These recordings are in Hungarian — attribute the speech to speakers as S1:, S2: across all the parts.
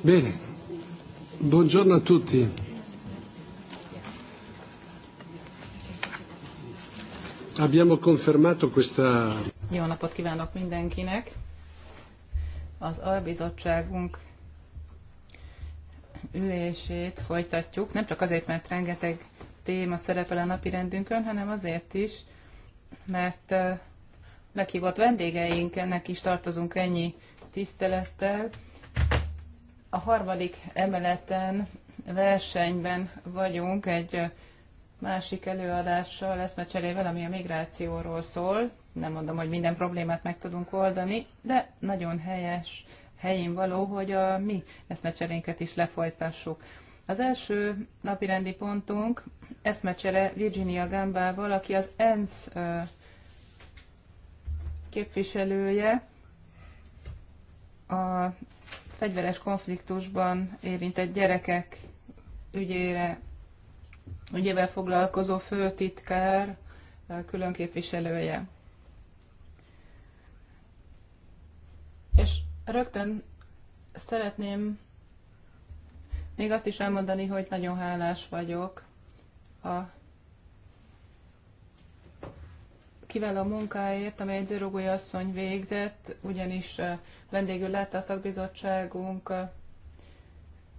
S1: Bene, buongiorno a tutti.
S2: Abbiamo confermato questa...
S3: Jó napot kívánok mindenkinek! Az albizottságunk ülését folytatjuk, nem csak azért, mert rengeteg téma szerepel a napi rendünkön, hanem azért is, mert eh, meghívott vendégeinknek is tartozunk ennyi tisztelettel, a harmadik emeleten versenyben vagyunk egy másik előadással, cserével, ami a migrációról szól. Nem mondom, hogy minden problémát meg tudunk oldani, de nagyon helyes, helyén való, hogy a mi eszmecserénket is lefolytassuk. Az első napirendi pontunk eszmecsere Virginia Gambával, aki az ENSZ képviselője a fegyveres konfliktusban érintett gyerekek ügyére, ügyével foglalkozó főtitkár, külön képviselője. És rögtön szeretném még azt is elmondani, hogy nagyon hálás vagyok a Kivel a munkáért, amely Dzörogói asszony végzett, ugyanis vendégül látta a szakbizottságunk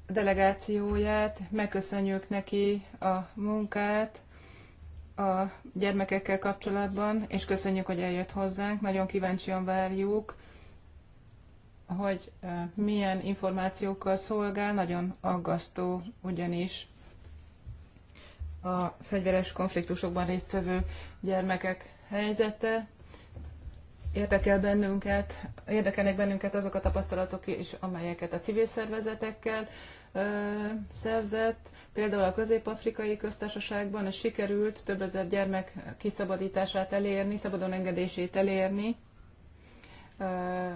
S3: delegációját. Megköszönjük neki a munkát a gyermekekkel kapcsolatban, és köszönjük, hogy eljött hozzánk. Nagyon kíváncsian várjuk, hogy milyen információkkal szolgál, nagyon aggasztó ugyanis a fegyveres konfliktusokban résztvevő gyermekek helyzete. Érdekel bennünket, érdekelnek bennünket azok a tapasztalatok is, amelyeket a civil szervezetekkel ö, szerzett. Például a Közép-Afrikai Köztársaságban a sikerült több ezer gyermek kiszabadítását elérni, szabadon engedését elérni.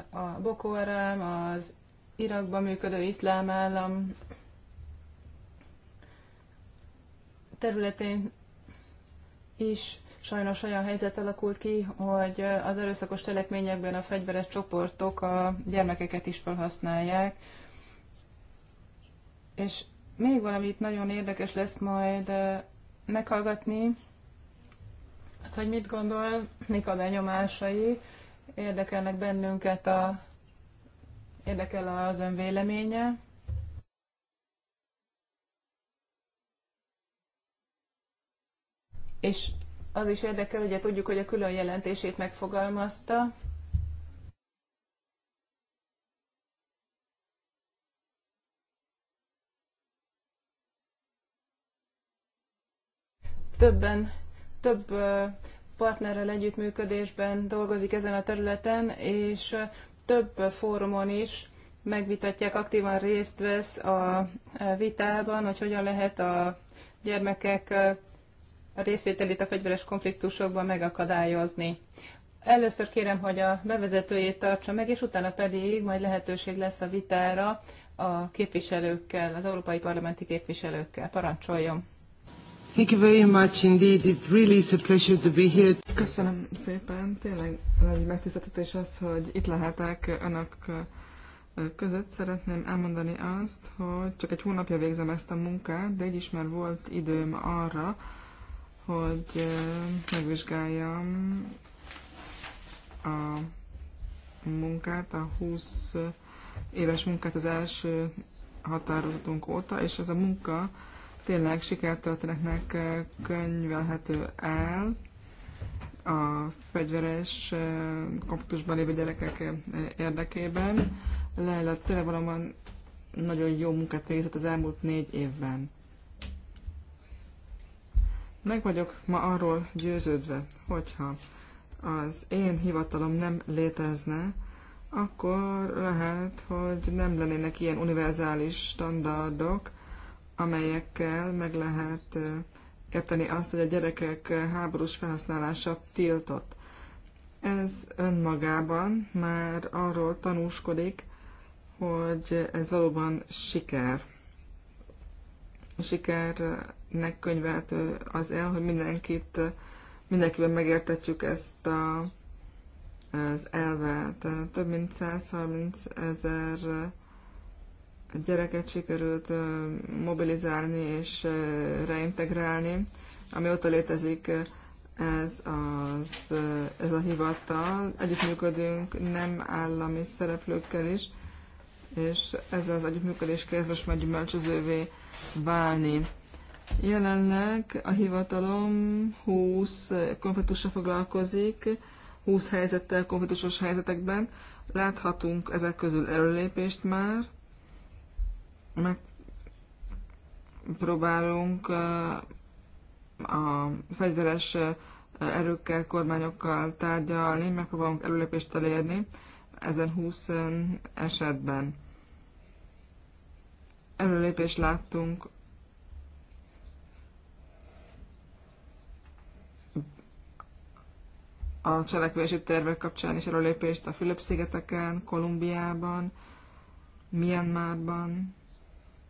S3: A Boko Haram, az Irakban működő iszlám állam területén is Sajnos olyan helyzet alakult ki, hogy az erőszakos cselekményekben a fegyveres csoportok a gyermekeket is felhasználják. És még valamit nagyon érdekes lesz majd meghallgatni, az, hogy mit gondol, mik a benyomásai, érdekelnek bennünket a, érdekel az ön véleménye. És az is érdekel, ugye tudjuk, hogy a külön jelentését megfogalmazta, többen, több partnerrel együttműködésben dolgozik ezen a területen, és több fórumon is megvitatják, aktívan részt vesz a vitában, hogy hogyan lehet a gyermekek a részvételét a fegyveres konfliktusokban megakadályozni. Először kérem, hogy a bevezetőjét tartsa meg, és utána pedig majd lehetőség lesz a vitára a képviselőkkel, az európai parlamenti képviselőkkel. Parancsoljon!
S4: Thank you very much indeed. It really is a pleasure to be here. Köszönöm szépen. Tényleg nagy megtiszteltetés az, hogy itt lehetek önök között. Szeretném elmondani azt, hogy csak egy hónapja végzem ezt a munkát, de így is már volt időm arra, hogy megvizsgáljam a munkát, a 20 éves munkát az első határozatunk óta, és ez a munka tényleg sikertörténetnek könyvelhető el a fegyveres konfliktusban lévő gyerekek érdekében. Leila tényleg valóban nagyon jó munkát végzett az elmúlt négy évben. Meg vagyok ma arról győződve, hogyha az én hivatalom nem létezne, akkor lehet, hogy nem lennének ilyen univerzális standardok, amelyekkel meg lehet érteni azt, hogy a gyerekek háborús felhasználása tiltott. Ez önmagában már arról tanúskodik, hogy ez valóban siker. Siker nek könyvelhető az el, hogy mindenkit, mindenkiben megértetjük ezt a, az elvet. Több mint 130 ezer gyereket sikerült mobilizálni és reintegrálni, amióta létezik ez, az, ez a hivatal. Együttműködünk nem állami szereplőkkel is, és ez az együttműködés kezd most már gyümölcsözővé válni. Jelenleg a hivatalom 20 konfliktusra foglalkozik, 20 helyzettel, konfliktusos helyzetekben. Láthatunk ezek közül előlépést már. meg próbálunk eh, a fegyveres eh, erőkkel, kormányokkal tárgyalni, megpróbálunk előlépést elérni ezen 20 eh, esetben. Előlépést láttunk a cselekvési tervek kapcsán is előlépést a Fülöp-szigeteken, Kolumbiában, Myanmarban,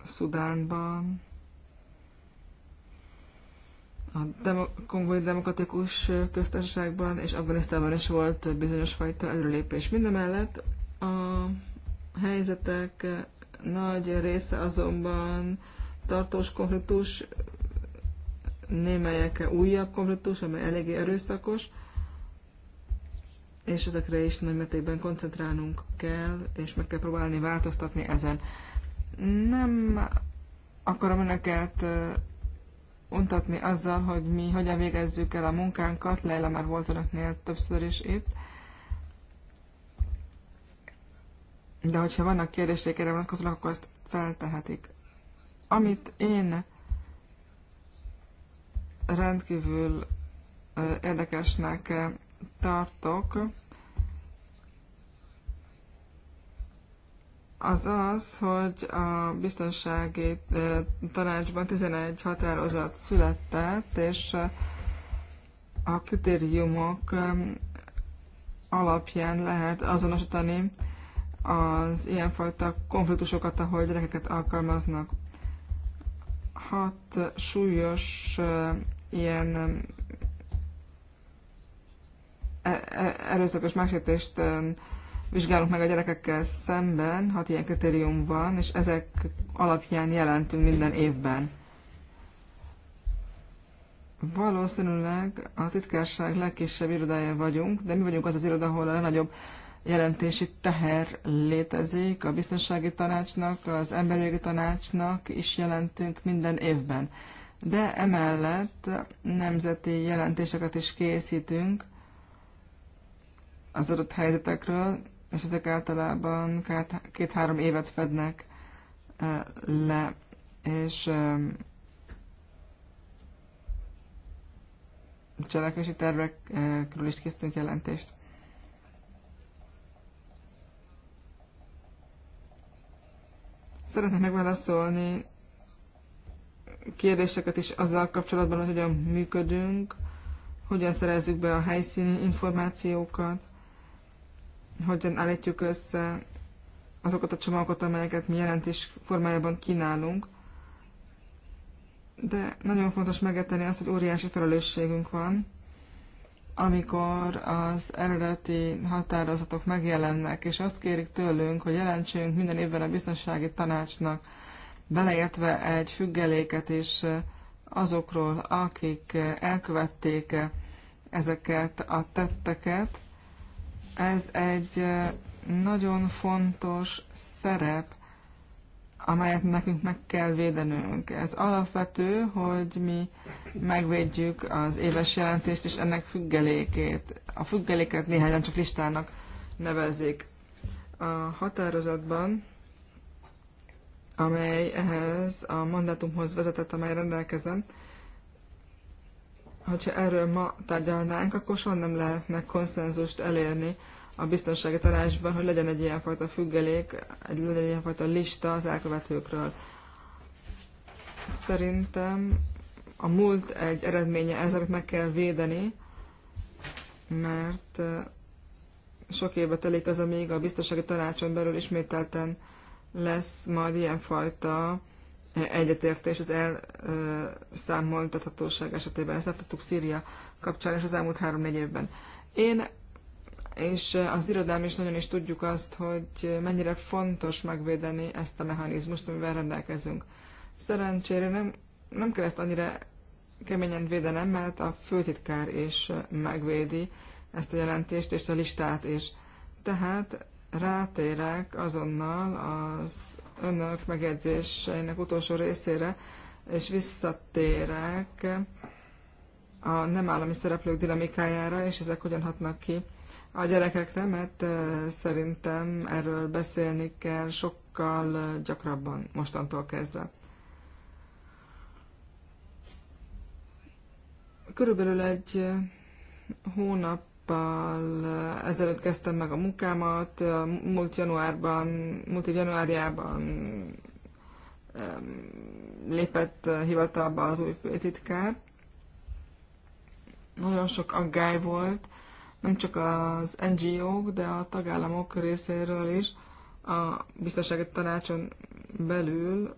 S4: Szudánban, a Demo- Kongói Demokratikus Köztársaságban és Afganisztánban is volt bizonyos fajta előlépés. Mindemellett a helyzetek nagy része azonban tartós konfliktus, némelyek újabb konfliktus, amely eléggé erőszakos, és ezekre is nagy mértékben koncentrálnunk kell, és meg kell próbálni változtatni ezen. Nem akarom önöket untatni azzal, hogy mi hogyan végezzük el a munkánkat. Leila már volt önöknél többször is itt. De hogyha vannak kérdések erre vonatkozóak, akkor ezt feltehetik. Amit én rendkívül érdekesnek tartok, az az, hogy a biztonsági tanácsban 11 határozat született, és a kritériumok alapján lehet azonosítani az ilyenfajta konfliktusokat, ahol gyerekeket alkalmaznak. Hat súlyos ilyen E, e, erőszakos megsértést vizsgálunk meg a gyerekekkel szemben, hat ilyen kritérium van, és ezek alapján jelentünk minden évben. Valószínűleg a titkárság legkisebb irodája vagyunk, de mi vagyunk az az iroda, ahol a legnagyobb jelentési teher létezik, a biztonsági tanácsnak, az emberi tanácsnak is jelentünk minden évben. De emellett nemzeti jelentéseket is készítünk, az adott helyzetekről, és ezek általában két-három évet fednek le, és cselekvési tervekről is készítünk jelentést. Szeretnék megválaszolni kérdéseket is azzal kapcsolatban, hogy hogyan működünk, hogyan szerezzük be a helyszíni információkat, hogyan állítjuk össze azokat a csomagokat, amelyeket mi jelentés formájában kínálunk. De nagyon fontos megetteni azt, hogy óriási felelősségünk van, amikor az eredeti határozatok megjelennek, és azt kérik tőlünk, hogy jelentsünk minden évben a biztonsági tanácsnak, beleértve egy függeléket is azokról, akik elkövették ezeket a tetteket, ez egy nagyon fontos szerep, amelyet nekünk meg kell védenünk. Ez alapvető, hogy mi megvédjük az éves jelentést és ennek függelékét. A függeléket néhányan csak listának nevezik. A határozatban, amely ehhez a mandátumhoz vezetett, amely rendelkezem, hogyha erről ma tárgyalnánk, akkor soha nem lehetne konszenzust elérni a biztonsági tanácsban, hogy legyen egy ilyenfajta függelék, egy, legyen ilyenfajta lista az elkövetőkről. Szerintem a múlt egy eredménye ez, amit meg kell védeni, mert sok éve telik az, amíg a biztonsági tanácson belül ismételten lesz majd ilyenfajta egyetértés az elszámoltathatóság esetében. Ezt láthattuk Szíria kapcsán és az elmúlt három-négy évben. Én és az irodám is nagyon is tudjuk azt, hogy mennyire fontos megvédeni ezt a mechanizmust, amivel rendelkezünk. Szerencsére nem, nem kell ezt annyira keményen védenem, mert a főtitkár is megvédi ezt a jelentést és a listát is. Tehát rátérek azonnal az önök megjegyzéseinek utolsó részére, és visszatérek a nem állami szereplők dinamikájára, és ezek hogyan hatnak ki a gyerekekre, mert szerintem erről beszélni kell sokkal gyakrabban mostantól kezdve. Körülbelül egy hónap hónappal eh, ezelőtt kezdtem meg a munkámat, eh, múlt januárban, múlt januárjában lépett eh, hivatalba az új főtitkár. Nagyon sok aggály volt, nem csak az NGO-k, de a tagállamok részéről is a biztonsági tanácson belül,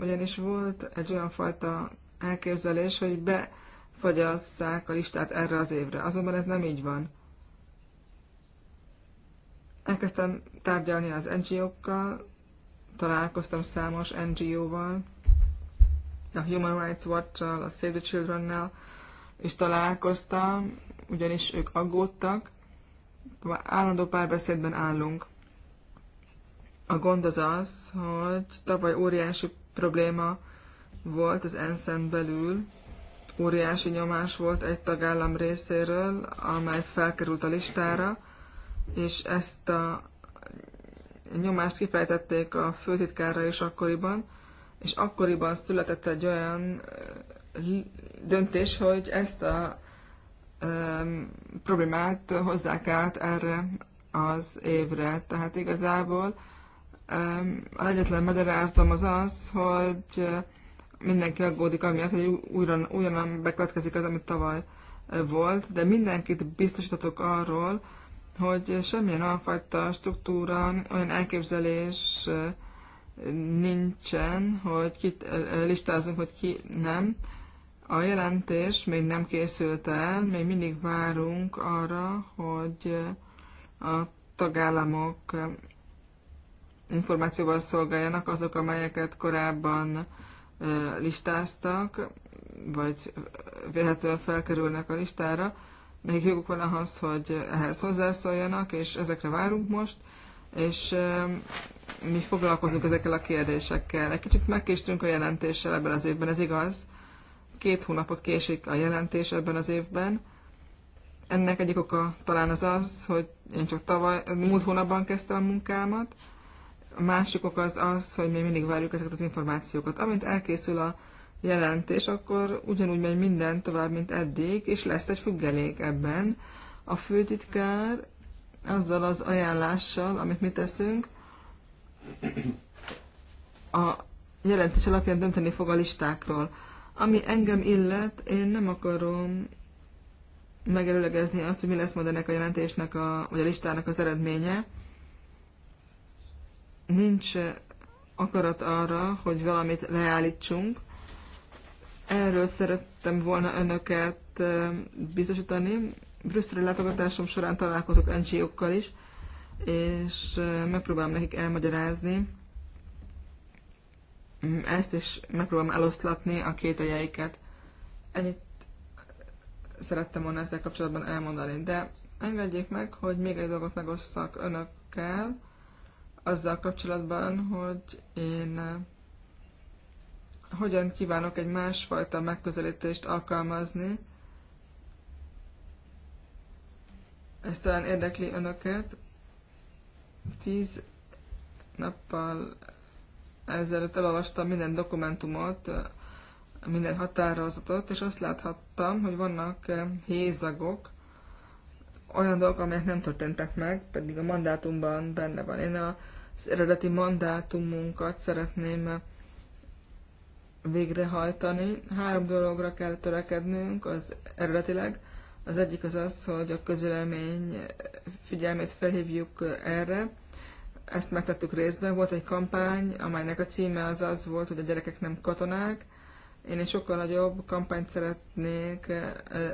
S4: ugyanis volt egy olyan fajta elképzelés, hogy be fogyasszák a listát erre az évre. Azonban ez nem így van. Elkezdtem tárgyalni az NGO-kkal, találkoztam számos NGO-val, a Human Rights Watch-sal, a Save the Children-nel is találkoztam, ugyanis ők aggódtak. Állandó párbeszédben állunk. A gond az az, hogy tavaly óriási probléma volt az ensz belül, óriási nyomás volt egy tagállam részéről, amely felkerült a listára, és ezt a nyomást kifejtették a főtitkára is akkoriban, és akkoriban született egy olyan döntés, hogy ezt a problémát hozzák át erre az évre. Tehát igazából um, a egyetlen magyaráztom az az, hogy mindenki aggódik amiatt, hogy újra, újra nem bekövetkezik az, amit tavaly volt, de mindenkit biztosítatok arról, hogy semmilyen alfajta struktúra, olyan elképzelés nincsen, hogy kit listázunk, hogy ki nem. A jelentés még nem készült el, még mindig várunk arra, hogy a tagállamok információval szolgáljanak azok, amelyeket korábban listáztak, vagy véletlenül felkerülnek a listára. Még joguk van ahhoz, hogy ehhez hozzászóljanak, és ezekre várunk most, és mi foglalkozunk ezekkel a kérdésekkel. Egy kicsit megkéstünk a jelentéssel ebben az évben, ez igaz. Két hónapot késik a jelentés ebben az évben. Ennek egyik oka talán az az, hogy én csak tavaly, múlt hónapban kezdtem a munkámat, a másik ok az az, hogy még mindig várjuk ezeket az információkat. Amint elkészül a jelentés, akkor ugyanúgy megy minden tovább, mint eddig, és lesz egy függelék ebben. A főtitkár azzal az ajánlással, amit mi teszünk, a jelentés alapján dönteni fog a listákról. Ami engem illet, én nem akarom megerőlegezni azt, hogy mi lesz majd ennek a jelentésnek, a, vagy a listának az eredménye nincs akarat arra, hogy valamit leállítsunk. Erről szerettem volna önöket biztosítani. Brüsszeli látogatásom során találkozok NGO-kkal is, és megpróbálom nekik elmagyarázni. Mm, ezt is megpróbálom eloszlatni a két kételjeiket. Ennyit szerettem volna ezzel kapcsolatban elmondani, de engedjék meg, hogy még egy dolgot megosszak önökkel azzal kapcsolatban, hogy én eh, hogyan kívánok egy másfajta megközelítést alkalmazni. Ez talán érdekli önöket. Tíz nappal ezelőtt elolvastam minden dokumentumot, eh, minden határozatot, és azt láthattam, hogy vannak eh, hézagok, olyan dolgok, amelyek nem történtek meg, pedig a mandátumban benne van. Én a az eredeti mandátumunkat szeretném végrehajtani. Három dologra kell törekednünk az eredetileg. Az egyik az az, hogy a közélemény figyelmét felhívjuk erre. Ezt megtettük részben. Volt egy kampány, amelynek a címe az az volt, hogy a gyerekek nem katonák. Én egy sokkal nagyobb kampányt szeretnék eh,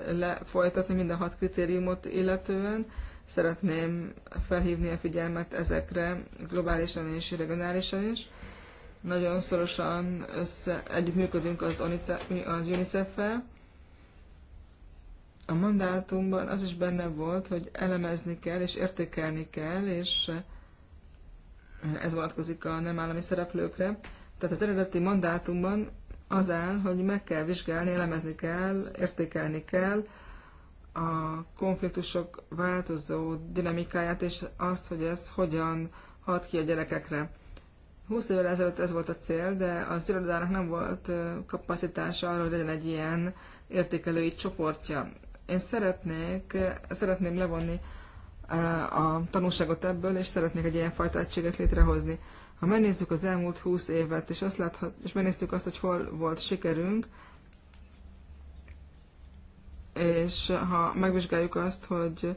S4: lefolytatni minden hat kritériumot illetően szeretném felhívni a figyelmet ezekre globálisan és regionálisan is. Nagyon szorosan össze, együttműködünk az, az UNICEF-fel. A mandátumban az is benne volt, hogy elemezni kell és értékelni kell, és ez vonatkozik a nem állami szereplőkre. Tehát az eredeti mandátumban az áll, hogy meg kell vizsgálni, elemezni kell, értékelni kell, a konfliktusok változó dinamikáját, és azt, hogy ez hogyan hat ki a gyerekekre. 20 évvel ezelőtt ez volt a cél, de az irodának nem volt kapacitása arra, hogy legyen egy ilyen értékelői csoportja. Én szeretnék, szeretném levonni a tanulságot ebből, és szeretnék egy ilyen fajta egységet létrehozni. Ha megnézzük az elmúlt 20 évet, és, azt láthat, és megnéztük azt, hogy hol volt sikerünk, és ha megvizsgáljuk azt, hogy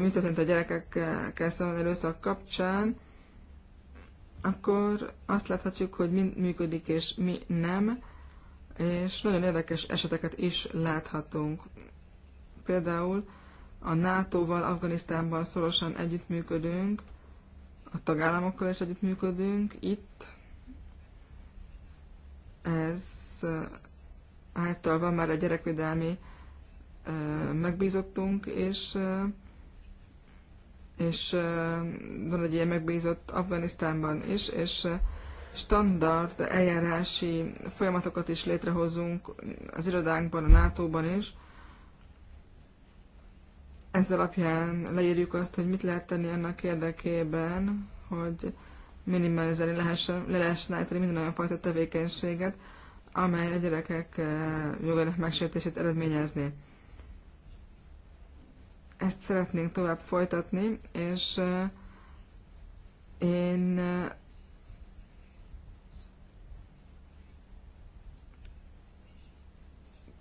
S4: mi történt a gyerekekkel szemben erőszak kapcsán, akkor azt láthatjuk, hogy mi működik és mi nem, és nagyon érdekes eseteket is láthatunk. Például a NATO-val Afganisztánban szorosan együttműködünk, a tagállamokkal is együttműködünk itt. Ez által van már a gyerekvédelmi megbízottunk, és, és van egy ilyen megbízott Afganisztánban is, és standard eljárási folyamatokat is létrehozunk az irodánkban, a NATO-ban is. Ez alapján leírjuk azt, hogy mit lehet tenni annak érdekében, hogy minimalizálni lehessen, le lehessen állítani minden olyan fajta tevékenységet, amely a gyerekek jogának megsértését eredményezné ezt szeretnénk tovább folytatni, és én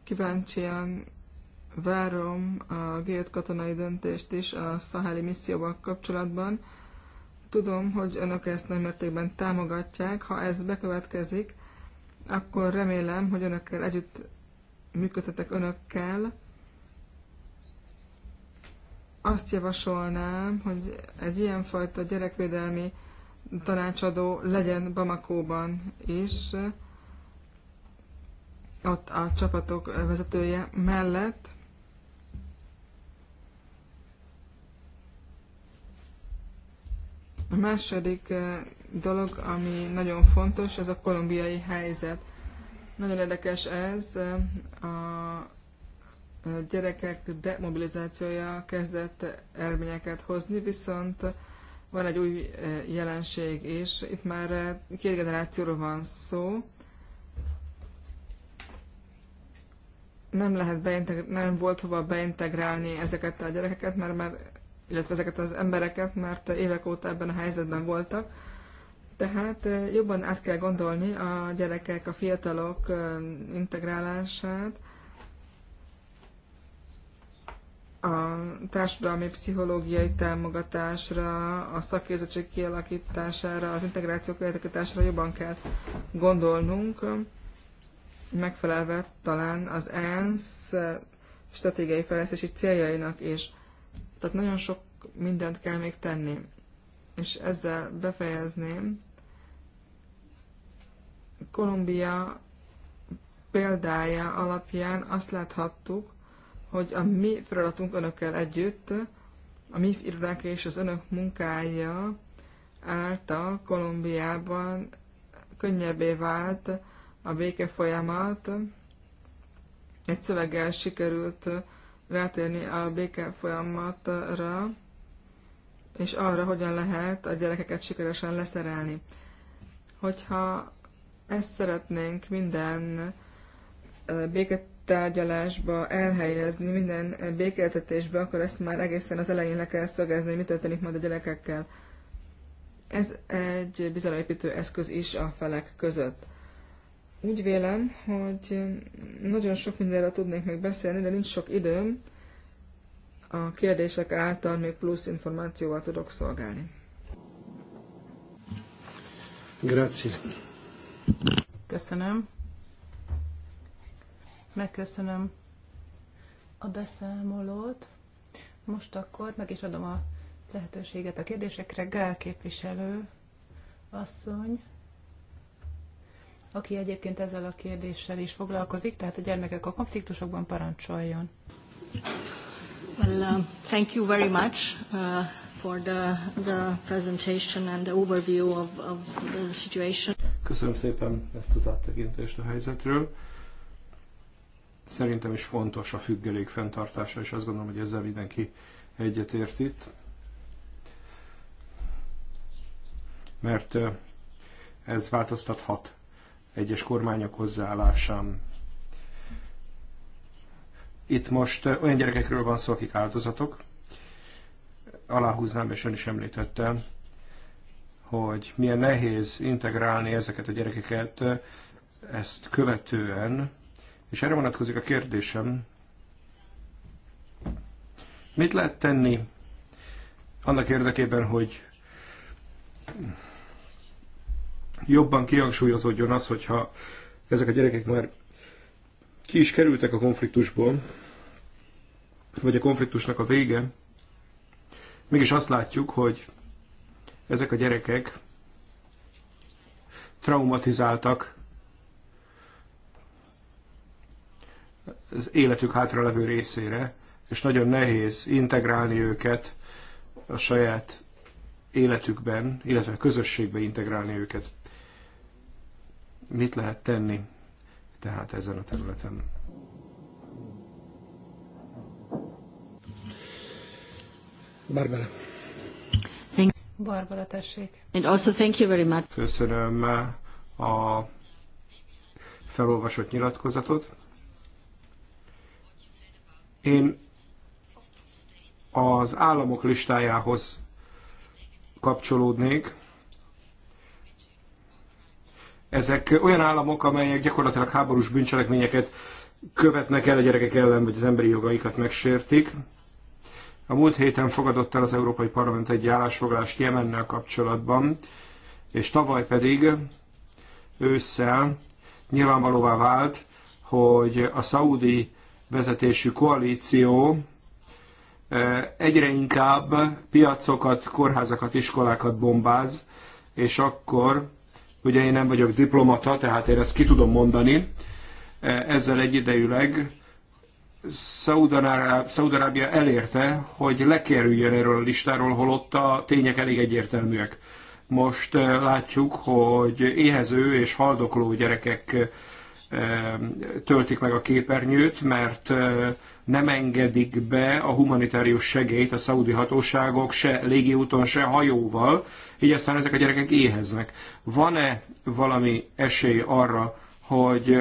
S4: kíváncsian várom a gét katonai döntést is a szaháli misszióval kapcsolatban. Tudom, hogy önök ezt nagy mértékben támogatják. Ha ez bekövetkezik, akkor remélem, hogy önökkel együtt működhetek önökkel, azt javasolnám, hogy egy ilyenfajta gyerekvédelmi tanácsadó legyen Bamakóban is, ott a csapatok vezetője mellett. A második eh, dolog, ami nagyon fontos, ez a kolumbiai helyzet. Nagyon érdekes ez. Eh, a gyerekek demobilizációja kezdett eredményeket hozni, viszont van egy új eh, jelenség, és itt már eh, két generációról van szó. Nem, lehet nem volt hova beintegrálni ezeket a gyerekeket, mert, mert, illetve ezeket az embereket, mert évek óta ebben a helyzetben voltak. Tehát eh, jobban át kell gondolni a gyerekek, a fiatalok integrálását, a társadalmi pszichológiai támogatásra, a szakérzettség kialakítására, az integráció kialakítására jobban kell gondolnunk, megfelelve talán az ENSZ stratégiai fejlesztési céljainak is. Tehát nagyon sok mindent kell még tenni. És ezzel befejezném. Kolumbia példája alapján azt láthattuk, hogy a mi feladatunk önökkel együtt, a mi irodák és az önök munkája által Kolumbiában könnyebbé vált a béke folyamat. Egy szöveggel sikerült rátérni a béke folyamatra, és arra, hogyan lehet a gyerekeket sikeresen leszerelni. Hogyha ezt szeretnénk minden béket tárgyalásba elhelyezni, minden békéltetésbe, akkor ezt már egészen az elején le kell szögezni, hogy mi történik majd a gyerekekkel. Ez egy bizalomépítő eszköz is a felek között. Úgy vélem, hogy nagyon sok mindenről tudnék még beszélni, de nincs sok időm. A kérdések által még plusz információval tudok szolgálni. Grazie. Köszönöm.
S3: Megköszönöm a beszámolót. Most akkor meg is adom a lehetőséget a kérdésekre. Gál képviselő asszony, aki egyébként ezzel a kérdéssel is foglalkozik, tehát a gyermekek a konfliktusokban parancsoljon. Well, um, thank you very
S1: much uh, for the, the presentation and the overview of, of the situation.
S2: Köszönöm szépen ezt az áttekintést a helyzetről. Szerintem is fontos a függelék fenntartása, és azt gondolom, hogy ezzel mindenki egyetért itt. Mert ez változtathat egyes kormányok hozzáállásán. Itt most olyan gyerekekről van szó, akik áldozatok. Aláhúznám, és ön is említette, hogy milyen nehéz integrálni ezeket a gyerekeket ezt követően és erre vonatkozik a kérdésem, mit lehet tenni annak érdekében, hogy jobban kihangsúlyozódjon az, hogyha ezek a gyerekek már ki is kerültek a konfliktusból, vagy a konfliktusnak a vége, mégis azt látjuk, hogy ezek a gyerekek traumatizáltak az életük hátralevő részére, és nagyon nehéz integrálni őket a saját életükben, illetve a közösségbe integrálni őket. Mit lehet tenni tehát ezen a területen? Barbara.
S3: Barbara, tessék.
S4: And also
S2: thank you very much. Köszönöm a felolvasott nyilatkozatot. Én az államok listájához kapcsolódnék. Ezek olyan államok, amelyek gyakorlatilag háborús bűncselekményeket követnek el a gyerekek ellen, vagy az emberi jogaikat megsértik. A múlt héten fogadott el az Európai Parlament egy állásfoglalást Jemennel kapcsolatban, és tavaly pedig ősszel nyilvánvalóvá vált, hogy a szaudi vezetésű koalíció egyre inkább piacokat, kórházakat, iskolákat bombáz, és akkor, ugye én nem vagyok diplomata, tehát én ezt ki tudom mondani, ezzel egyidejűleg Szaudarábia elérte, hogy lekerüljön erről a listáról, holott a tények elég egyértelműek. Most látjuk, hogy éhező és haldokló gyerekek töltik meg a képernyőt, mert nem engedik be a humanitárius segélyt a szaudi hatóságok se légiúton, se hajóval, így aztán ezek a gyerekek éheznek. Van-e valami esély arra, hogy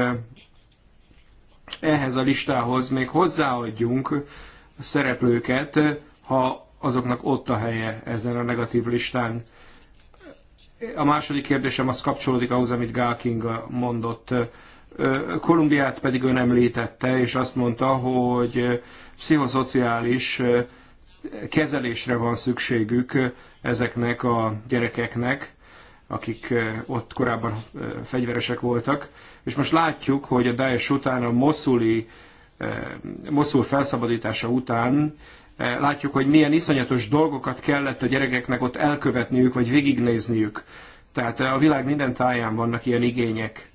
S2: ehhez a listához még hozzáadjunk szereplőket, ha azoknak ott a helye ezen a negatív listán? A második kérdésem az kapcsolódik ahhoz, amit Gál Kinga mondott Kolumbiát pedig ön említette, és azt mondta, hogy pszichoszociális kezelésre van szükségük ezeknek a gyerekeknek, akik ott korábban fegyveresek voltak. És most látjuk, hogy a Daesh után a Moszuli, Moszul felszabadítása után látjuk, hogy milyen iszonyatos dolgokat kellett a gyerekeknek ott elkövetniük, vagy végignézniük. Tehát a világ minden táján vannak ilyen igények.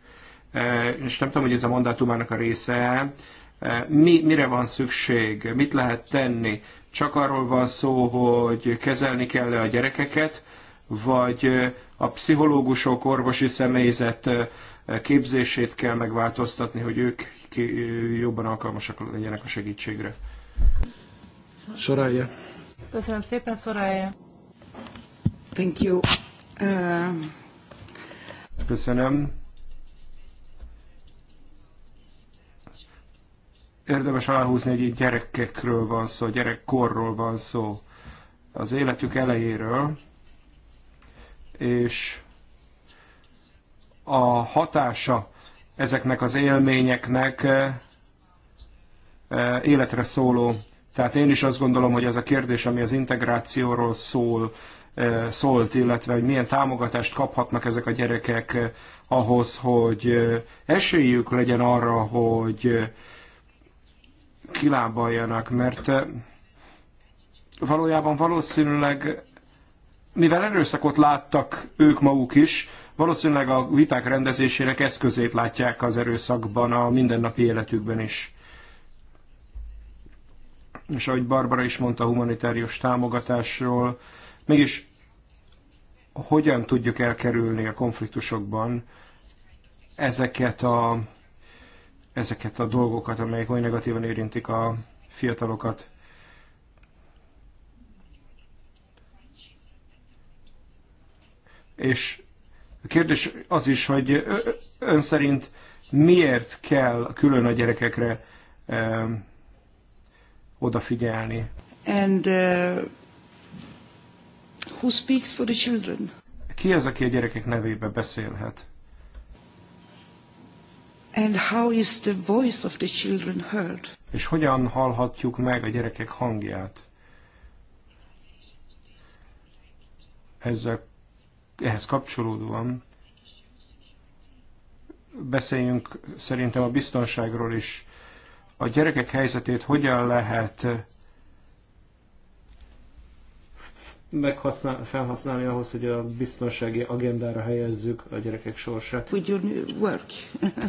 S2: E, és nem tudom, hogy ez a mandátumának a része, e, mi, mire van szükség, mit lehet tenni. Csak arról van szó, hogy kezelni kell -e a gyerekeket, vagy a pszichológusok, orvosi személyzet e, képzését kell megváltoztatni, hogy ők jobban alkalmasak legyenek a segítségre. Soraya.
S3: Köszönöm szépen, Soraya. Thank you. Uh...
S2: Köszönöm. érdemes aláhúzni, hogy itt gyerekekről van szó, gyerekkorról van szó, az életük elejéről, és a hatása ezeknek az élményeknek eh, eh, életre szóló. Tehát én is azt gondolom, hogy ez a kérdés, ami az integrációról szól, eh, szólt, illetve hogy milyen támogatást kaphatnak ezek a gyerekek ahhoz, hogy esélyük legyen arra, hogy kilábaljanak, mert eh, valójában valószínűleg, mivel erőszakot láttak ők maguk is, valószínűleg a viták rendezésének eszközét látják az erőszakban a mindennapi életükben is. És ahogy Barbara is mondta a humanitárius támogatásról, mégis hogyan tudjuk elkerülni a konfliktusokban ezeket a ezeket a dolgokat, amelyek oly negatívan érintik a fiatalokat. És a kérdés az is, hogy ön szerint miért kell külön a gyerekekre um, odafigyelni? And uh, who speaks for the children? Ki az, aki a gyerekek nevébe beszélhet? And how is the voice of the children heard? És hogyan hallhatjuk meg a gyerekek hangját? Ezzel, ehhez kapcsolódóan beszéljünk szerintem a biztonságról is. A gyerekek helyzetét hogyan lehet felhasználni ahhoz, hogy a biztonsági agendára helyezzük a gyerekek sorsát. With your work.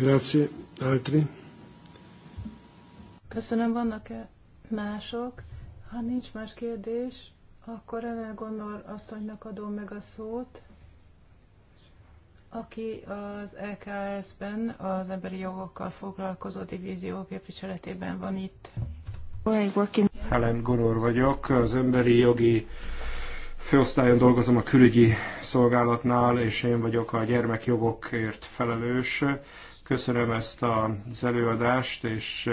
S2: Grazie.
S1: Altri?
S3: Köszönöm, vannak-e mások? Ha nincs más kérdés, akkor Emel Gondor asszonynak adom meg a szót, aki az lks ben az emberi jogokkal foglalkozó divízió képviseletében van itt.
S2: Helen Goror vagyok, az emberi jogi főosztályon dolgozom a külügyi szolgálatnál, és én vagyok a gyermekjogokért felelős. Köszönöm ezt az előadást, és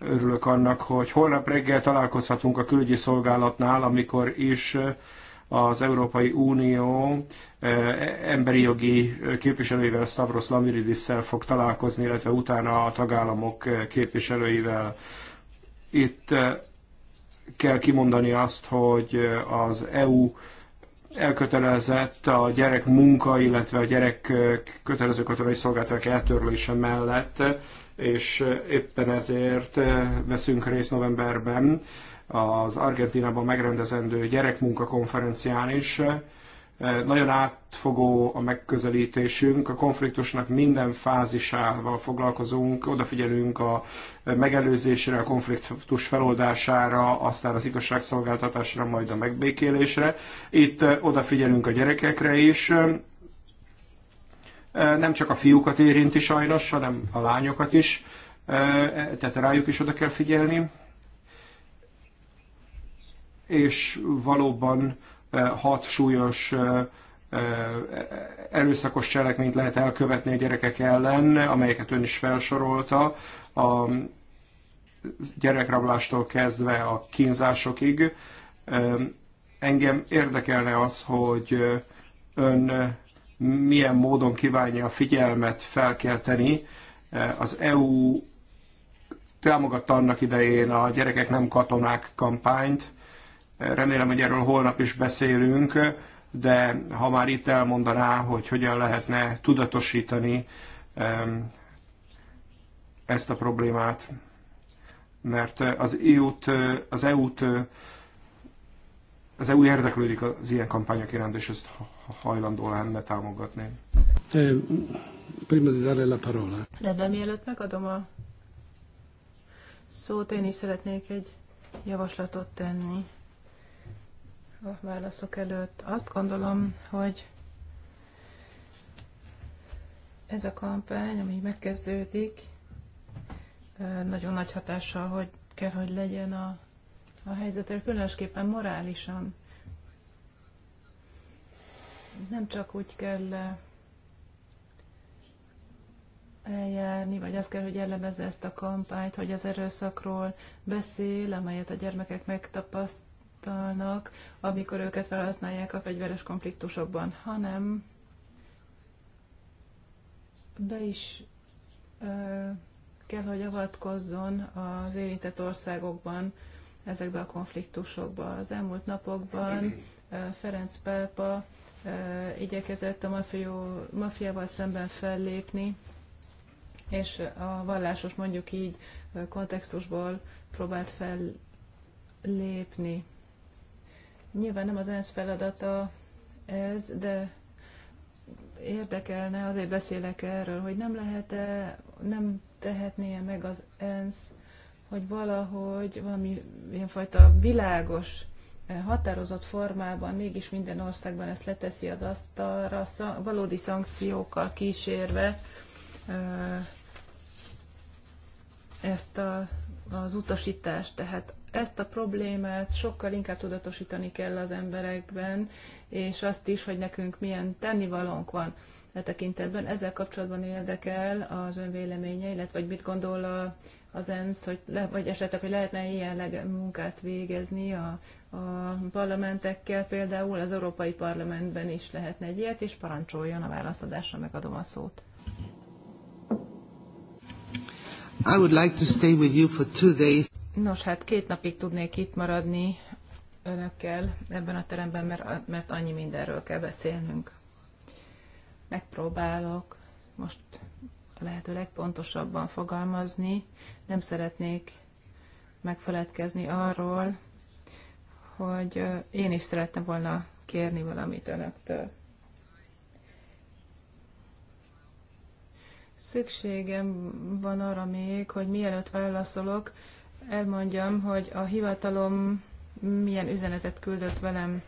S2: örülök annak, hogy holnap reggel találkozhatunk a külügyi szolgálatnál, amikor is az Európai Unió emberi jogi képviselőivel, Stavros Lamiridisszel fog találkozni, illetve utána a tagállamok képviselőivel. Itt kell kimondani azt, hogy az EU elkötelezett a gyerek munka, illetve a gyerek kötelező katonai szolgálatok eltörlése mellett, és éppen ezért veszünk részt novemberben az Argentinában megrendezendő gyerekmunkakonferencián is, nagyon átfogó a megközelítésünk, a konfliktusnak minden fázisával foglalkozunk, odafigyelünk a megelőzésre, a konfliktus feloldására, aztán az igazságszolgáltatásra, majd a megbékélésre. Itt odafigyelünk a gyerekekre is, nem csak a fiúkat érinti sajnos, hanem a lányokat is, tehát rájuk is oda kell figyelni. És valóban hat súlyos erőszakos cselekményt lehet elkövetni a gyerekek ellen, amelyeket ön is felsorolta, a gyerekrablástól kezdve a kínzásokig. Engem érdekelne az, hogy ön milyen módon kívánja a figyelmet felkelteni. Az EU támogatta annak idején a Gyerekek nem katonák kampányt, Remélem, hogy erről holnap is beszélünk, de ha már itt elmondaná, hogy hogyan lehetne tudatosítani ezt a problémát, mert az EU-t, az EU-t az EU érdeklődik az ilyen kampányok iránt, és ezt hajlandó lenne támogatni. Prima di dare la parola.
S3: Rendben, mielőtt megadom a szót, én is szeretnék egy javaslatot tenni a válaszok előtt. Azt gondolom, hogy ez a kampány, ami megkezdődik, nagyon nagy hatással hogy kell, hogy legyen a, a helyzetre, különösképpen morálisan. Nem csak úgy kell eljárni, vagy azt kell, hogy jellemezze ezt a kampányt, hogy az erőszakról beszél, amelyet a gyermekek megtapaszt, tapasztalnak, amikor őket felhasználják a fegyveres konfliktusokban, hanem be is ö, kell, hogy avatkozzon az érintett országokban ezekbe a konfliktusokba. Az elmúlt napokban ö, Ferenc pápa igyekezett a mafió, mafiával szemben fellépni, és a vallásos mondjuk így kontextusból próbált fellépni. Nyilván nem az ENSZ feladata ez, de érdekelne, azért beszélek erről, hogy nem lehet-e, nem tehetné meg az ENSZ, hogy valahogy valami ilyenfajta világos, eh, határozott formában mégis minden országban ezt leteszi az asztalra, valódi szankciókkal kísérve eh, ezt a, az utasítást, tehát ezt a problémát sokkal inkább tudatosítani kell az emberekben, és azt is, hogy nekünk milyen tennivalónk van e tekintetben. Ezzel kapcsolatban érdekel az ön véleménye, illetve hogy mit gondol a, az ENSZ, hogy le, vagy esetleg, hogy lehetne ilyen munkát végezni a, a parlamentekkel, például az Európai Parlamentben is lehetne egy ilyet, és parancsoljon a választadásra, megadom a szót.
S1: I would like to stay with you for two days.
S3: Nos, hát két napig tudnék itt maradni önökkel ebben a teremben, mert, mert annyi mindenről kell beszélnünk. Megpróbálok most a lehető legpontosabban fogalmazni. Nem szeretnék megfeledkezni arról, hogy én is szerettem volna kérni valamit önöktől. Szükségem van arra még, hogy mielőtt válaszolok, elmondjam, hogy a hivatalom milyen üzenetet küldött velem.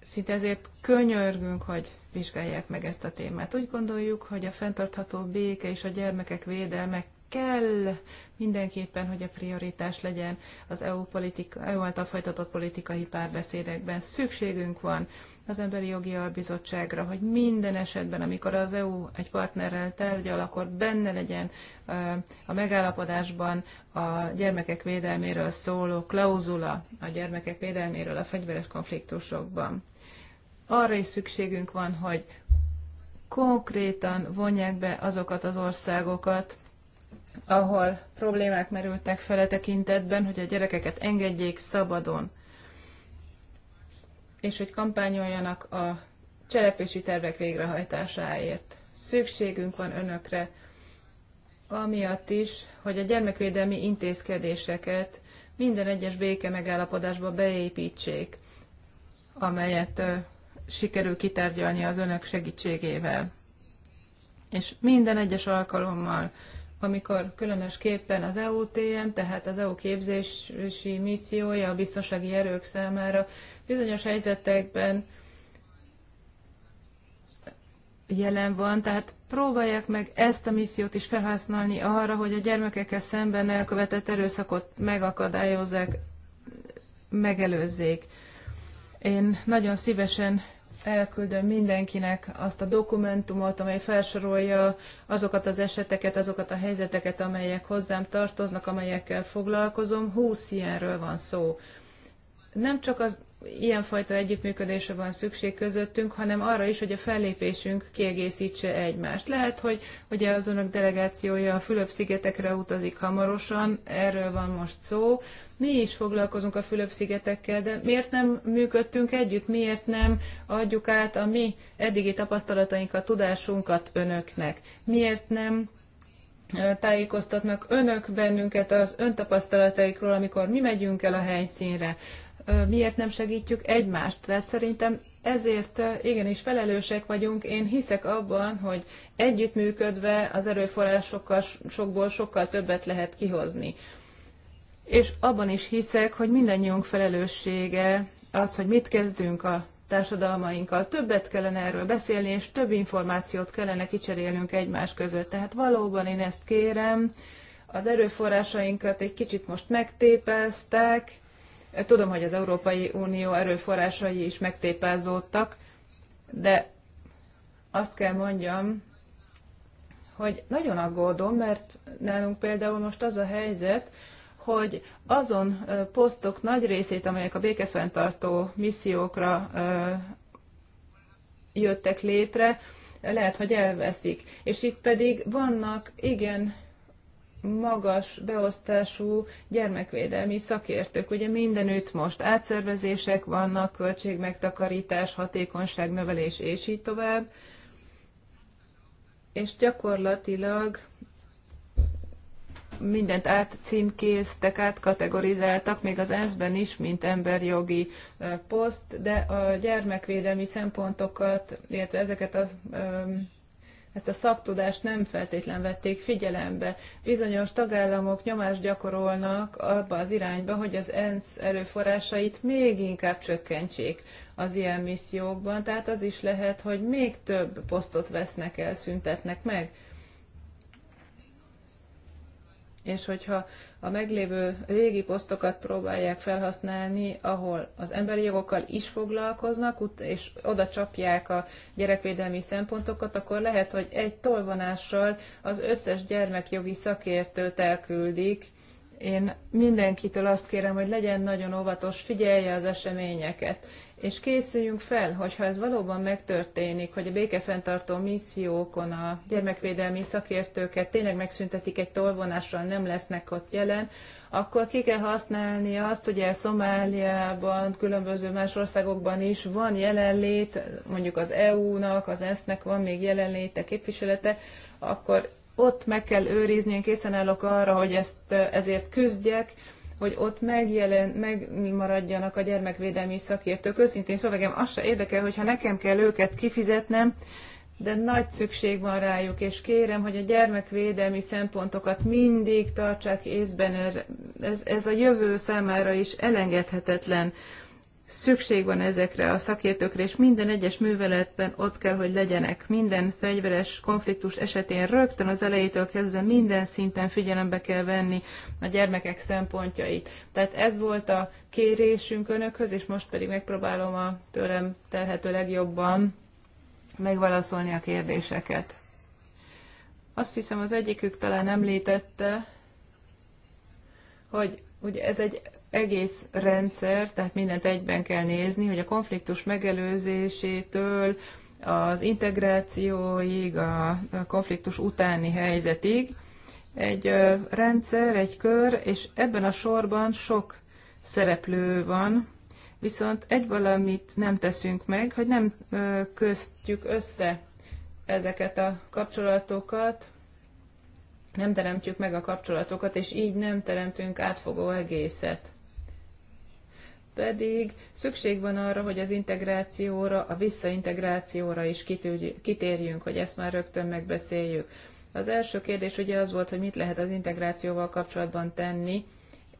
S3: Szinte ezért könyörgünk, hogy vizsgálják meg ezt a témát. Úgy gondoljuk, hogy a fenntartható béke és a gyermekek védelme kell mindenképpen, hogy a prioritás legyen az EU, politika, EU által folytatott politikai párbeszédekben. Szükségünk van az Emberi Jogi Albizottságra, hogy minden esetben, amikor az EU egy partnerrel tárgyal, akkor benne legyen a megállapodásban a gyermekek védelméről szóló klauzula a gyermekek védelméről a fegyveres konfliktusokban. Arra is szükségünk van, hogy konkrétan vonják be azokat az országokat, ahol problémák merültek fele tekintetben, hogy a gyerekeket engedjék szabadon és hogy kampányoljanak a cselekvési tervek végrehajtásáért. Szükségünk van önökre, amiatt is, hogy a gyermekvédelmi intézkedéseket minden egyes béke megállapodásba beépítsék, amelyet sikerül kitárgyalni az önök segítségével. És minden egyes alkalommal, amikor különösképpen az EUTM, tehát az EU képzési missziója a biztonsági erők számára bizonyos helyzetekben jelen van, tehát próbálják meg ezt a missziót is felhasználni arra, hogy a gyermekekkel szemben elkövetett erőszakot megakadályozzák, megelőzzék. Én nagyon szívesen elküldöm mindenkinek azt a dokumentumot, amely felsorolja azokat az eseteket, azokat a helyzeteket, amelyek hozzám tartoznak, amelyekkel foglalkozom. Húsz ilyenről van szó. Nem csak az ilyenfajta együttműködésre van szükség közöttünk, hanem arra is, hogy a fellépésünk kiegészítse egymást. Lehet, hogy ugye az önök delegációja a Fülöp-szigetekre utazik hamarosan, erről van most szó. Mi is foglalkozunk a Fülöp-szigetekkel, de miért nem működtünk együtt, miért nem adjuk át a mi eddigi tapasztalatainkat, tudásunkat önöknek? Miért nem tájékoztatnak önök bennünket az öntapasztalataikról, amikor mi megyünk el a helyszínre miért nem segítjük egymást. Tehát szerintem ezért igenis felelősek vagyunk. Én hiszek abban, hogy együttműködve az erőforrásokkal sokból sokkal többet lehet kihozni. És abban is hiszek, hogy mindannyiunk felelőssége az, hogy mit kezdünk a társadalmainkkal. Többet kellene erről beszélni, és több információt kellene kicserélnünk egymás között. Tehát valóban én ezt kérem, az erőforrásainkat egy kicsit most megtépeztek, Tudom, hogy az Európai Unió erőforrásai is megtépázódtak, de azt kell mondjam, hogy nagyon aggódom, mert nálunk például most az a helyzet, hogy azon posztok nagy részét, amelyek a békefenntartó missziókra jöttek létre, lehet, hogy elveszik. És itt pedig vannak igen magas beosztású gyermekvédelmi szakértők. Ugye mindenütt most átszervezések vannak, költségmegtakarítás, hatékonyság növelés és így tovább. És gyakorlatilag mindent átcímkéztek, átkategorizáltak, még az ENSZ-ben is, mint emberjogi poszt, de a gyermekvédelmi szempontokat, illetve ezeket a ezt a szaktudást nem feltétlen vették figyelembe. Bizonyos tagállamok nyomást gyakorolnak abba az irányba, hogy az ENSZ erőforrásait még inkább csökkentsék az ilyen missziókban, tehát az is lehet, hogy még több posztot vesznek el, szüntetnek meg és hogyha a meglévő régi posztokat próbálják felhasználni, ahol az emberi jogokkal is foglalkoznak, és oda csapják a gyerekvédelmi szempontokat, akkor lehet, hogy egy tolvanással az összes gyermekjogi szakértőt elküldik. Én mindenkitől azt kérem, hogy legyen nagyon óvatos, figyelje az eseményeket, és készüljünk fel, hogyha ez valóban megtörténik, hogy a békefenntartó missziókon a gyermekvédelmi szakértőket tényleg megszüntetik egy tolvonással, nem lesznek ott jelen, akkor ki kell használni azt, el Szomáliában, különböző más országokban is van jelenlét, mondjuk az EU-nak, az ENSZ-nek van még jelenléte, képviselete, akkor ott meg kell őrizni, én készen állok arra, hogy ezt ezért küzdjek, hogy ott megjelen, megmaradjanak a gyermekvédelmi szakértők. Őszintén szóval engem az se érdekel, hogyha nekem kell őket kifizetnem, de nagy szükség van rájuk, és kérem, hogy a gyermekvédelmi szempontokat mindig tartsák észben, ez, ez a jövő számára is elengedhetetlen szükség van ezekre a szakértőkre, és minden egyes műveletben ott kell, hogy legyenek. Minden fegyveres konfliktus esetén rögtön az elejétől kezdve minden szinten figyelembe kell venni a gyermekek szempontjait. Tehát ez volt a kérésünk önökhöz, és most pedig megpróbálom a tőlem telhető legjobban megválaszolni a kérdéseket. Azt hiszem az egyikük talán említette, hogy ugye ez egy egész rendszer, tehát mindent egyben kell nézni, hogy a konfliktus megelőzésétől az integrációig, a konfliktus utáni helyzetig. Egy rendszer, egy kör, és ebben a sorban sok szereplő van, viszont egy valamit nem teszünk meg, hogy nem köztjük össze ezeket a kapcsolatokat, nem teremtjük meg a kapcsolatokat, és így nem teremtünk átfogó egészet pedig szükség van arra, hogy az integrációra, a visszaintegrációra is kitérjünk, hogy ezt már rögtön megbeszéljük. Az első kérdés ugye az volt, hogy mit lehet az integrációval kapcsolatban tenni,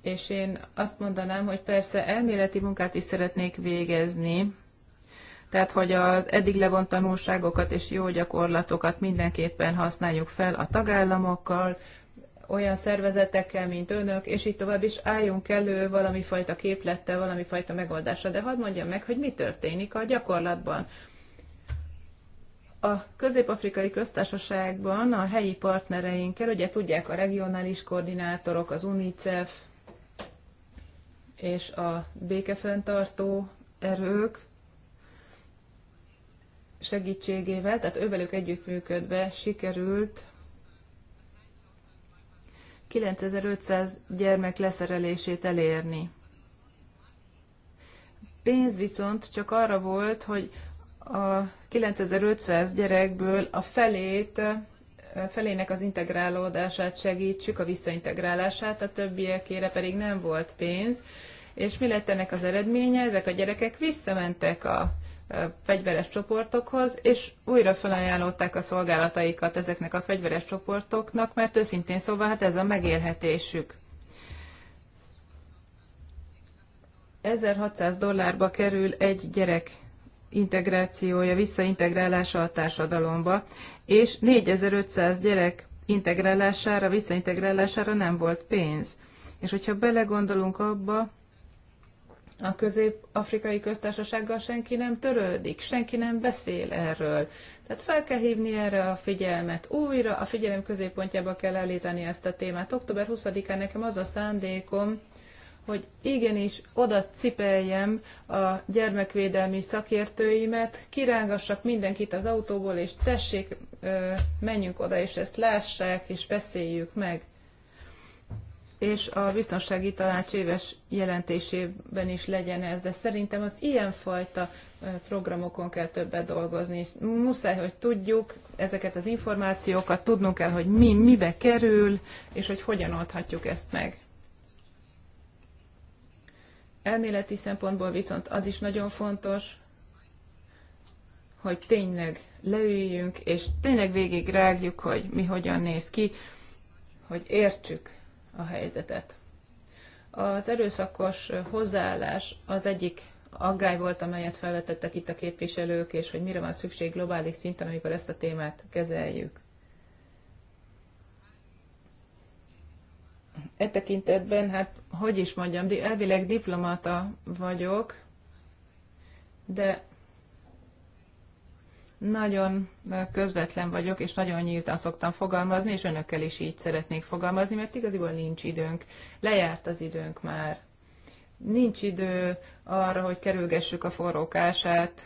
S3: és én azt mondanám, hogy persze elméleti munkát is szeretnék végezni, tehát, hogy az eddig levont tanulságokat és jó gyakorlatokat mindenképpen használjuk fel a tagállamokkal, olyan szervezetekkel, mint önök, és így tovább is álljunk elő valami fajta képlettel, valami fajta megoldásra. De hadd mondjam meg, hogy mi történik a gyakorlatban. A Közép-Afrikai Köztársaságban a helyi partnereinkkel, ugye tudják a regionális koordinátorok, az UNICEF és a békefenntartó erők, segítségével, tehát ővelük együttműködve sikerült 9500 gyermek leszerelését elérni. Pénz viszont csak arra volt, hogy a 9500 gyerekből a felét felének az integrálódását segítsük, a visszaintegrálását, a többiekére pedig nem volt pénz. És mi lett ennek az eredménye? Ezek a gyerekek visszamentek a fegyveres csoportokhoz, és újra felajánlották a szolgálataikat ezeknek a fegyveres csoportoknak, mert őszintén szóval hát ez a megélhetésük. 1600 dollárba kerül egy gyerek integrációja, visszaintegrálása a társadalomba, és 4500 gyerek integrálására, visszaintegrálására nem volt pénz. És hogyha belegondolunk abba, a közép-afrikai köztársasággal senki nem törődik, senki nem beszél erről. Tehát fel kell hívni erre a figyelmet. Újra a figyelem középpontjába kell állítani ezt a témát. Október 20-án nekem az a szándékom, hogy igenis oda cipeljem a gyermekvédelmi szakértőimet, kirángassak mindenkit az autóból, és tessék, menjünk oda, és ezt lássák, és beszéljük meg és a biztonsági tanács éves jelentésében is legyen ez, de szerintem az ilyenfajta programokon kell többet dolgozni. Muszáj, hogy tudjuk ezeket az információkat, tudnunk kell, hogy mi mibe kerül, és hogy hogyan oldhatjuk ezt meg. Elméleti szempontból viszont az is nagyon fontos, hogy tényleg leüljünk, és tényleg végig rágjuk, hogy mi hogyan néz ki, hogy értsük a helyzetet. Az erőszakos hozzáállás az egyik aggály volt, amelyet felvetettek itt a képviselők, és hogy mire van szükség globális szinten, amikor ezt a témát kezeljük. E tekintetben, hát hogy is mondjam, elvileg diplomata vagyok, de nagyon közvetlen vagyok, és nagyon nyíltan szoktam fogalmazni, és önökkel is így szeretnék fogalmazni, mert igaziból nincs időnk. Lejárt az időnk már. Nincs idő arra, hogy kerülgessük a forrókását,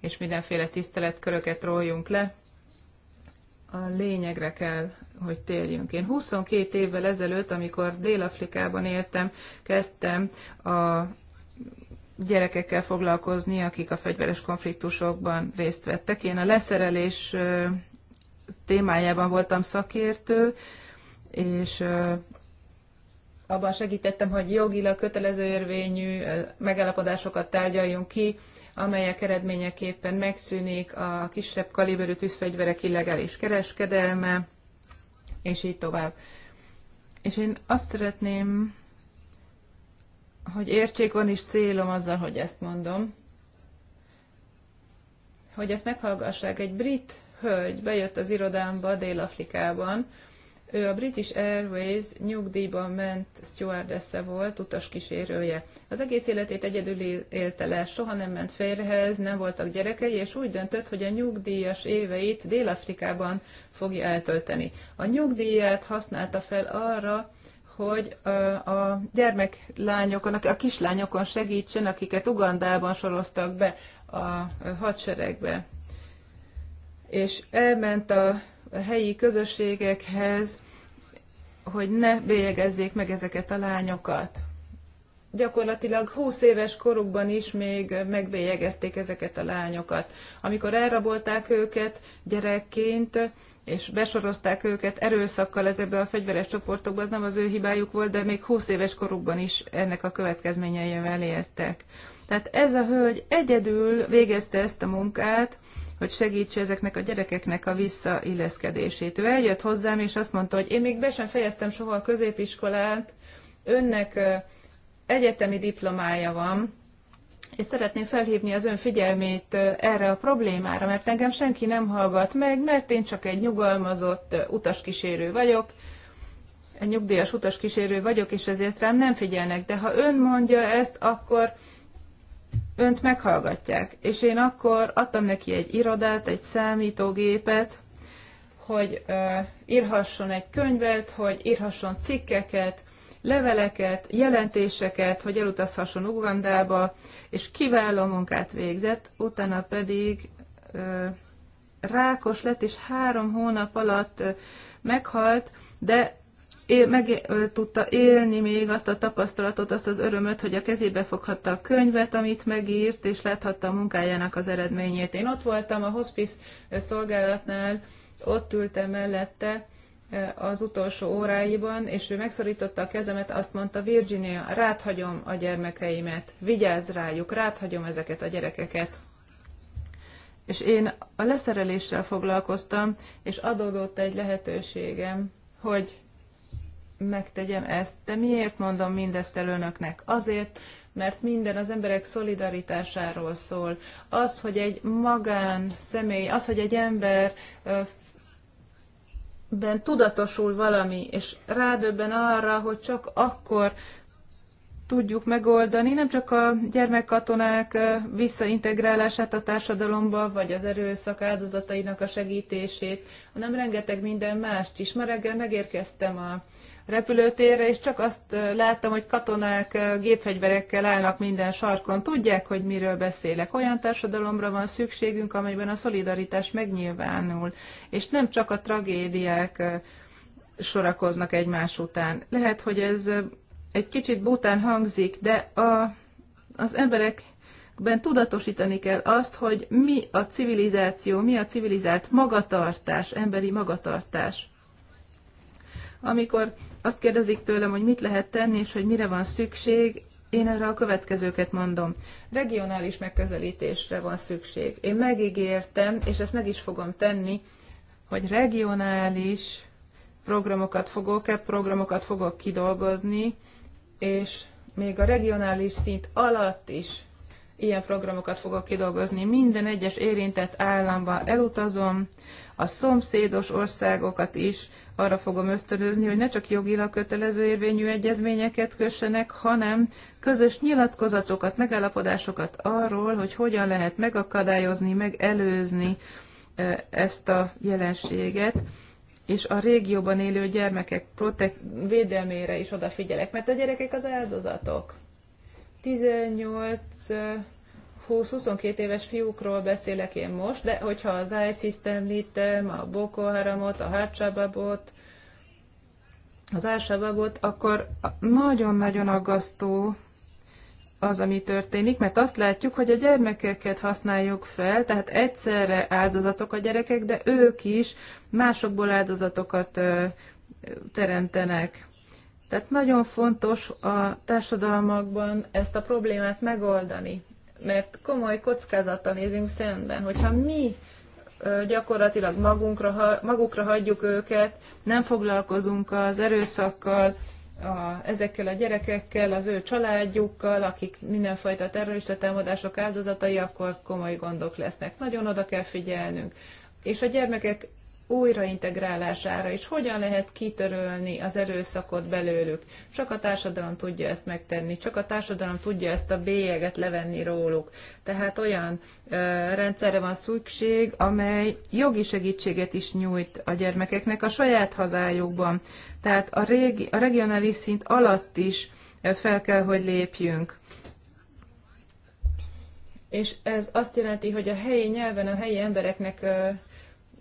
S3: és mindenféle tiszteletköröket róljunk le. A lényegre kell, hogy térjünk. Én 22 évvel ezelőtt, amikor Dél-Afrikában éltem, kezdtem a gyerekekkel foglalkozni, akik a fegyveres konfliktusokban részt vettek. Én a leszerelés témájában voltam szakértő, és abban segítettem, hogy jogilag kötelező érvényű megállapodásokat tárgyaljunk ki, amelyek eredményeképpen megszűnik a kisebb kaliberű tűzfegyverek illegális kereskedelme, és így tovább. És én azt szeretném hogy értsék, van is célom azzal, hogy ezt mondom, hogy ezt meghallgassák. Egy brit hölgy bejött az irodámba Dél-Afrikában, ő a British Airways nyugdíjban ment stewardesse volt, utas kísérője. Az egész életét egyedül élte le, soha nem ment férhez, nem voltak gyerekei, és úgy döntött, hogy a nyugdíjas éveit Dél-Afrikában fogja eltölteni. A nyugdíját használta fel arra, hogy a gyermeklányokon, a kislányokon segítsen, akiket Ugandában soroztak be a hadseregbe. És elment a helyi közösségekhez, hogy ne bélyegezzék meg ezeket a lányokat. Gyakorlatilag 20 éves korukban is még megbélyegezték ezeket a lányokat. Amikor elrabolták őket gyerekként, és besorozták őket erőszakkal ezekbe a fegyveres csoportokba, az nem az ő hibájuk volt, de még 20 éves korukban is ennek a következményeivel éltek. Tehát ez a hölgy egyedül végezte ezt a munkát, hogy segítse ezeknek a gyerekeknek a visszailleszkedését. Ő eljött hozzám, és azt mondta, hogy én még be sem fejeztem soha a középiskolát, önnek egyetemi diplomája van, és szeretném felhívni az ön figyelmét erre a problémára, mert engem senki nem hallgat meg, mert én csak egy nyugalmazott utaskísérő vagyok, egy nyugdíjas utaskísérő vagyok, és ezért rám nem figyelnek. De ha ön mondja ezt, akkor önt meghallgatják. És én akkor adtam neki egy irodát, egy számítógépet, hogy uh, írhasson egy könyvet, hogy írhasson cikkeket, leveleket, jelentéseket, hogy elutazhasson Ugandába, és kiváló munkát végzett, utána pedig ö, rákos lett, és három hónap alatt ö, meghalt, de él, meg ö, tudta élni még azt a tapasztalatot, azt az örömöt, hogy a kezébe foghatta a könyvet, amit megírt, és láthatta a munkájának az eredményét. Én ott voltam a hospice szolgálatnál, ott ültem mellette, az utolsó óráiban, és ő megszorította a kezemet, azt mondta, Virginia, ráthagyom a gyermekeimet, vigyázz rájuk, ráthagyom ezeket a gyerekeket. És én a leszereléssel foglalkoztam, és adódott egy lehetőségem, hogy megtegyem ezt. De miért mondom mindezt el önöknek? Azért, mert minden az emberek szolidaritásáról szól. Az, hogy egy magán személy, az, hogy egy ember ben tudatosul valami, és rádöbben arra, hogy csak akkor tudjuk megoldani nem csak a gyermekkatonák visszaintegrálását a társadalomba, vagy az erőszak áldozatainak a segítését, hanem rengeteg minden mást is. Ma reggel megérkeztem a repülőtérre, és csak azt láttam, hogy katonák gépfegyverekkel állnak minden sarkon. Tudják, hogy miről beszélek. Olyan társadalomra van szükségünk, amelyben a szolidaritás megnyilvánul, és nem csak a tragédiák sorakoznak egymás után. Lehet, hogy ez egy kicsit bután hangzik, de a, az emberek ben tudatosítani kell azt, hogy mi a civilizáció, mi a civilizált magatartás, emberi magatartás. Amikor azt kérdezik tőlem, hogy mit lehet tenni, és hogy mire van szükség, én erre a következőket mondom. Regionális megközelítésre van szükség. Én megígértem, és ezt meg is fogom tenni, hogy regionális programokat fogok, -e, programokat fogok kidolgozni, és még a regionális szint alatt is ilyen programokat fogok kidolgozni. Minden egyes érintett államba elutazom, a szomszédos országokat is, arra fogom ösztönözni, hogy ne csak jogilag kötelező érvényű egyezményeket kössenek, hanem közös nyilatkozatokat, megállapodásokat arról, hogy hogyan lehet megakadályozni, megelőzni e, ezt a jelenséget és a régióban élő gyermekek protek- védelmére is odafigyelek, mert a gyerekek az áldozatok. 18 20-22 éves fiúkról beszélek én most, de hogyha az ISIS-t említem, eh, a Boko Haramot, a Hatchababot, az Ásababot, akkor nagyon-nagyon aggasztó az, ami történik, mert azt látjuk, hogy a gyermekeket használjuk fel, tehát egyszerre áldozatok a gyerekek, de ők is másokból áldozatokat eh, teremtenek. Tehát nagyon fontos a társadalmakban ezt a problémát megoldani mert komoly kockázattal nézünk szemben, hogyha mi gyakorlatilag magunkra, magukra hagyjuk őket, nem foglalkozunk az erőszakkal, a, ezekkel a gyerekekkel, az ő családjukkal, akik mindenfajta terrorista támadások áldozatai, akkor komoly gondok lesznek. Nagyon oda kell figyelnünk. És a gyermekek újraintegrálására, és hogyan lehet kitörölni az erőszakot belőlük. Csak a társadalom tudja ezt megtenni, csak a társadalom tudja ezt a bélyeget levenni róluk. Tehát olyan ö, rendszerre van szükség, amely jogi segítséget is nyújt a gyermekeknek a saját hazájukban. Tehát a, régi, a regionális szint alatt is fel kell, hogy lépjünk. És ez azt jelenti, hogy a helyi nyelven a helyi embereknek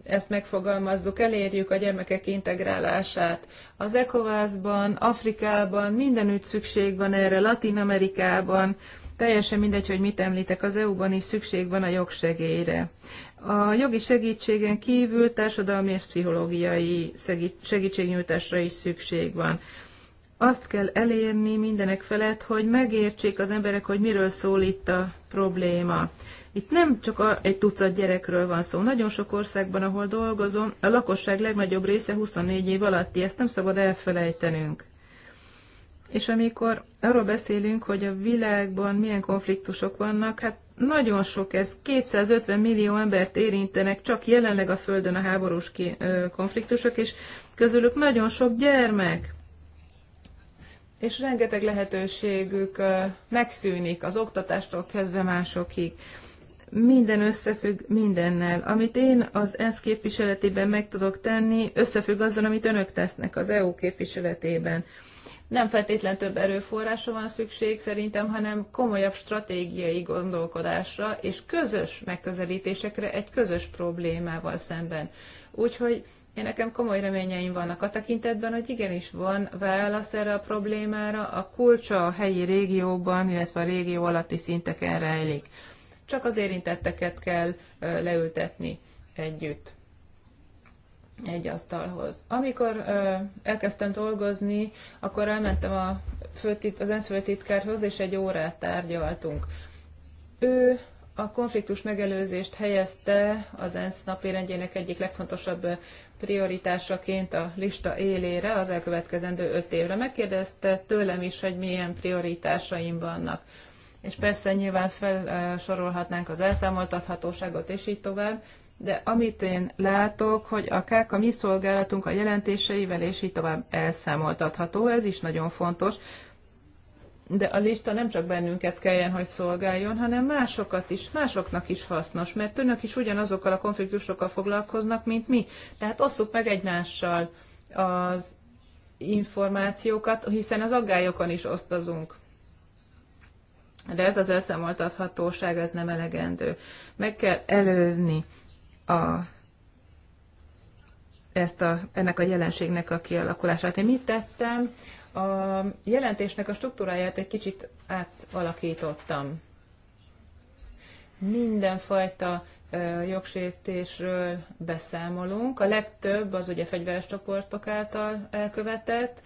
S3: ezt megfogalmazzuk, elérjük a gyermekek integrálását. Az ECOWAS-ban, Afrikában mindenütt szükség van erre, Latin Amerikában, teljesen mindegy, hogy mit említek, az EU-ban is szükség van a jogsegélyre. A jogi segítségen kívül társadalmi és pszichológiai segítségnyújtásra is szükség van. Azt kell elérni mindenek felett, hogy megértsék az emberek, hogy miről szól itt a probléma. Itt nem csak a, egy tucat gyerekről van szó. Nagyon sok országban, ahol dolgozom, a lakosság legnagyobb része 24 év alatti. Ezt nem szabad elfelejtenünk. És amikor arról beszélünk, hogy a világban milyen konfliktusok vannak, hát nagyon sok ez. 250 millió embert érintenek csak jelenleg a Földön a háborús konfliktusok, és közülük nagyon sok gyermek. És rengeteg lehetőségük megszűnik az oktatástól kezdve másokig minden összefügg mindennel. Amit én az ENSZ képviseletében meg tudok tenni, összefügg azzal, amit önök tesznek az EU képviseletében. Nem feltétlen több erőforrásra van szükség szerintem, hanem komolyabb stratégiai gondolkodásra és közös megközelítésekre egy közös problémával szemben. Úgyhogy én nekem komoly reményeim vannak a tekintetben, hogy igenis van válasz erre a problémára, a kulcsa a helyi régióban, illetve a régió alatti szinteken rejlik csak az érintetteket kell leültetni együtt egy asztalhoz. Amikor ö, elkezdtem dolgozni, akkor elmentem a főtit, az ENSZ főtitkárhoz, és egy órát tárgyaltunk. Ő a konfliktus megelőzést helyezte az ENSZ napirendjének egyik legfontosabb prioritásaként a lista élére az elkövetkezendő öt évre. Megkérdezte tőlem is, hogy milyen prioritásaim vannak és persze nyilván felsorolhatnánk az elszámoltathatóságot, és így tovább, de amit én látok, hogy a a mi szolgálatunk a jelentéseivel, és így tovább elszámoltatható, ez is nagyon fontos, de a lista nem csak bennünket kelljen, hogy szolgáljon, hanem másokat is, másoknak is hasznos, mert önök is ugyanazokkal a konfliktusokkal foglalkoznak, mint mi. Tehát osszuk meg egymással az információkat, hiszen az aggályokon is osztozunk. De ez az elszámoltathatóság, ez nem elegendő. Meg kell előzni a, ezt a, ennek a jelenségnek a kialakulását. Én mit tettem? A jelentésnek a struktúráját egy kicsit átalakítottam. Mindenfajta jogsértésről beszámolunk. A legtöbb az ugye fegyveres csoportok által elkövetett,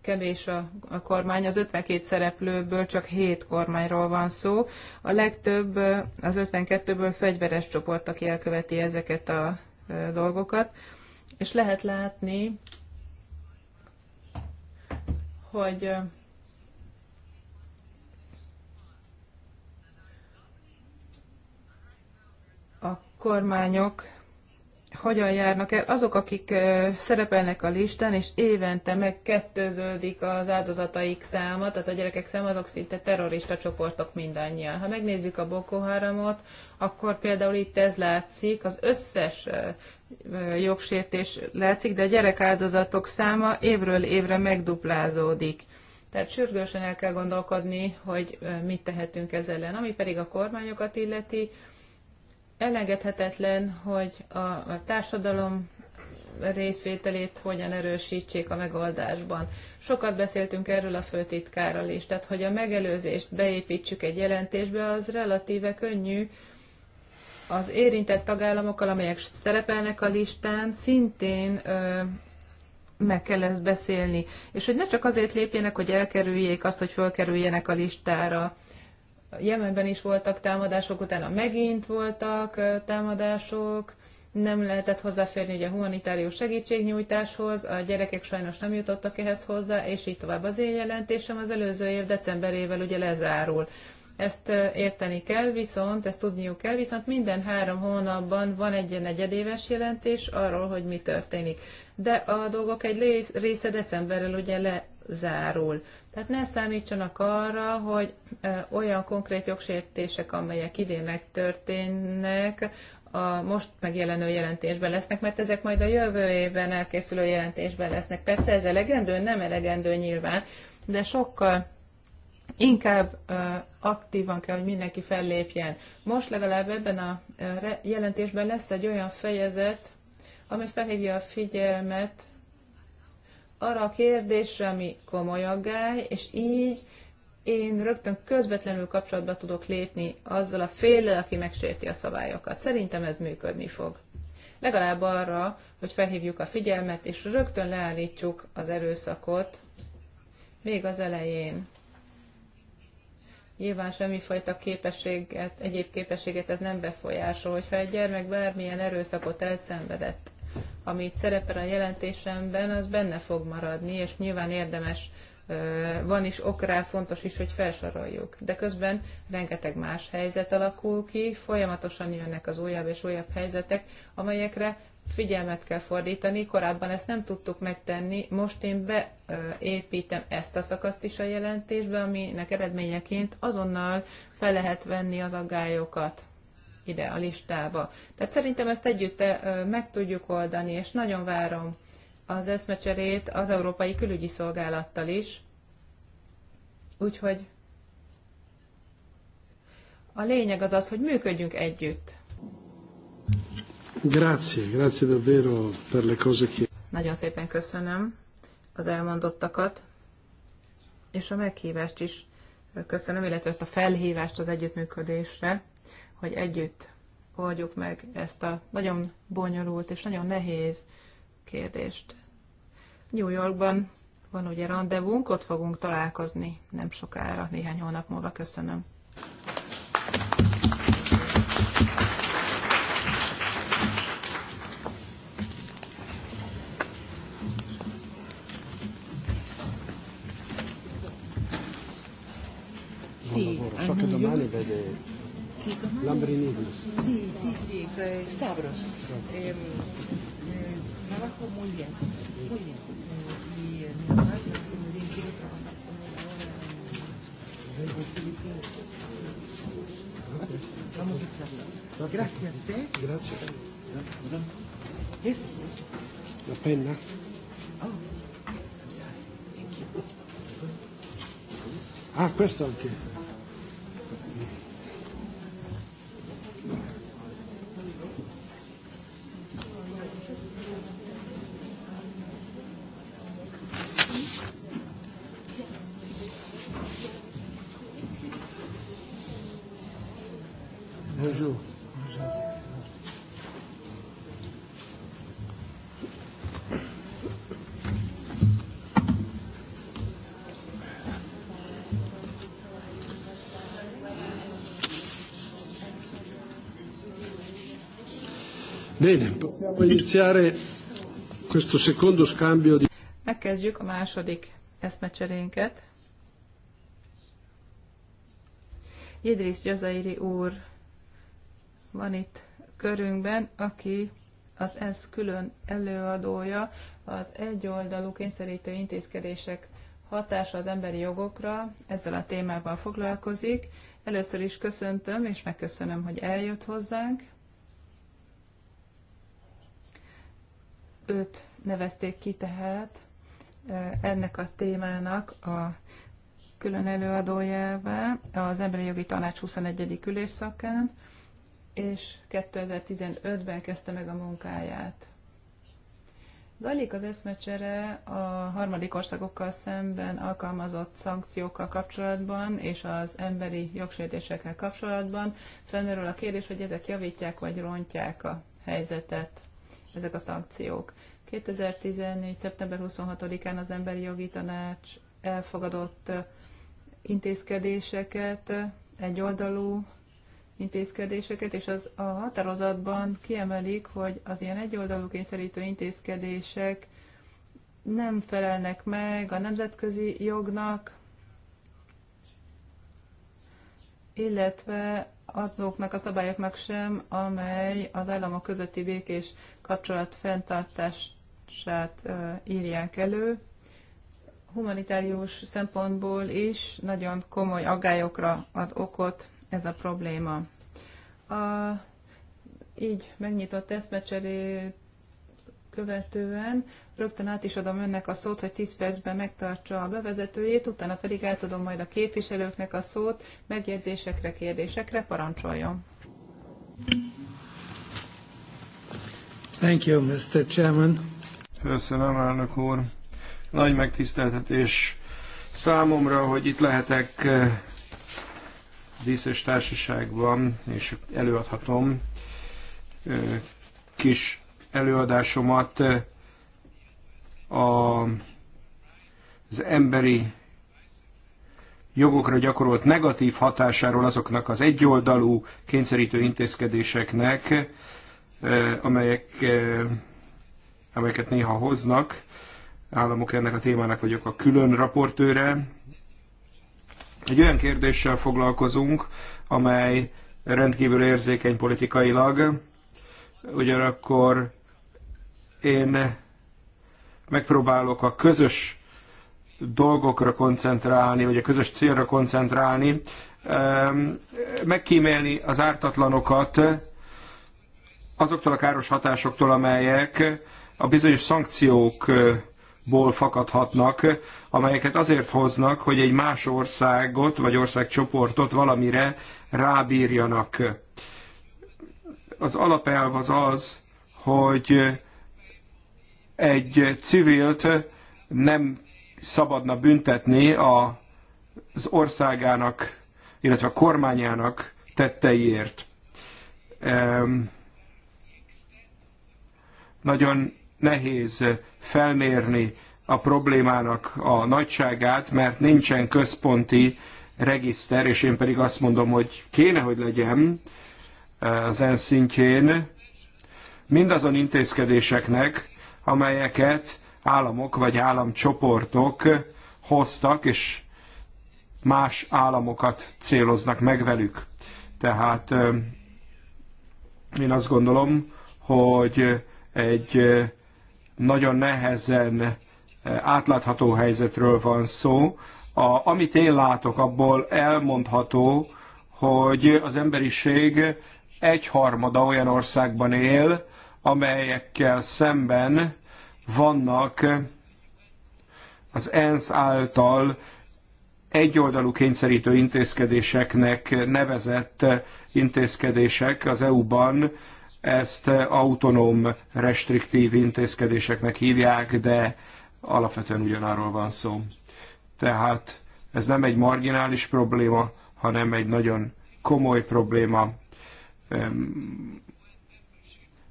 S3: kevés a, a kormány, az 52 szereplőből csak 7 kormányról van szó. A legtöbb, az 52-ből fegyveres csoport, aki elköveti ezeket a dolgokat. És lehet látni, hogy a kormányok hogyan járnak el azok, akik szerepelnek a listán, és évente megkettőződik az áldozataik száma, tehát a gyerekek száma, azok szinte terrorista csoportok mindannyian. Ha megnézzük a Boko Haramot, akkor például itt ez látszik, az összes jogsértés látszik, de a gyerek áldozatok száma évről évre megduplázódik. Tehát sürgősen el kell gondolkodni, hogy mit tehetünk ezzel ellen. Ami pedig a kormányokat illeti, elengedhetetlen, hogy a, a társadalom részvételét hogyan erősítsék a megoldásban. Sokat beszéltünk erről a főtitkárral is, tehát hogy a megelőzést beépítsük egy jelentésbe, az relatíve könnyű, az érintett tagállamokkal, amelyek szerepelnek a listán, szintén ö, meg kell ezt beszélni. És hogy ne csak azért lépjenek, hogy elkerüljék azt, hogy fölkerüljenek a listára, Jemenben is voltak támadások, utána megint voltak támadások, nem lehetett hozzáférni ugye humanitárius segítségnyújtáshoz, a gyerekek sajnos nem jutottak ehhez hozzá, és így tovább. Az én jelentésem az előző év decemberével ugye lezárul. Ezt érteni kell, viszont ezt tudniuk kell, viszont minden három hónapban van egy negyedéves jelentés arról, hogy mi történik. De a dolgok egy része decemberrel ugye lezárul. Tehát ne számítsanak arra, hogy olyan konkrét jogsértések, amelyek idén megtörténnek, a most megjelenő jelentésben lesznek, mert ezek majd a jövő évben elkészülő jelentésben lesznek. Persze ez elegendő, nem elegendő nyilván, de sokkal inkább aktívan kell, hogy mindenki fellépjen. Most legalább ebben a jelentésben lesz egy olyan fejezet, ami felhívja a figyelmet arra a kérdésre, ami komoly aggály, és így én rögtön közvetlenül kapcsolatba tudok lépni azzal a féllel, aki megsérti a szabályokat. Szerintem ez működni fog. Legalább arra, hogy felhívjuk a figyelmet, és rögtön leállítsuk az erőszakot még az elején. Nyilván semmifajta képességet, egyéb képességet ez nem befolyásol, hogyha egy gyermek bármilyen erőszakot elszenvedett amit szerepel a jelentésemben, az benne fog maradni, és nyilván érdemes, van is ok rá, fontos is, hogy felsoroljuk. De közben rengeteg más helyzet alakul ki, folyamatosan jönnek az újabb és újabb helyzetek, amelyekre figyelmet kell fordítani. Korábban ezt nem tudtuk megtenni, most én beépítem ezt a szakaszt is a jelentésbe, aminek eredményeként azonnal fel lehet venni az aggályokat ide a listába. Tehát szerintem ezt együtt meg tudjuk oldani, és nagyon várom az eszmecserét az Európai Külügyi Szolgálattal is. Úgyhogy a lényeg az az, hogy működjünk együtt.
S2: Grazie, grazie davvero per le cose che...
S3: Nagyon szépen köszönöm az elmondottakat, és a meghívást is köszönöm, illetve ezt a felhívást az együttműködésre hogy együtt oldjuk meg ezt a nagyon bonyolult és nagyon nehéz kérdést. New Yorkban van ugye rendezvunk, ott fogunk találkozni nem sokára, néhány hónap múlva. Köszönöm.
S1: Sì, a New York. Sí, come... Lambrinidis. Sì, sí, sí. Stavros. Stavros. Eh, eh, trabajo muy bien, muy bien. Y eh, mi trabajar con él ahora en Filipinas. Vamos a hacerlo. Grazie a te. La pena. Oh, I'm sorry. Thank you. Ah, questo anche. Bene, possiamo iniziare questo secondo scambio di...
S3: Megkezdjük a második eszmecserénket. Jedris Gyazairi úr van itt körünkben, aki az ENSZ külön előadója az egyoldalú kényszerítő intézkedések hatása az emberi jogokra, ezzel a témával foglalkozik. Először is köszöntöm, és megköszönöm, hogy eljött hozzánk. Őt nevezték ki tehát ennek a témának a külön előadójává az Emberi Jogi Tanács 21. ülésszakán, és 2015-ben kezdte meg a munkáját. Zajlik az eszmecsere a harmadik országokkal szemben alkalmazott szankciókkal kapcsolatban és az emberi jogsértésekkel kapcsolatban. Felmerül a kérdés, hogy ezek javítják vagy rontják a helyzetet, ezek a szankciók. 2014. szeptember 26-án az Emberi Jogi Tanács elfogadott intézkedéseket, egyoldalú intézkedéseket, és az a határozatban kiemelik, hogy az ilyen egyoldalú kényszerítő intézkedések nem felelnek meg a nemzetközi jognak, illetve azoknak a szabályoknak sem, amely az államok közötti békés kapcsolat fenntartást kiírását írják elő. Humanitárius szempontból is nagyon komoly agályokra ad okot ez a probléma. A így megnyitott eszmecseré követően rögtön át is adom önnek a szót, hogy 10 percben megtartsa a bevezetőjét, utána pedig átadom majd a képviselőknek a szót, megjegyzésekre, kérdésekre parancsoljon.
S2: Thank you, Mr. Chairman. Köszönöm, elnök úr. Nagy megtiszteltetés számomra, hogy itt lehetek eh, díszes társaságban, és előadhatom eh, kis előadásomat a, eh, az emberi jogokra gyakorolt negatív hatásáról azoknak az egyoldalú kényszerítő intézkedéseknek, amelyek amelyeket néha hoznak. Államok ennek a témának vagyok a külön raportőre. Egy olyan kérdéssel foglalkozunk, amely rendkívül érzékeny politikailag, ugyanakkor én megpróbálok a közös dolgokra koncentrálni, vagy a közös célra koncentrálni, megkímélni az ártatlanokat azoktól a káros hatásoktól, amelyek a bizonyos szankciókból fakadhatnak, amelyeket azért hoznak, hogy egy más országot vagy országcsoportot valamire rábírjanak. Az alapelv az az, hogy egy civilt nem szabadna büntetni a, az országának, illetve a kormányának tetteiért. Nagyon nehéz eh, felmérni a problémának a nagyságát, mert nincsen központi regiszter, és én pedig azt mondom, hogy kéne, hogy legyen eh, az ENSZ szintjén mindazon intézkedéseknek, amelyeket államok vagy államcsoportok hoztak, és más államokat céloznak meg velük. Tehát eh, én azt gondolom, hogy egy nagyon nehezen eh, átlátható helyzetről van szó. A, amit én látok, abból elmondható, hogy az emberiség egyharmada olyan országban él, amelyekkel szemben vannak az ENSZ által egyoldalú kényszerítő intézkedéseknek nevezett intézkedések az EU-ban ezt autonóm, restriktív intézkedéseknek hívják, de alapvetően ugyanarról van szó. Tehát ez nem egy marginális probléma, hanem egy nagyon komoly probléma.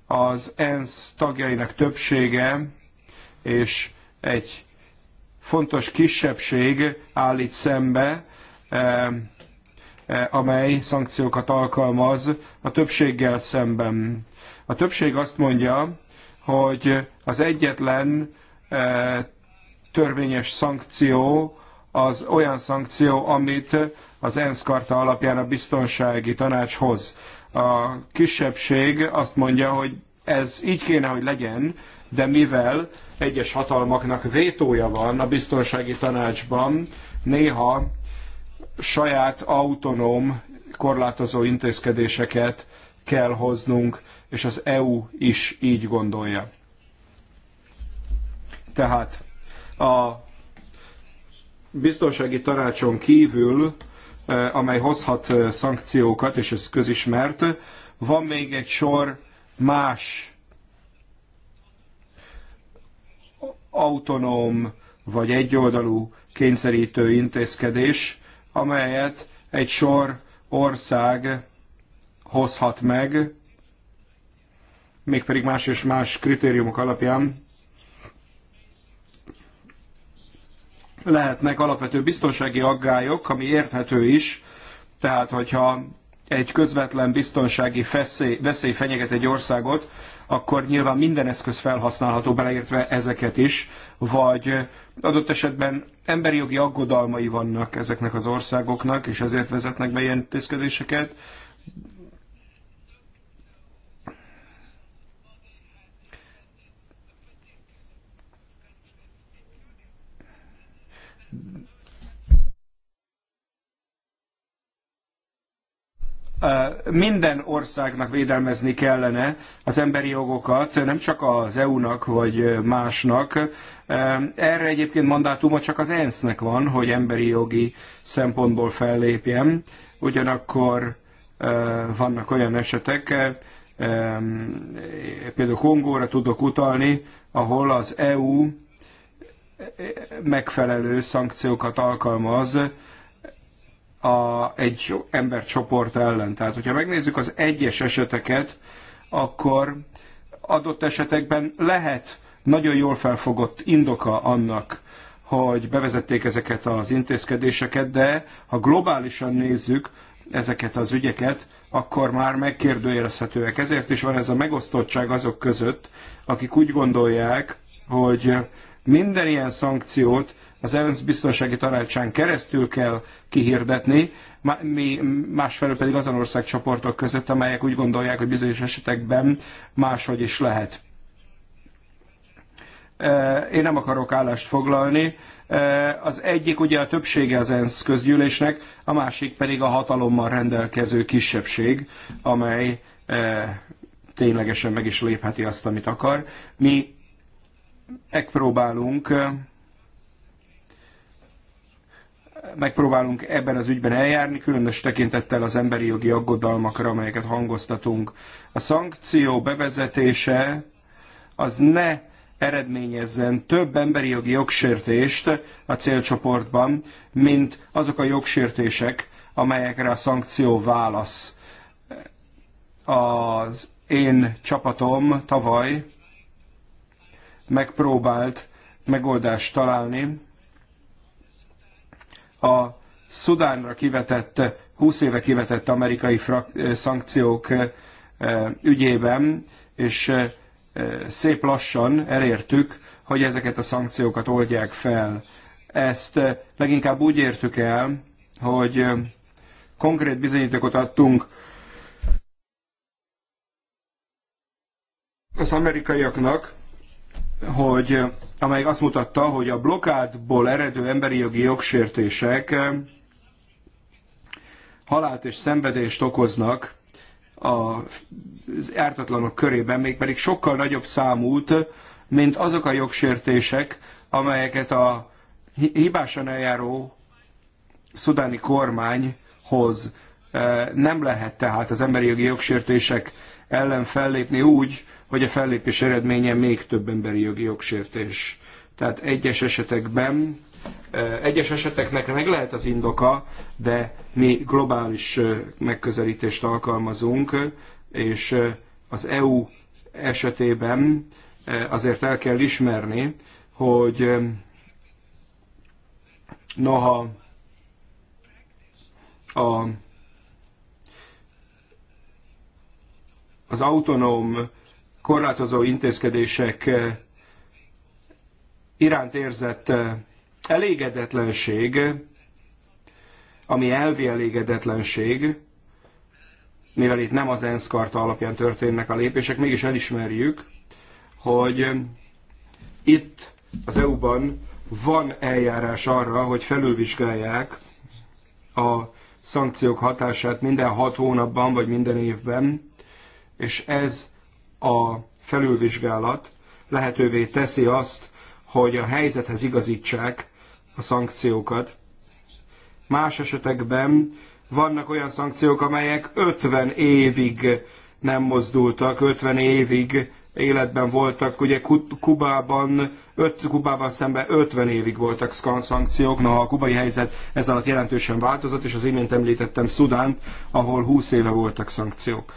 S2: Az ENSZ tagjainak többsége és egy fontos kisebbség állít szembe E, amely szankciókat alkalmaz a többséggel szemben. A többség azt mondja, hogy az egyetlen e, törvényes szankció az olyan szankció, amit az ENSZ karta alapján a biztonsági tanács hoz. A kisebbség azt mondja, hogy ez így kéne, hogy legyen, de mivel egyes hatalmaknak vétója van a biztonsági tanácsban, néha saját autonóm korlátozó intézkedéseket kell hoznunk, és az EU is így gondolja. Tehát a biztonsági tanácson kívül, eh, amely hozhat eh, szankciókat, és ez közismert, van még egy sor más autonóm vagy egyoldalú kényszerítő intézkedés, amelyet egy sor ország hozhat meg, mégpedig más és más kritériumok alapján lehetnek alapvető biztonsági aggályok, ami érthető is, tehát hogyha egy közvetlen biztonsági veszély, veszély fenyeget egy országot, akkor nyilván minden eszköz felhasználható, beleértve ezeket is, vagy adott esetben emberi jogi aggodalmai vannak ezeknek az országoknak, és ezért vezetnek be ilyen intézkedéseket, minden országnak védelmezni kellene az emberi jogokat, nem csak az EU-nak vagy másnak. Erre egyébként mandátuma csak az ENSZ-nek van, hogy emberi jogi szempontból fellépjen. Ugyanakkor vannak olyan esetek, például Kongóra tudok utalni, ahol az EU megfelelő szankciókat alkalmaz a, egy embercsoport ellen. Tehát, hogyha megnézzük az egyes eseteket, akkor adott esetekben lehet nagyon jól felfogott indoka annak, hogy bevezették ezeket az intézkedéseket, de ha globálisan nézzük ezeket az ügyeket, akkor már megkérdőjelezhetőek. Ezért is van ez a megosztottság azok között, akik úgy gondolják, hogy minden ilyen szankciót az ENSZ biztonsági tanácsán keresztül kell kihirdetni, mi másfelől pedig azon országcsoportok között, amelyek úgy gondolják, hogy bizonyos esetekben máshogy is lehet. Én nem akarok állást foglalni. Az egyik ugye a többsége az ENSZ közgyűlésnek, a másik pedig a hatalommal rendelkező kisebbség, amely ténylegesen meg is lépheti azt, amit akar. Mi megpróbálunk próbálunk megpróbálunk ebben az ügyben eljárni, különös tekintettel az emberi jogi aggodalmakra, amelyeket hangoztatunk. A szankció bevezetése az ne eredményezzen több emberi jogi jogsértést a célcsoportban, mint azok a jogsértések, amelyekre a szankció válasz. Az én csapatom tavaly megpróbált megoldást találni a Szudánra kivetett, 20 éve kivetett amerikai szankciók ügyében, és szép lassan elértük, hogy ezeket a szankciókat oldják fel. Ezt leginkább úgy értük el, hogy konkrét bizonyítékot adtunk az amerikaiaknak, hogy, amely azt mutatta, hogy a blokádból eredő emberi jogi jogsértések eh, halált és szenvedést okoznak az ártatlanok körében, mégpedig sokkal nagyobb számút, mint azok a jogsértések, amelyeket a hibásan eljáró szudáni kormány hoz. Eh, nem lehet tehát az emberi jogi jogsértések ellen fellépni úgy, hogy a fellépés eredménye még több emberi jogi jogsértés. Tehát egyes esetekben, egyes eseteknek meg lehet az indoka, de mi globális megközelítést alkalmazunk, és az EU esetében azért el kell ismerni, hogy noha a, az autonóm korlátozó intézkedések eh, iránt érzett eh, elégedetlenség, ami elvi elégedetlenség, mivel itt nem az ENSZ karta alapján történnek a lépések, mégis elismerjük, hogy eh, itt az EU-ban van eljárás arra, hogy felülvizsgálják a szankciók hatását minden hat hónapban vagy minden évben, és ez a felülvizsgálat lehetővé teszi azt, hogy a helyzethez igazítsák a szankciókat. Más esetekben vannak olyan szankciók, amelyek 50 évig nem mozdultak, 50 évig életben voltak. Ugye Kubában, öt, Kubával szemben 50 évig voltak szankciók, noha a kubai helyzet ez alatt jelentősen változott, és az imént említettem Szudánt, ahol 20 éve voltak szankciók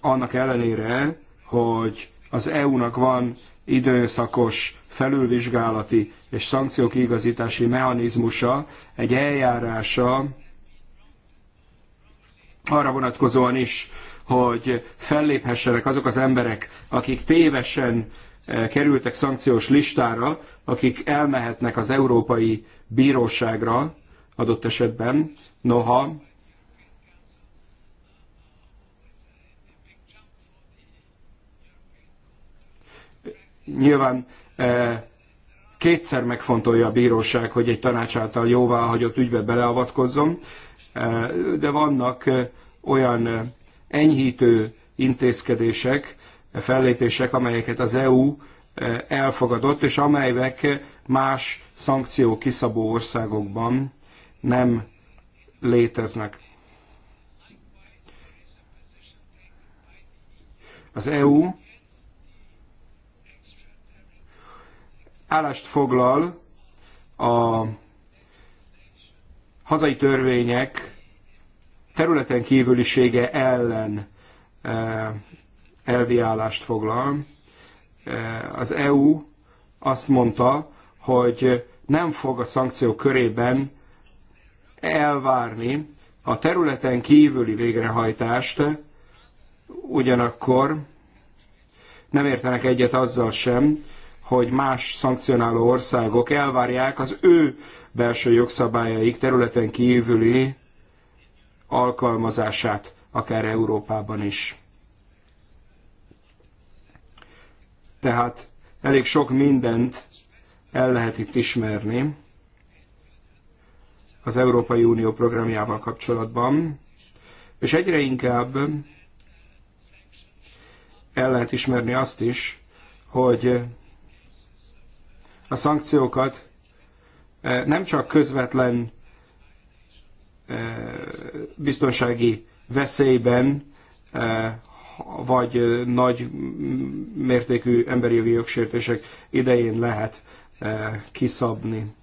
S2: annak ellenére, hogy az EU-nak van időszakos felülvizsgálati és szankciók igazítási mechanizmusa, egy eljárása arra vonatkozóan is, hogy felléphessenek azok az emberek, akik tévesen e, kerültek szankciós listára, akik elmehetnek az Európai Bíróságra adott esetben, noha nyilván e, kétszer megfontolja a bíróság, hogy egy tanács által jóváhagyott ügybe beleavatkozzon, e, de vannak e, olyan enyhítő intézkedések, fellépések, amelyeket az EU elfogadott, és amelyek más szankció kiszabó országokban nem léteznek. Az EU állást foglal a hazai törvények területen kívülisége ellen e, elvi állást foglal. E, az EU azt mondta, hogy nem fog a szankciók körében elvárni a területen kívüli végrehajtást, ugyanakkor nem értenek egyet azzal sem, hogy más szankcionáló országok elvárják az ő belső jogszabályaik területen kívüli alkalmazását, akár Európában is. Tehát elég sok mindent el lehet itt ismerni az Európai Unió programjával kapcsolatban, és egyre inkább el lehet ismerni azt is, hogy a szankciókat nem csak közvetlen biztonsági veszélyben, vagy nagy mértékű emberi jogi jogsértések idején lehet kiszabni.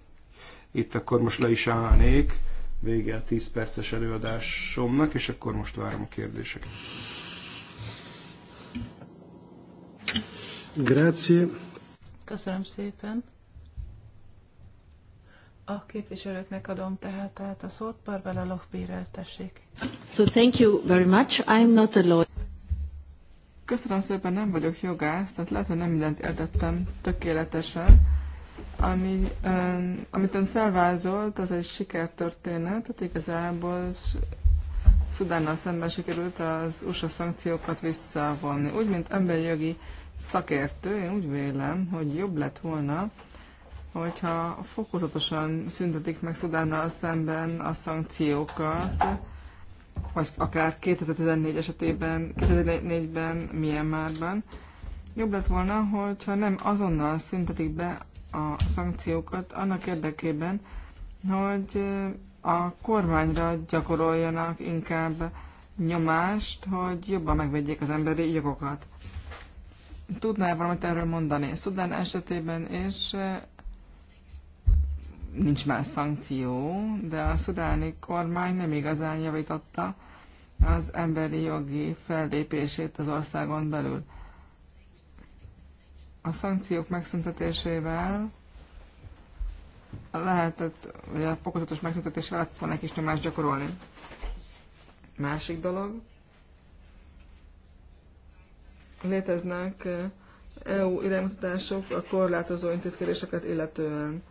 S2: Itt akkor most le is állnék vége a 10 perces előadásomnak, és akkor most várom a kérdéseket. Grazie.
S3: Köszönöm szépen. A képviselőknek adom tehát tehát a szót, Barbara
S4: Lochbírrel tessék. So thank you very much. I'm not a lawyer. Köszönöm szépen, nem vagyok jogász, tehát lehet, hogy nem mindent értettem tökéletesen. Ami, ön, amit ön felvázolt, az egy sikertörténet, tehát igazából Szudánnal szemben sikerült az USA szankciókat visszavonni. Úgy, mint emberi jogi szakértő, én úgy vélem, hogy jobb lett volna, hogyha fokozatosan szüntetik meg Szudánnal szemben a szankciókat, vagy akár 2014 esetében, 2004-ben, Myanmarban, jobb lett volna, hogyha nem azonnal szüntetik be a szankciókat annak érdekében, hogy a kormányra gyakoroljanak inkább nyomást, hogy jobban megvegyék az emberi jogokat. Tudnál valamit erről mondani? Szudán esetében és nincs már szankció, de a szudáni kormány nem igazán javította az emberi jogi fellépését az országon belül. A szankciók megszüntetésével lehetett, vagy a fokozatos megszüntetésével lehetett volna egy kis nyomást gyakorolni. Másik dolog, léteznek EU irányítások a korlátozó intézkedéseket illetően.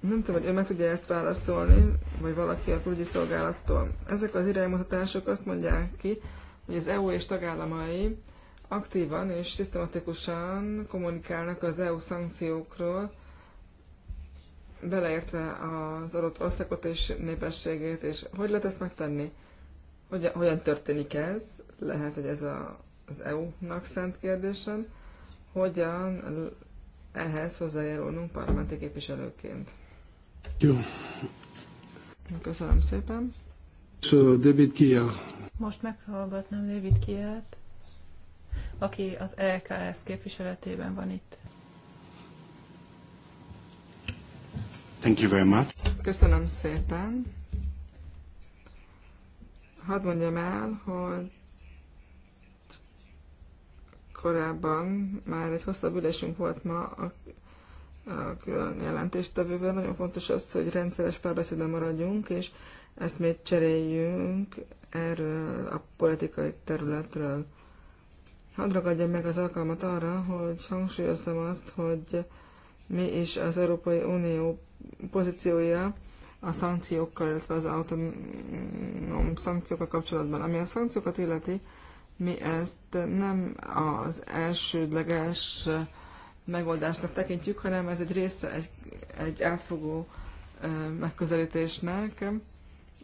S4: Nem tudom, hogy ő meg tudja ezt válaszolni, vagy valaki a külügyi szolgálattól. Ezek az iránymutatások azt mondják ki, hogy az EU és tagállamai aktívan és szisztematikusan kommunikálnak az EU szankciókról, beleértve az adott országot és népességét, és hogy lehet ezt megtenni? Hogyan, hogyan történik ez? Lehet, hogy ez a, az EU-nak szent kérdésem. Hogyan ehhez hozzájárulnunk parlamenti képviselőként? Jó. Köszönöm szépen.
S1: So, uh, David Kia.
S4: Most meghallgatnám David Kiát,
S3: aki az LKS képviseletében van itt.
S1: Thank you very much.
S4: Köszönöm szépen. Hadd mondjam el, hogy korábban már egy hosszabb ülésünk volt ma a külön jelentéstevővel. Nagyon fontos az, hogy rendszeres párbeszédben maradjunk, és ezt még cseréljünk erről a politikai területről. Hadd ragadjam meg az alkalmat arra, hogy hangsúlyozzam azt, hogy mi is az Európai Unió pozíciója a szankciókkal, illetve az autonóm szankciókkal kapcsolatban. Ami a szankciókat illeti, mi ezt nem az elsődleges megoldásnak tekintjük, hanem ez egy része egy, egy elfogó megközelítésnek,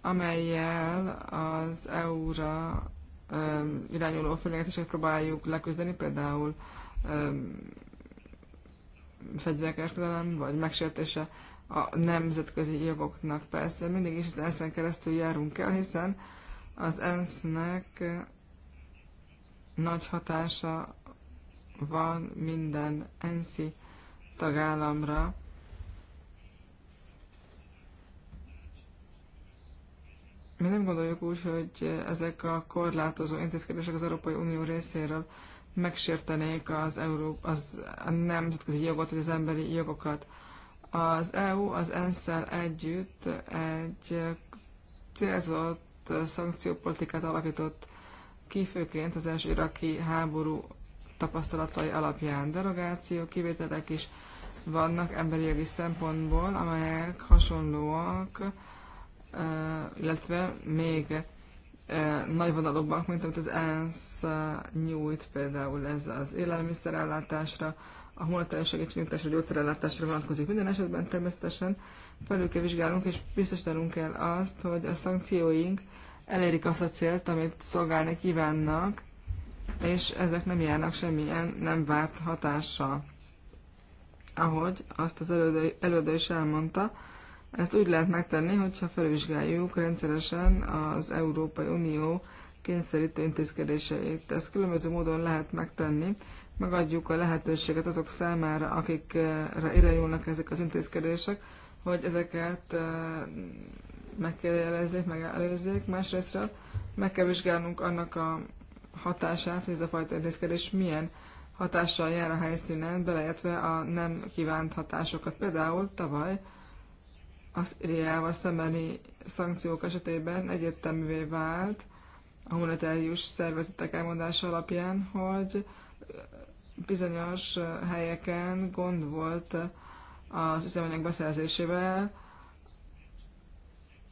S4: amelyel az EU-ra irányuló fenyegetéseket próbáljuk leküzdeni, például fegyverkereskedelem, vagy megsértése a nemzetközi jogoknak. Persze mindig is az ENSZ-en keresztül járunk el, hiszen az ENSZ-nek nagy hatása van minden ENSZI tagállamra, mi nem gondoljuk úgy, hogy ezek a korlátozó intézkedések az Európai Unió részéről megsértenék az, Euró, az a nemzetközi jogot, vagy az emberi jogokat. Az EU az ensz együtt egy célzott szankciópolitikát alakított ki, főként az első iraki háború tapasztalatai alapján. Derogáció, kivételek is vannak emberi jogi szempontból, amelyek hasonlóak, illetve még nagy vonalúbbak, mint amit az ENSZ nyújt, például ez az élelmiszerellátásra, a humanitárius segítségnyújtásra, a gyógyszerellátásra vonatkozik. Minden esetben természetesen felül kell vizsgálnunk, és biztosítanunk kell azt, hogy a szankcióink elérik azt a célt, amit szolgálni kívánnak, és ezek nem járnak semmilyen nem várt hatással. Ahogy azt az előadó, is elmondta, ezt úgy lehet megtenni, hogyha felvizsgáljuk rendszeresen az Európai Unió kényszerítő intézkedéseit. Ezt különböző módon lehet megtenni, megadjuk a lehetőséget azok számára, akikre irányulnak ezek az intézkedések, hogy ezeket eh, megkérdelezzék, megelőzzék. Másrésztről meg kell vizsgálnunk annak a hatását, hogy ez a fajta intézkedés milyen hatással jár a helyszínen, beleértve a nem kívánt hatásokat. Például tavaly az Iriával szembeni szankciók esetében egyértelművé vált a humanitárius szervezetek elmondása alapján, hogy bizonyos helyeken gond volt az üzemanyag beszerzésével,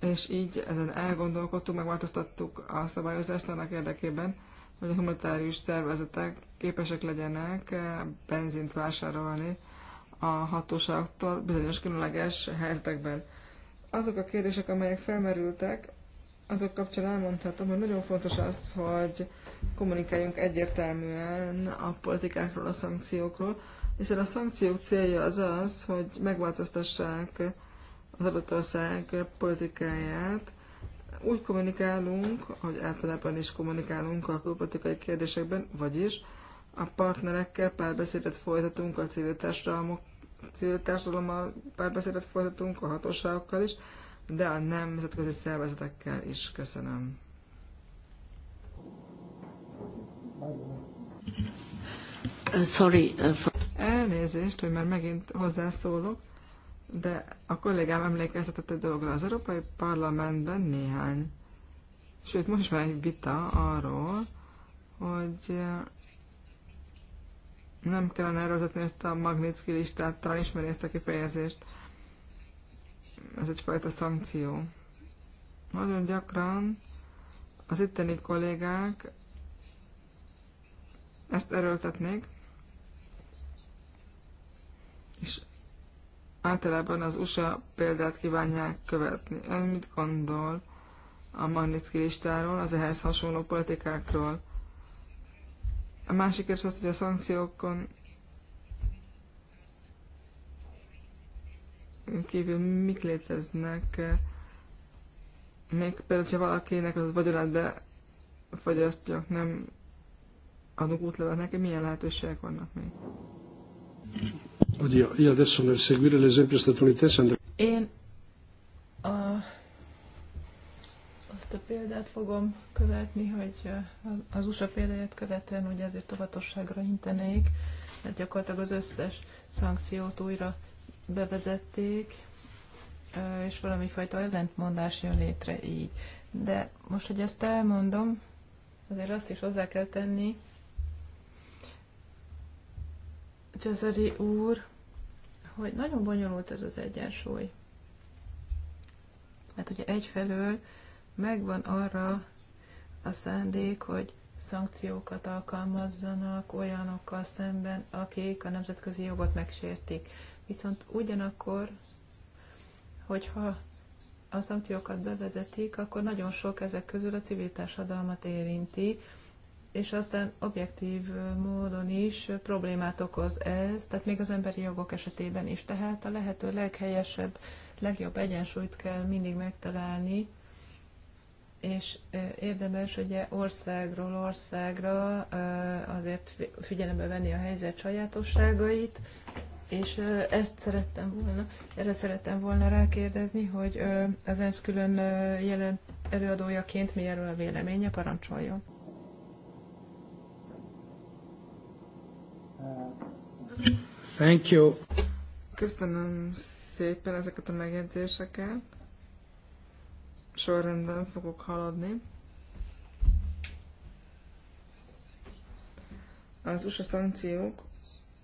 S4: és így ezen elgondolkodtuk, megváltoztattuk a szabályozást annak érdekében, hogy a humanitárius szervezetek képesek legyenek eh, benzint vásárolni a hatóságoktól bizonyos különleges helyzetekben. Azok a kérdések, amelyek felmerültek, azok kapcsán elmondhatom, hogy nagyon fontos az, hogy kommunikáljunk egyértelműen a politikákról, a szankciókról, hiszen a szankciók célja az az, hogy megváltoztassák az adott ország politikáját, úgy kommunikálunk, hogy általában is kommunikálunk a külpolitikai kérdésekben, vagyis a partnerekkel párbeszédet folytatunk, a civil, társadalmok, civil társadalommal párbeszédet folytatunk, a hatóságokkal is, de a nemzetközi szervezetekkel is. Köszönöm. Sorry. Uh, Elnézést, hogy már megint hozzászólok de a kollégám emlékeztetett egy dologra. Az Európai Parlamentben néhány, sőt, most is van egy vita arról, hogy eh, nem kellene erőltetni ezt a Magnitsky listát, talán ismeri ezt a kifejezést. Ez egyfajta szankció. Nagyon gyakran az itteni kollégák ezt erőltetnék, és általában az USA példát kívánják követni. Ön mit gondol a Magnitsky listáról, az ehhez hasonló politikákról? A másik kérdés az, hogy a szankciókon kívül mik léteznek, még például, ha valakinek az vagyonát befagyasztjuk, nem adunk útlevet neki, milyen lehetőségek vannak még?
S1: Oddio, io adesso nel seguire l'esempio statunitense
S4: Én a,
S3: azt a példát fogom követni, hogy az USA példáját követően ugye ezért óvatosságra intenék, mert gyakorlatilag az összes szankciót újra bevezették, és valami fajta ellentmondás jön létre így. De most, hogy ezt elmondom, azért azt is hozzá kell tenni, Csazari úr hogy nagyon bonyolult ez az egyensúly. Mert ugye egyfelől megvan arra a szándék, hogy szankciókat alkalmazzanak olyanokkal szemben, akik a nemzetközi jogot megsértik. Viszont ugyanakkor, hogyha a szankciókat bevezetik, akkor nagyon sok ezek közül a civil társadalmat érinti, és aztán objektív módon is problémát okoz ez, tehát még az emberi jogok esetében is. Tehát a lehető leghelyesebb, legjobb egyensúlyt kell mindig megtalálni, és érdemes ugye országról országra azért figyelembe venni a helyzet sajátosságait, és ezt szerettem volna, erre szerettem volna rákérdezni, hogy az ENSZ külön jelen előadójaként mi erről a véleménye, parancsoljon.
S1: Thank you.
S4: Köszönöm szépen ezeket a megjegyzéseket. Sorrendben fogok haladni. Az USA szankciók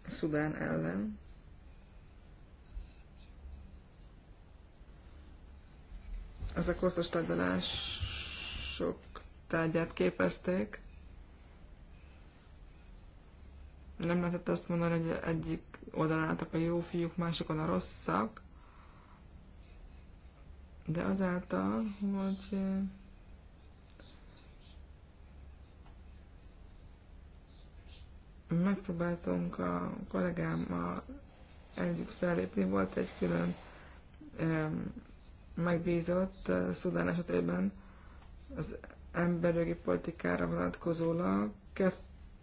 S4: Szudán ellen. Ezek hosszas tárgyalások tárgyát képezték. nem lehetett azt mondani, hogy egyik oldalán álltak a jó fiúk, másikon a rosszak, de azáltal, hogy megpróbáltunk a kollégámmal együtt fellépni, volt egy külön megbízott Szudán esetében az emberjogi politikára vonatkozólag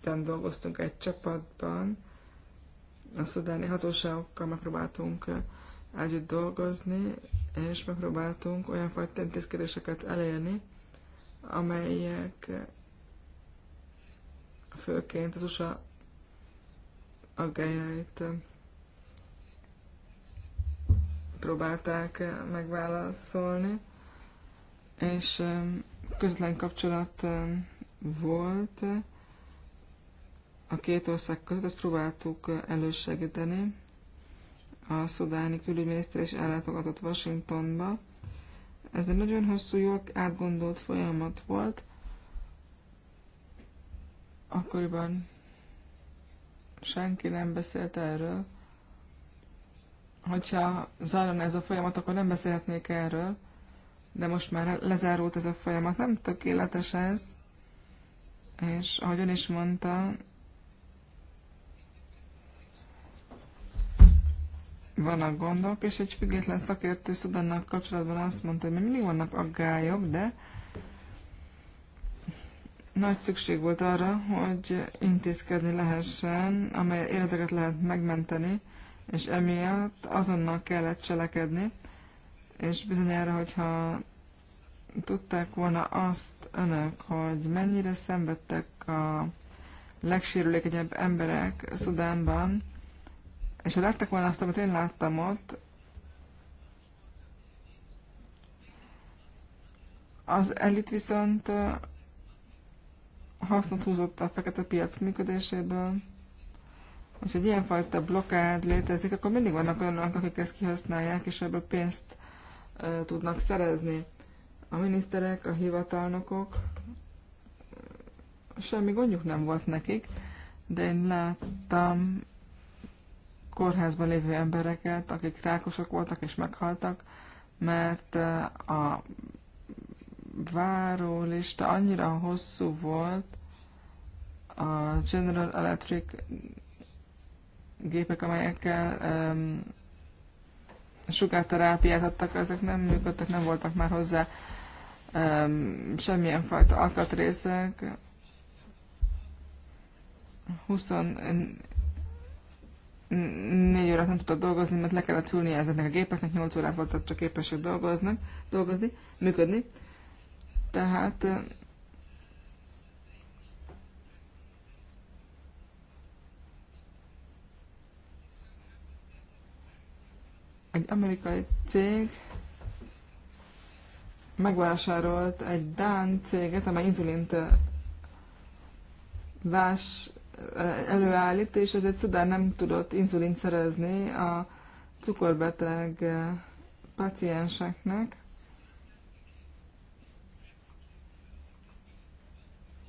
S4: ketten dolgoztunk egy csapatban, a szudáni hatóságokkal megpróbáltunk együtt dolgozni, és megpróbáltunk olyan fajta intézkedéseket elérni, amelyek főként az USA aggájait próbálták megválaszolni, és közlen kapcsolat volt a két ország között, ezt próbáltuk elősegíteni. A szudáni külügyminiszter is ellátogatott Washingtonba. Ez egy nagyon hosszú, jól átgondolt folyamat volt. Akkoriban senki nem beszélt erről. Hogyha zajlana ez a folyamat, akkor nem beszélhetnék erről. De most már lezárult ez a folyamat. Nem tökéletes ez, és ahogy ön is mondta, vannak gondok, és egy független szakértő Szudannak kapcsolatban azt mondta, hogy még mindig vannak aggályok, de nagy szükség volt arra, hogy intézkedni lehessen, amely életeket lehet megmenteni, és emiatt azonnal kellett cselekedni, és bizonyára, hogyha tudták volna azt önök, hogy mennyire szenvedtek a legsérülékenyebb emberek Szudánban, és ha láttak volna azt, amit én láttam ott, az elit viszont hasznot húzott a fekete piac működéséből. És egy ilyenfajta blokkád létezik, akkor mindig vannak olyanok, akik ezt kihasználják, és ebből pénzt e, tudnak szerezni. A miniszterek, a hivatalnokok, semmi gondjuk nem volt nekik, de én láttam kórházban lévő embereket, akik rákosok voltak és meghaltak, mert eh, a várólista annyira hosszú volt, a General Electric gépek, amelyekkel um, sugárterápiát adtak, ezek nem működtek, nem voltak már hozzá um, semmilyen fajta alkatrészek. 20 négy órát nem tudott dolgozni, mert le kellett ülni ezeknek a gépeknek, 8 órát voltak csak képesek dolgozni, dolgozni, működni. Tehát egy amerikai cég megvásárolt egy Dán céget, amely inzulint vás, előállít, és ezért Szudán nem tudott inzulint szerezni a cukorbeteg eh, pacienseknek.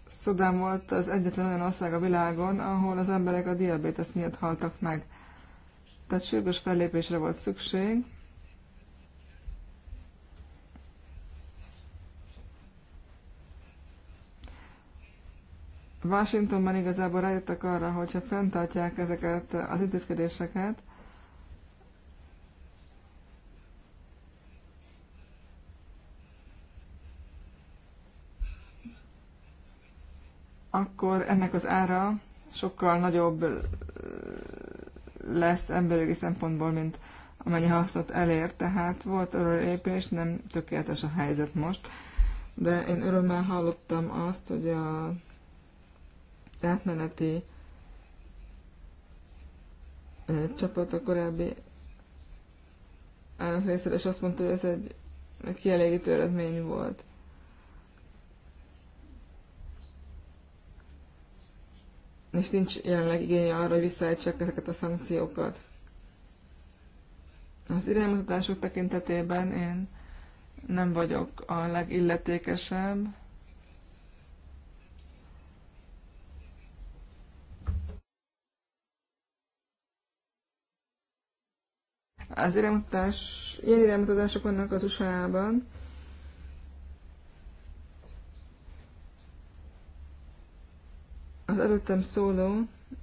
S4: Szudán volt az egyetlen olyan ország a világon, ahol az emberek a diabétesz miatt haltak meg. Tehát sürgős fellépésre volt szükség, Washingtonban igazából rájöttek arra, hogyha fenntartják ezeket az intézkedéseket, akkor ennek az ára sokkal nagyobb lesz emberi szempontból, mint amennyi hasznot elér. Tehát volt előrelépés, nem tökéletes a helyzet most, de én örömmel hallottam azt, hogy a átmeneti csapat a korábbi állnak részéről, és azt mondta, hogy ez egy kielégítő eredmény volt. És nincs jelenleg igénye arra, hogy visszaállítsák ezeket a szankciókat. Az iránymutatások tekintetében én nem vagyok a legilletékesebb, Az iránymutatás, ilyen iránymutatások vannak az USA-ban, az előttem szóló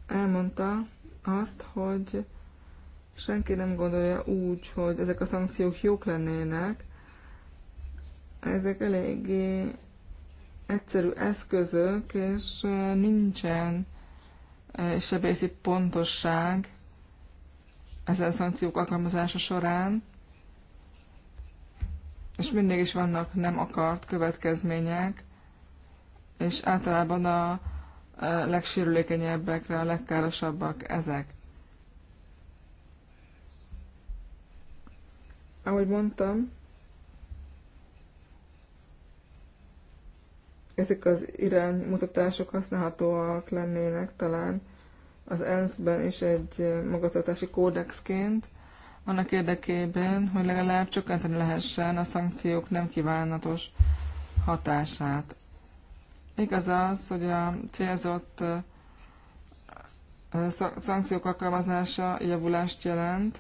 S4: elmondta azt, hogy senki nem gondolja úgy, hogy ezek a szankciók jók lennének. Ezek eléggé egyszerű eszközök, és nincsen eh, sebészi pontosság ezen szankciók alkalmazása során, és mindig is vannak nem akart következmények, és általában a legsérülékenyebbekre, a legkárosabbak ezek. Ahogy mondtam, ezek az iránymutatások használhatóak lennének talán az ENSZ-ben is egy magatartási kódexként, annak érdekében, hogy legalább csökkenteni lehessen a szankciók nem kívánatos hatását. Igaz az, hogy a célzott szankciók alkalmazása javulást jelent,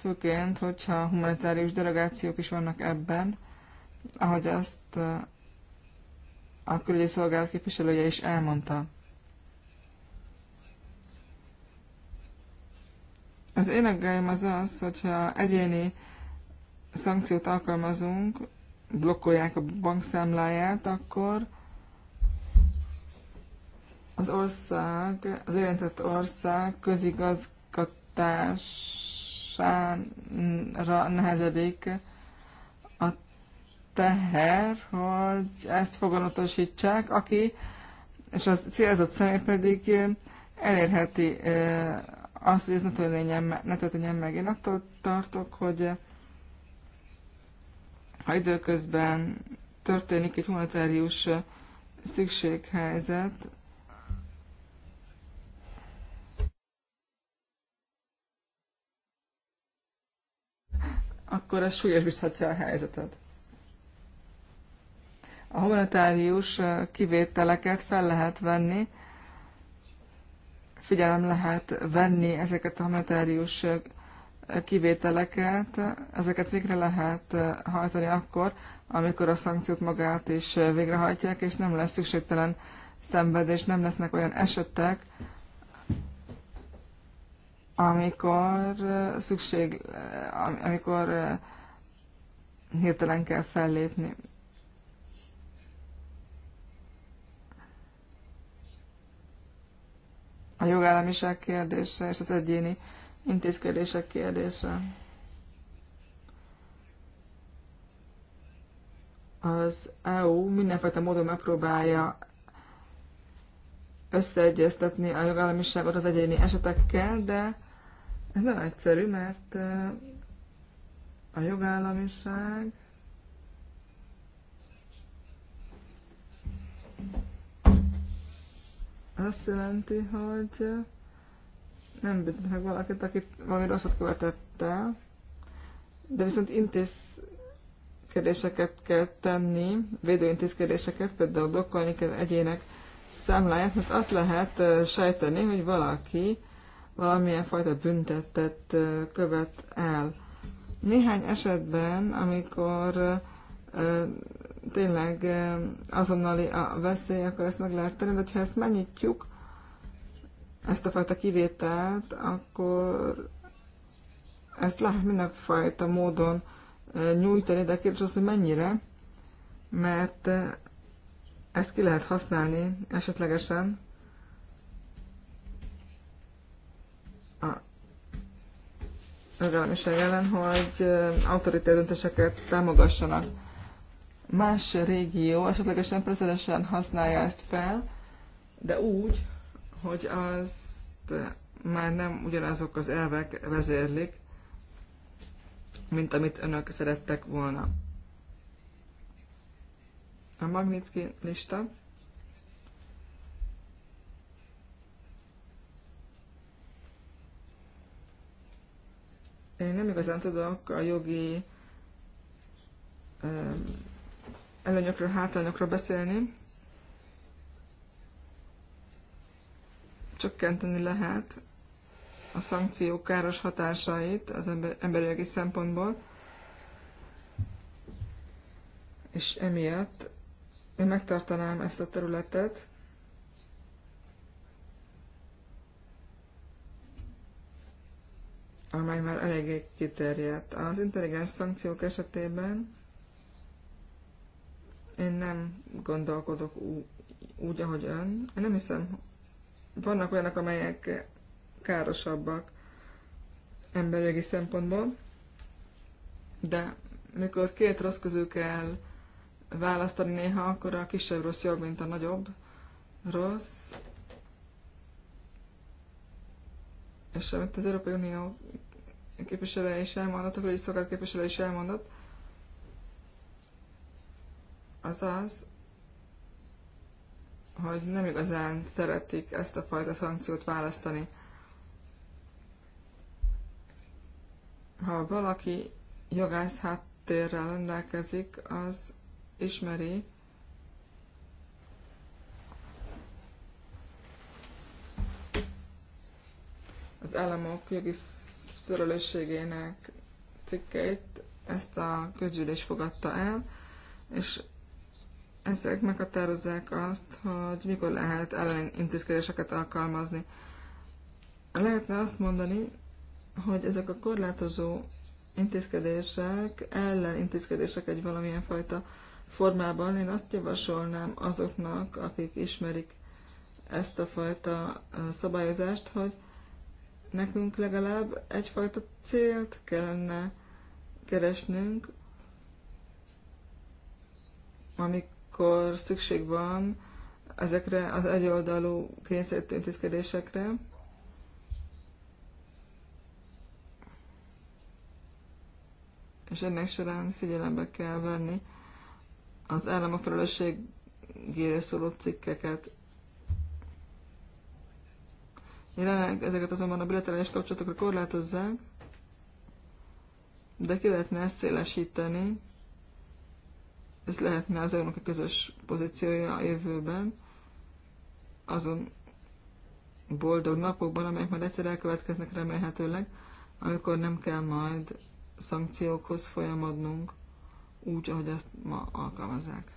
S4: főként, hogyha humanitárius delegációk is vannak ebben, ahogy azt a külügyi szolgálat képviselője is elmondta. Az én aggályom az az, hogyha egyéni szankciót alkalmazunk, blokkolják a bankszámláját, akkor az ország, az érintett ország közigazgatására nehezedik a teher, hogy ezt foganatosítsák, aki, és az célzott személy pedig elérheti eh, az, hogy ez ne történjen, ne történjen meg. Én attól tartok, hogy eh, ha időközben történik egy humanitárius eh, szükséghelyzet, akkor ez súlyosbíthatja a helyzetet. A humanitárius eh, kivételeket fel lehet venni, figyelem lehet venni ezeket a humanitárius eh, kivételeket, ezeket végre lehet eh, hajtani akkor, amikor a szankciót magát is eh, végrehajtják, és nem lesz szükségtelen szenvedés, nem lesznek olyan esetek, amikor szükség, amikor hirtelen kell fellépni. a jogállamiság kérdése és az egyéni intézkedések kérdése. Az EU mindenfajta módon megpróbálja összeegyeztetni a jogállamiságot az egyéni esetekkel, de ez nem egyszerű, mert eh, a jogállamiság azt jelenti, hogy nem büntet meg valakit, akit valami rosszat követett el, de viszont intézkedéseket kell tenni, védőintézkedéseket, például blokkolni kell egyének számláját, mert azt lehet sejteni, hogy valaki valamilyen fajta büntetet követ el. Néhány esetben, amikor tényleg azonnali a veszély, akkor ezt meg lehet tenni, de ha ezt megnyitjuk, ezt a fajta kivételt, akkor ezt lehet mindenfajta módon nyújtani, de a kérdés az, hogy mennyire, mert ezt ki lehet használni esetlegesen a jogállamiság ellen, hogy autoritás döntéseket támogassanak más régió esetlegesen precedesen használja ezt fel, de úgy, hogy azt már nem ugyanazok az elvek vezérlik, mint amit önök szerettek volna. A Magnitsky lista. Én nem igazán tudok a jogi előnyökről, hátrányokról beszélni. Csökkenteni lehet a szankciók káros hatásait az emberi jogi szempontból, és emiatt én megtartanám ezt a területet, amely már eléggé kiterjedt. Az intelligens szankciók esetében én nem gondolkodok úgy, ahogy ön. Én nem hiszem, vannak olyanok, amelyek károsabbak emberjogi szempontból, de mikor két rossz közül kell választani néha, akkor a kisebb rossz jobb, mint a nagyobb rossz. És amit az Európai Unió képviselője is elmondott, a külügyi szolgált képviselője is elmondott, az az, hogy nem igazán szeretik ezt a fajta szankciót választani. Ha valaki jogász háttérrel rendelkezik, az ismeri az államok jogi felelősségének cikkeit, ezt a közgyűlés fogadta el, és ezek meghatározzák azt, hogy mikor lehet ellenintézkedéseket alkalmazni. Lehetne azt mondani, hogy ezek a korlátozó intézkedések, ellenintézkedések egy valamilyen fajta formában, én azt javasolnám azoknak, akik ismerik ezt a fajta szabályozást, hogy nekünk legalább egyfajta célt kellene keresnünk, amik akkor szükség van ezekre az egyoldalú kényszerítő intézkedésekre. És ennek során figyelembe kell venni az államok felelősségére szóló cikkeket. Jelenleg ezeket azonban a bilaterális kapcsolatokra korlátozzák, de ki lehetne ezt szélesíteni, ez lehetne az EU-nak a közös pozíciója a jövőben, azon boldog napokban, amelyek majd egyszer elkövetkeznek remélhetőleg, amikor nem kell majd szankciókhoz folyamodnunk úgy, ahogy azt ma alkalmazzák.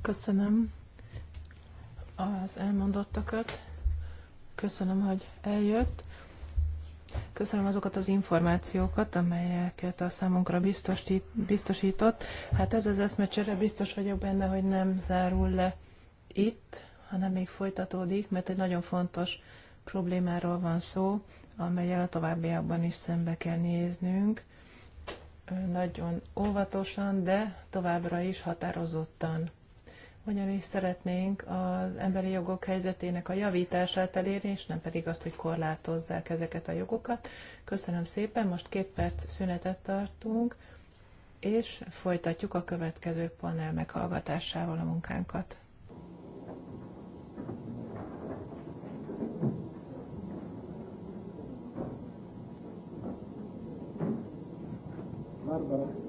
S3: Köszönöm az elmondottakat. Köszönöm, hogy eljött. Köszönöm azokat az információkat, amelyeket a számunkra biztosít, biztosított. Hát ez az eszmecsere biztos vagyok benne, hogy nem zárul le itt, hanem még folytatódik, mert egy nagyon fontos problémáról van szó, amelyel a továbbiakban is szembe kell néznünk. Nagyon óvatosan, de továbbra is határozottan ugyanis szeretnénk az emberi jogok helyzetének a javítását elérni, és nem pedig azt, hogy korlátozzák ezeket a jogokat. Köszönöm szépen, most két perc szünetet tartunk, és folytatjuk a következő panel meghallgatásával a munkánkat.
S1: Barbara.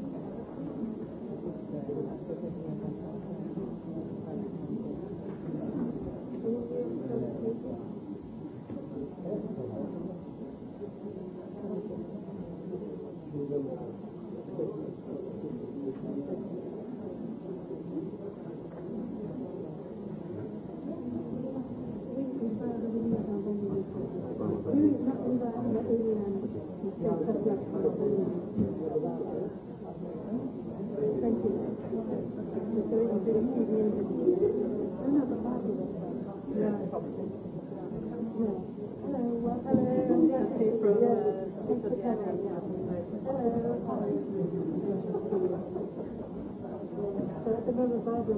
S1: Thank hát, you.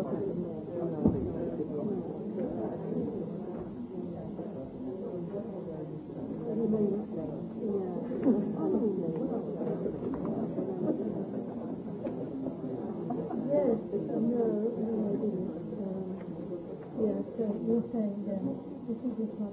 S1: Yes, so you're saying that this is not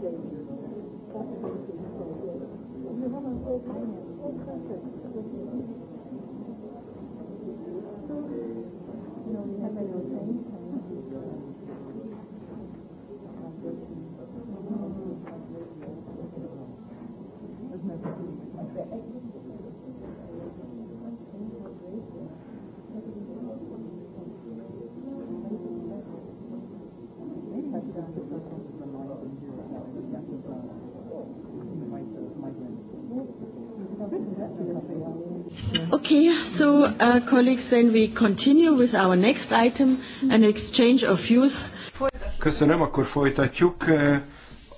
S1: Wir haben uns Uh, colleagues, then we continue with our next item, an exchange of views.
S2: Köszönöm, akkor folytatjuk. Uh,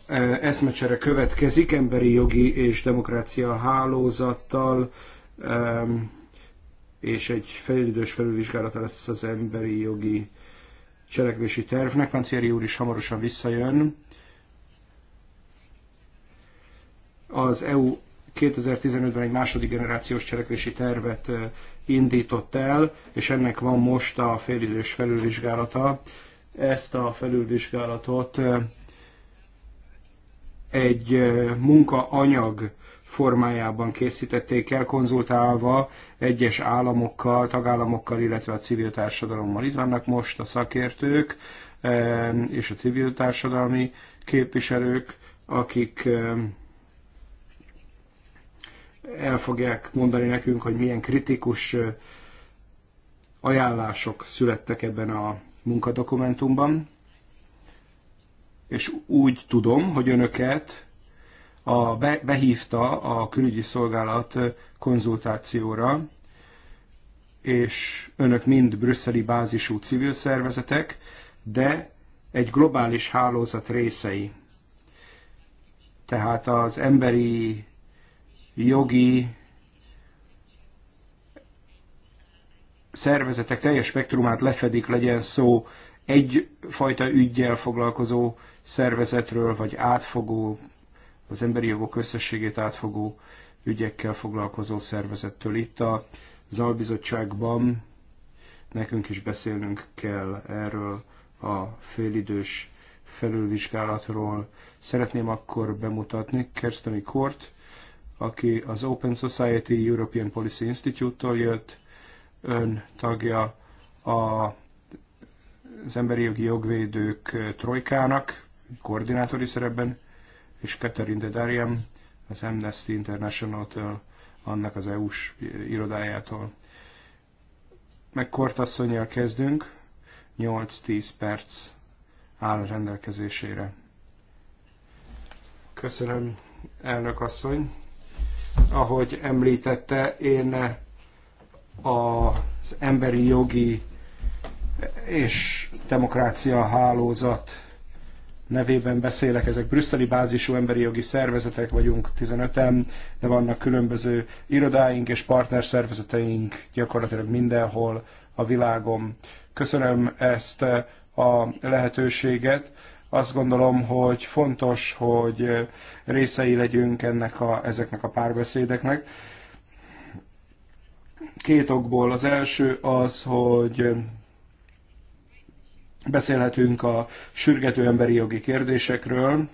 S2: uh, eszmecsere következik emberi jogi és demokrácia hálózattal, um, és egy felidős felülvizsgálata lesz az emberi jogi cselekvési tervnek. Pancieri úr is hamarosan visszajön. Az EU 2015-ben egy második generációs cselekvési tervet indított el, és ennek van most a félidős felülvizsgálata. Ezt a felülvizsgálatot egy munkaanyag formájában készítették el, konzultálva egyes államokkal, tagállamokkal, illetve a civil társadalommal. Itt vannak most a szakértők és a civil társadalmi képviselők, akik el fogják mondani nekünk, hogy milyen kritikus ajánlások születtek ebben a munkadokumentumban, és úgy tudom, hogy önöket a, be, behívta a külügyi szolgálat konzultációra, és önök mind brüsszeli bázisú civil szervezetek, de egy globális hálózat részei. Tehát az emberi jogi szervezetek teljes spektrumát lefedik, legyen szó egyfajta ügyjel foglalkozó szervezetről, vagy átfogó, az emberi jogok összességét átfogó ügyekkel foglalkozó szervezettől. Itt a Zalbizottságban nekünk is beszélnünk kell erről a félidős felülvizsgálatról. Szeretném akkor bemutatni Kersteni Kort, aki az Open Society European Policy Institute-tól jött, ön tagja a, az emberi jogi jogvédők trojkának, koordinátori szerepben, és Catherine de Dariam az Amnesty International-től, annak az EU-s irodájától. Meg Kortasszonyjal kezdünk, 8-10 perc áll rendelkezésére. Köszönöm, elnök asszony. Ahogy említette, én az emberi jogi és demokrácia hálózat nevében beszélek, ezek brüsszeli bázisú emberi jogi szervezetek vagyunk, 15-en, de vannak különböző irodáink és partnerszervezeteink gyakorlatilag mindenhol a világon. Köszönöm ezt a lehetőséget azt gondolom, hogy fontos, hogy eh, részei legyünk ennek a, ezeknek a párbeszédeknek. Két okból. Az első az, hogy eh, beszélhetünk a sürgető emberi jogi kérdésekről,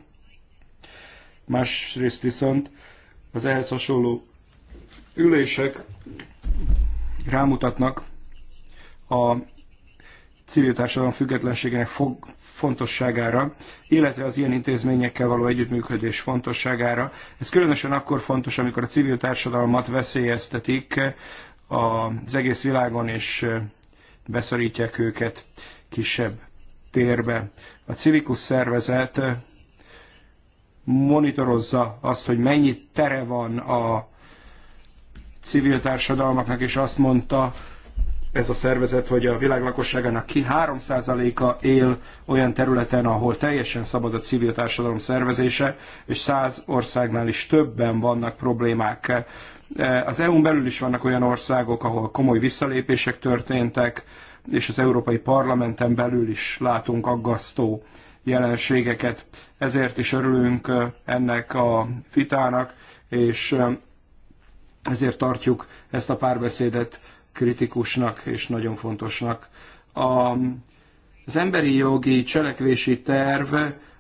S2: másrészt viszont az ehhez hasonló ülések rámutatnak a civil társadalom függetlenségének fog, fontosságára, illetve az ilyen intézményekkel való együttműködés fontosságára. Ez különösen akkor fontos, amikor a civil társadalmat veszélyeztetik eh, az egész világon, és eh, beszorítják őket kisebb térbe. A civikus szervezet eh, monitorozza azt, hogy mennyi tere van a civil társadalmaknak, és azt mondta, ez a szervezet, hogy a világ lakosságának ki 3%-a él olyan területen, ahol teljesen szabad a civil társadalom szervezése, és 100 országnál is többen vannak problémák. Az EU-n belül is vannak olyan országok, ahol komoly visszalépések történtek, és az Európai Parlamenten belül is látunk aggasztó jelenségeket. Ezért is örülünk ennek a vitának, és ezért tartjuk ezt a párbeszédet kritikusnak és nagyon fontosnak. A, az emberi jogi cselekvési terv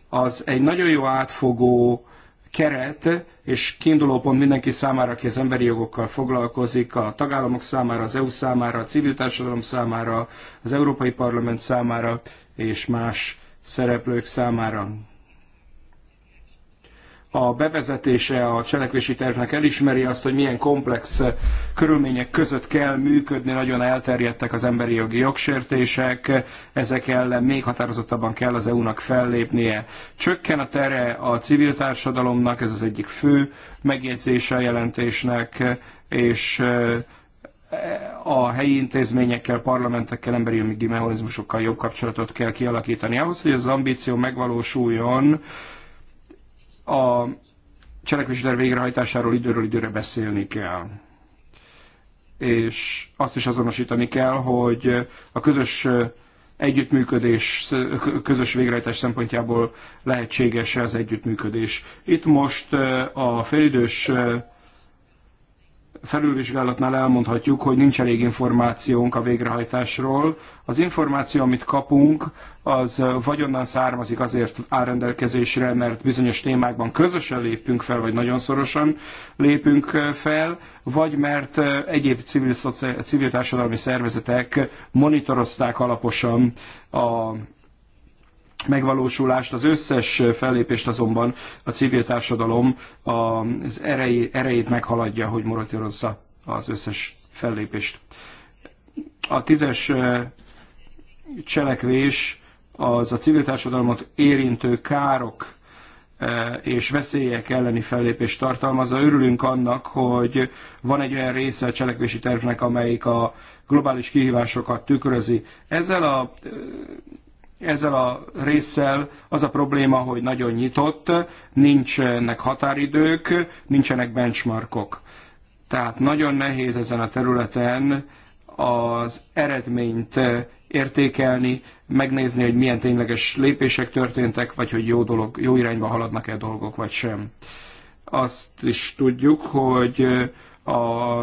S2: az egy nagyon jó átfogó keret és pont mindenki számára, aki az emberi jogokkal foglalkozik, a tagállamok számára, az EU számára, a civil társadalom számára, az Európai Parlament számára és más szereplők számára a bevezetése a cselekvési tervnek elismeri azt, hogy milyen komplex körülmények között kell működni, nagyon elterjedtek az emberi jogi jogsértések, ezek ellen még határozottabban kell az EU-nak fellépnie. Csökken a tere a civil társadalomnak, ez az egyik fő megjegyzése a jelentésnek, és eh, a helyi intézményekkel, parlamentekkel, emberi jogi mechanizmusokkal jobb kapcsolatot kell kialakítani. Ahhoz, hogy az ambíció megvalósuljon, a cselekvési terv végrehajtásáról időről időre beszélni kell és azt is azonosítani kell, hogy a közös együttműködés, közös végrehajtás szempontjából lehetséges az együttműködés. Itt most a félidős felülvizsgálatnál elmondhatjuk, hogy nincs elég információnk a végrehajtásról. Az információ, amit kapunk, az vagy onnan származik, azért áll rendelkezésre, mert bizonyos témákban közösen lépünk fel, vagy nagyon szorosan lépünk fel, vagy mert egyéb civil, civil társadalmi szervezetek monitorozták alaposan a megvalósulást, az összes fellépést azonban a civil társadalom az erejét, erejét meghaladja, hogy moratírozza az összes fellépést. A tízes eh, cselekvés az a civil társadalmat érintő károk eh, és veszélyek elleni fellépést tartalmazza. Örülünk annak, hogy van egy olyan része a cselekvési tervnek, amelyik a globális kihívásokat tükrözi. Ezzel a eh, ezzel a résszel az a probléma, hogy nagyon nyitott, nincsenek határidők, nincsenek benchmarkok. Tehát nagyon nehéz ezen a területen az eredményt értékelni, megnézni, hogy milyen tényleges lépések történtek, vagy hogy jó, dolog, jó irányba haladnak-e dolgok, vagy sem. Azt is tudjuk, hogy a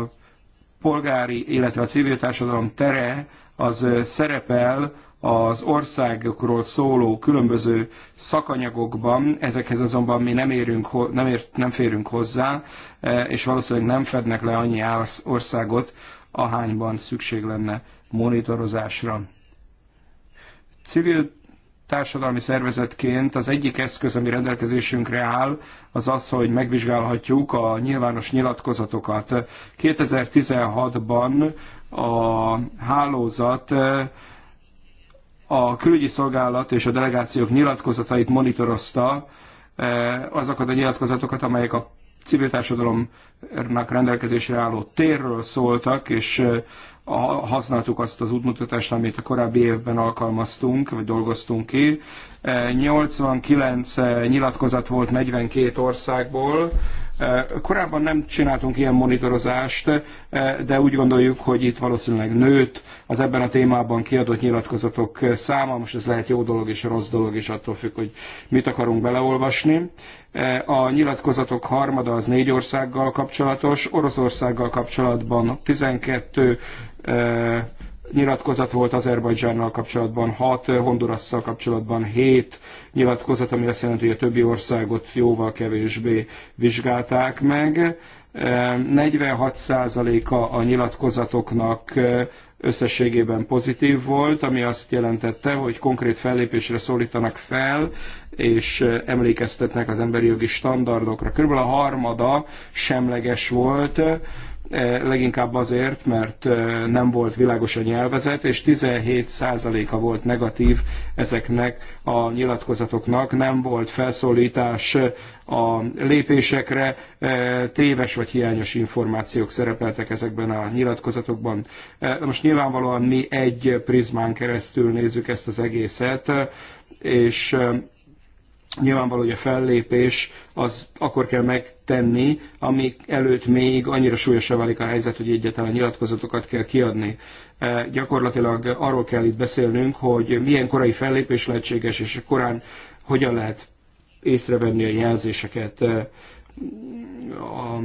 S2: polgári, illetve a civil társadalom tere az szerepel az országokról szóló különböző szakanyagokban, ezekhez azonban mi nem, érünk, nem, ért, nem férünk hozzá, e, és valószínűleg nem fednek le annyi országot, ahányban szükség lenne monitorozásra. Civil társadalmi szervezetként az egyik eszköz, ami rendelkezésünkre áll, az az, hogy megvizsgálhatjuk a nyilvános nyilatkozatokat. 2016-ban a hálózat e, a külügyi szolgálat és a delegációk nyilatkozatait monitorozta, eh, azokat a nyilatkozatokat, amelyek a civil társadalomnak rendelkezésre álló térről szóltak, és eh, használtuk azt az útmutatást, amit a korábbi évben alkalmaztunk, vagy dolgoztunk ki. 89 e, e, nyilatkozat volt 42 országból. E, korábban nem csináltunk ilyen monitorozást, de úgy gondoljuk, hogy itt valószínűleg nőtt az ebben a témában kiadott nyilatkozatok száma. Most ez lehet jó dolog és rossz dolog, és attól függ, hogy mit akarunk beleolvasni. A nyilatkozatok harmada az négy országgal kapcsolatos, Oroszországgal kapcsolatban 12, nyilatkozat volt Azerbajdzsánnal kapcsolatban, 6 Hondurasszal kapcsolatban 7 nyilatkozat, ami azt jelenti, hogy a többi országot jóval kevésbé vizsgálták meg. 46%-a a nyilatkozatoknak összességében pozitív volt, ami azt jelentette, hogy konkrét fellépésre szólítanak fel, és emlékeztetnek az emberi jogi standardokra. Körülbelül a harmada semleges volt, Eh, leginkább azért, mert eh, nem volt világos a nyelvezet, és 17%-a volt negatív ezeknek a nyilatkozatoknak, nem volt felszólítás eh, a lépésekre, téves vagy hiányos információk szerepeltek ezekben a nyilatkozatokban. Most nyilvánvalóan mi egy prizmán keresztül nézzük ezt az egészet, és nyilvánvaló, hogy a fellépés az akkor kell megtenni, amik előtt még annyira súlyosá válik a helyzet, hogy egyáltalán nyilatkozatokat kell kiadni. E, gyakorlatilag arról kell itt beszélnünk, hogy milyen korai fellépés lehetséges, és korán hogyan lehet észrevenni a jelzéseket e, a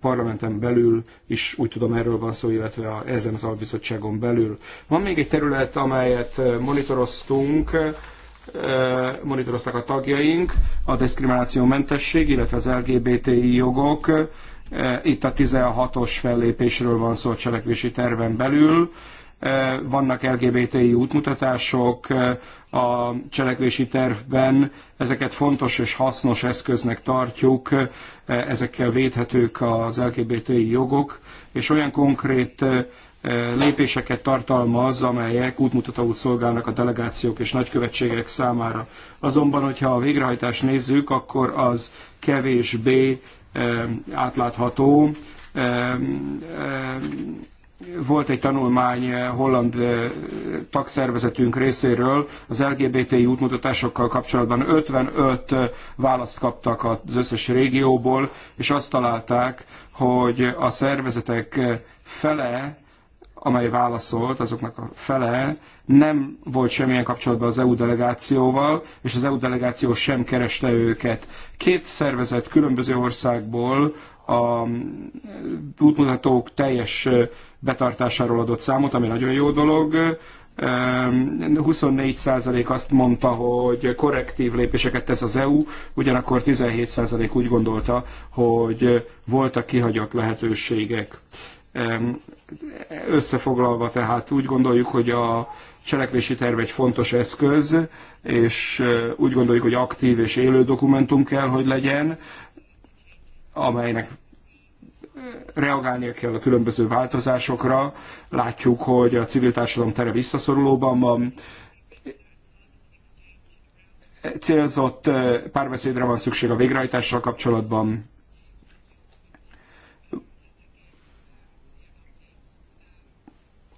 S2: parlamenten belül is, úgy tudom erről van szó, illetve a, ezen az albizottságon belül. Van még egy terület, amelyet e, monitoroztunk, Eh, monitoroztak a tagjaink, a diszkriminációmentesség, illetve az LGBTI jogok. Eh, itt a 16-os fellépésről van szó a cselekvési terven belül. Eh, vannak LGBTI útmutatások a cselekvési tervben, ezeket fontos és hasznos eszköznek tartjuk, ezekkel védhetők az LGBTI jogok, és olyan konkrét lépéseket tartalmaz, amelyek útmutatót szolgálnak a delegációk és nagykövetségek számára. Azonban, hogyha a végrehajtást nézzük, akkor az kevésbé eh, átlátható. Eh, eh, volt egy tanulmány holland tagszervezetünk részéről, az LGBTI útmutatásokkal kapcsolatban 55 választ kaptak az összes régióból, és azt találták, hogy a szervezetek fele amely válaszolt, azoknak a fele nem volt semmilyen kapcsolatban az EU delegációval, és az EU delegáció sem kereste őket. Két szervezet különböző országból a útmutatók teljes betartásáról adott számot, ami nagyon jó dolog. 24% azt mondta, hogy korrektív lépéseket tesz az EU, ugyanakkor 17% úgy gondolta, hogy voltak kihagyott lehetőségek. Összefoglalva tehát úgy gondoljuk, hogy a cselekvési terv egy fontos eszköz, és úgy gondoljuk, hogy aktív és élő dokumentum kell, hogy legyen, amelynek reagálnia kell a különböző változásokra. Látjuk, hogy a civil társadalom tere visszaszorulóban van, célzott párbeszédre van szükség a végrehajtással kapcsolatban,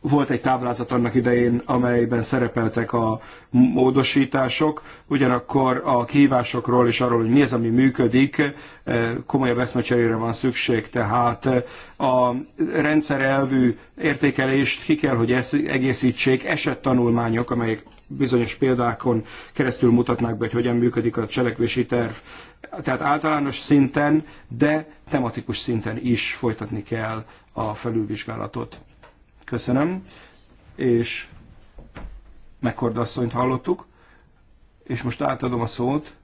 S2: volt egy táblázat annak idején, amelyben szerepeltek a módosítások, ugyanakkor a kihívásokról és arról, hogy mi az, ami működik, eh, komolyabb eszmecserére van szükség, tehát eh, a rendszerelvű értékelést ki kell, hogy egészítsék esettanulmányok, amelyek bizonyos példákon keresztül mutatnák be, hogy hogyan működik a cselekvési terv. Tehát általános szinten, de tematikus szinten is folytatni kell a felülvizsgálatot. Köszönöm. És Mekkorda asszonyt hallottuk, és most átadom a szót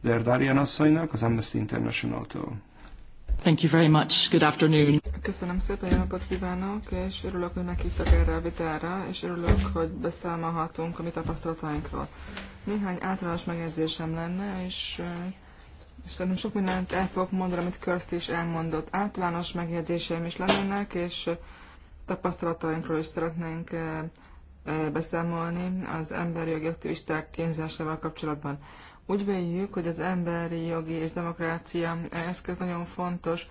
S2: Derdarian asszonynak az Amnesty International-től.
S1: Thank you very much. Good afternoon.
S4: Köszönöm szépen, jó napot kívánok, és örülök, hogy meghívtak erre a vitára, és örülök, hogy beszámolhatunk a mi tapasztalatainkról. Néhány általános megjegyzésem lenne, és, és szerintem sok mindent el fogok mondani, amit Körst is elmondott. Általános megjegyzéseim is lennének, és tapasztalatainkról is szeretnénk eh, eh, beszámolni az emberi jogi aktivisták kínzásával kapcsolatban. Úgy véljük, hogy az emberi jogi és demokrácia eszköz nagyon fontos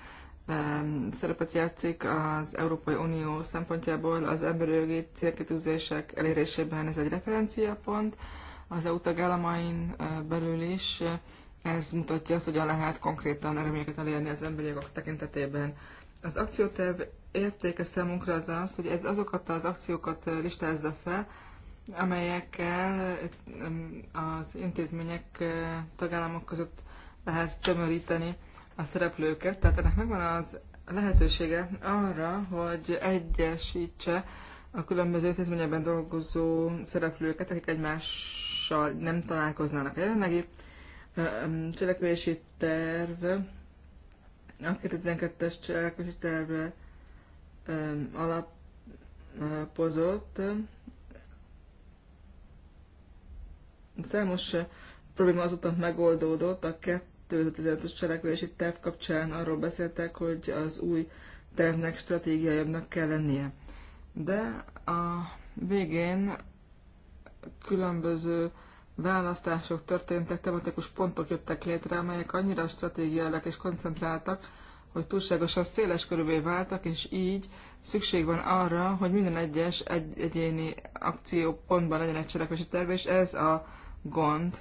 S4: eh, szerepet játszik az Európai Unió szempontjából az emberi jogi célkitűzések elérésében. Ez egy referenciapont az EU tagállamain belül is. Ez mutatja azt, hogyan lehet konkrétan eredményeket elérni az emberi jogok tekintetében. Az akcióterv értéke számunkra az az, hogy ez azokat az akciókat listázza fel, amelyekkel az intézmények tagállamok között lehet tömöríteni a szereplőket. Tehát ennek megvan az lehetősége arra, hogy egyesítse a különböző intézményekben dolgozó szereplőket, akik egymással nem találkoznának. A jelenlegi cselekvési terv a 2012-es cselekvési tervre alapozott. Számos probléma azóta megoldódott. A 2015-ös cselekvési terv kapcsán arról beszéltek, hogy az új tervnek stratégiaiabbnak kell lennie. De a végén különböző választások történtek, tematikus pontok jöttek létre, amelyek annyira stratégiailag és koncentráltak, hogy túlságosan széles körülvé váltak, és így szükség van arra, hogy minden egyes egy egyéni pontban legyen egy cselekvési terv, és ez a gond,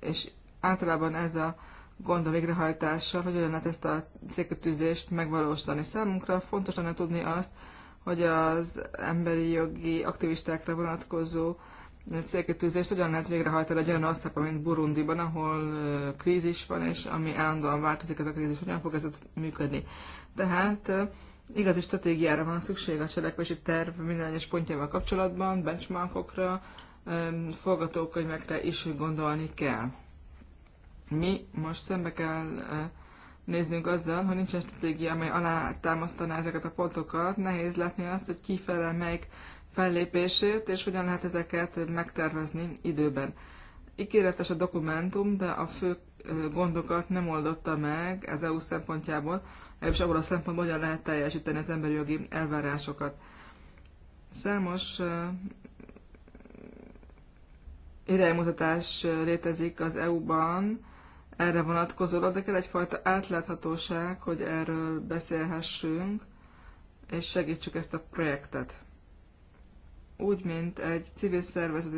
S4: és általában ez a gond a végrehajtással, hogy olyan lehet ezt a célkötűzést megvalósítani. Számunkra fontos lenne tudni azt, hogy az emberi jogi aktivistákra vonatkozó célkitűzést hogyan lehet végrehajtani egy olyan országban, mint Burundiban, ahol krízis van, és ami állandóan változik ez a krízis, hogyan fog ez ott működni. Tehát igazi stratégiára van szükség a cselekvési terv minden egyes pontjával kapcsolatban, benchmarkokra, forgatókönyvekre is gondolni kell. Mi most szembe kell néznünk azzal, hogy nincsen stratégia, amely alá támasztaná ezeket a pontokat. Nehéz látni azt, hogy kifele melyik fellépését, és hogyan lehet ezeket megtervezni időben. Ikéretes a dokumentum, de a fő gondokat nem oldotta meg az EU szempontjából, és abban a szempontból, hogyan lehet teljesíteni az emberi jogi elvárásokat. Számos iránymutatás létezik az EU-ban erre vonatkozólag, de kell egyfajta átláthatóság, hogy erről beszélhessünk, és segítsük ezt a projektet úgy, mint egy civil szervezet,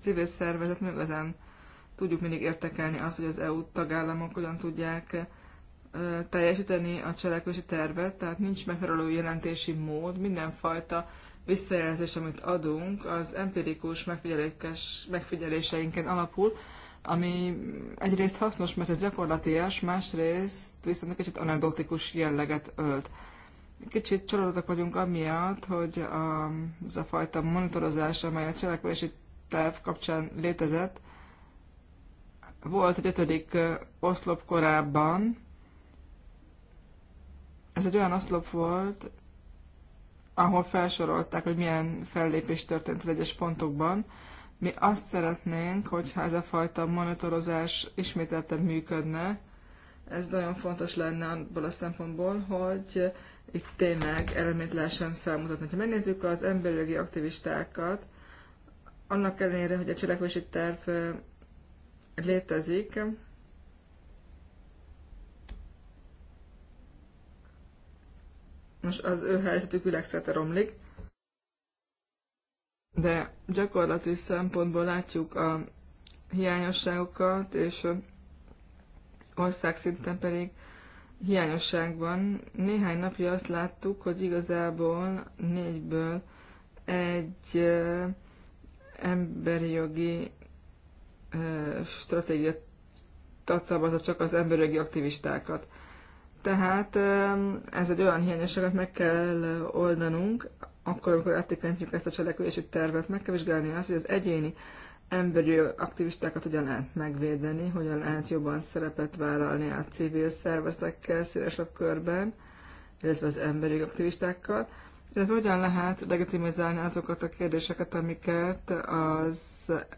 S4: civil szervezet nem igazán tudjuk mindig értekelni azt, hogy az EU tagállamok hogyan tudják teljesíteni a cselekvési tervet, tehát nincs megfelelő jelentési mód, mindenfajta visszajelzés, amit adunk, az empirikus megfigyeléseinken alapul, ami egyrészt hasznos, mert ez gyakorlatias, másrészt viszont egy kicsit anekdotikus jelleget ölt. Kicsit csalódottak vagyunk amiatt, hogy a, az a fajta monitorozás, amely a cselekvési terv kapcsán létezett, volt egy ötödik oszlop korábban. Ez egy olyan oszlop volt, ahol felsorolták, hogy milyen fellépés történt az egyes pontokban. Mi azt szeretnénk, hogyha ez a fajta monitorozás ismételten működne. Ez nagyon fontos lenne abból a szempontból, hogy itt tényleg eredményt lehessen felmutatni. Ha megnézzük az emberjogi aktivistákat, annak ellenére, hogy a cselekvési terv létezik, most az ő helyzetük világszerte romlik, de gyakorlati szempontból látjuk a hiányosságokat, és országszinten pedig hiányosságban Néhány napja azt láttuk, hogy igazából négyből egy emberi jogi stratégia tartalmazza csak az emberi jogi aktivistákat. Tehát ez egy olyan hiányosságot meg kell oldanunk, akkor, amikor áttekintjük ezt a cselekvési tervet, meg kell vizsgálni azt, hogy az egyéni emberi aktivistákat hogyan lehet megvédeni, hogyan lehet jobban szerepet vállalni a civil szervezetekkel szélesebb körben, illetve az emberi aktivistákkal, illetve hogyan lehet legitimizálni azokat a kérdéseket, amiket az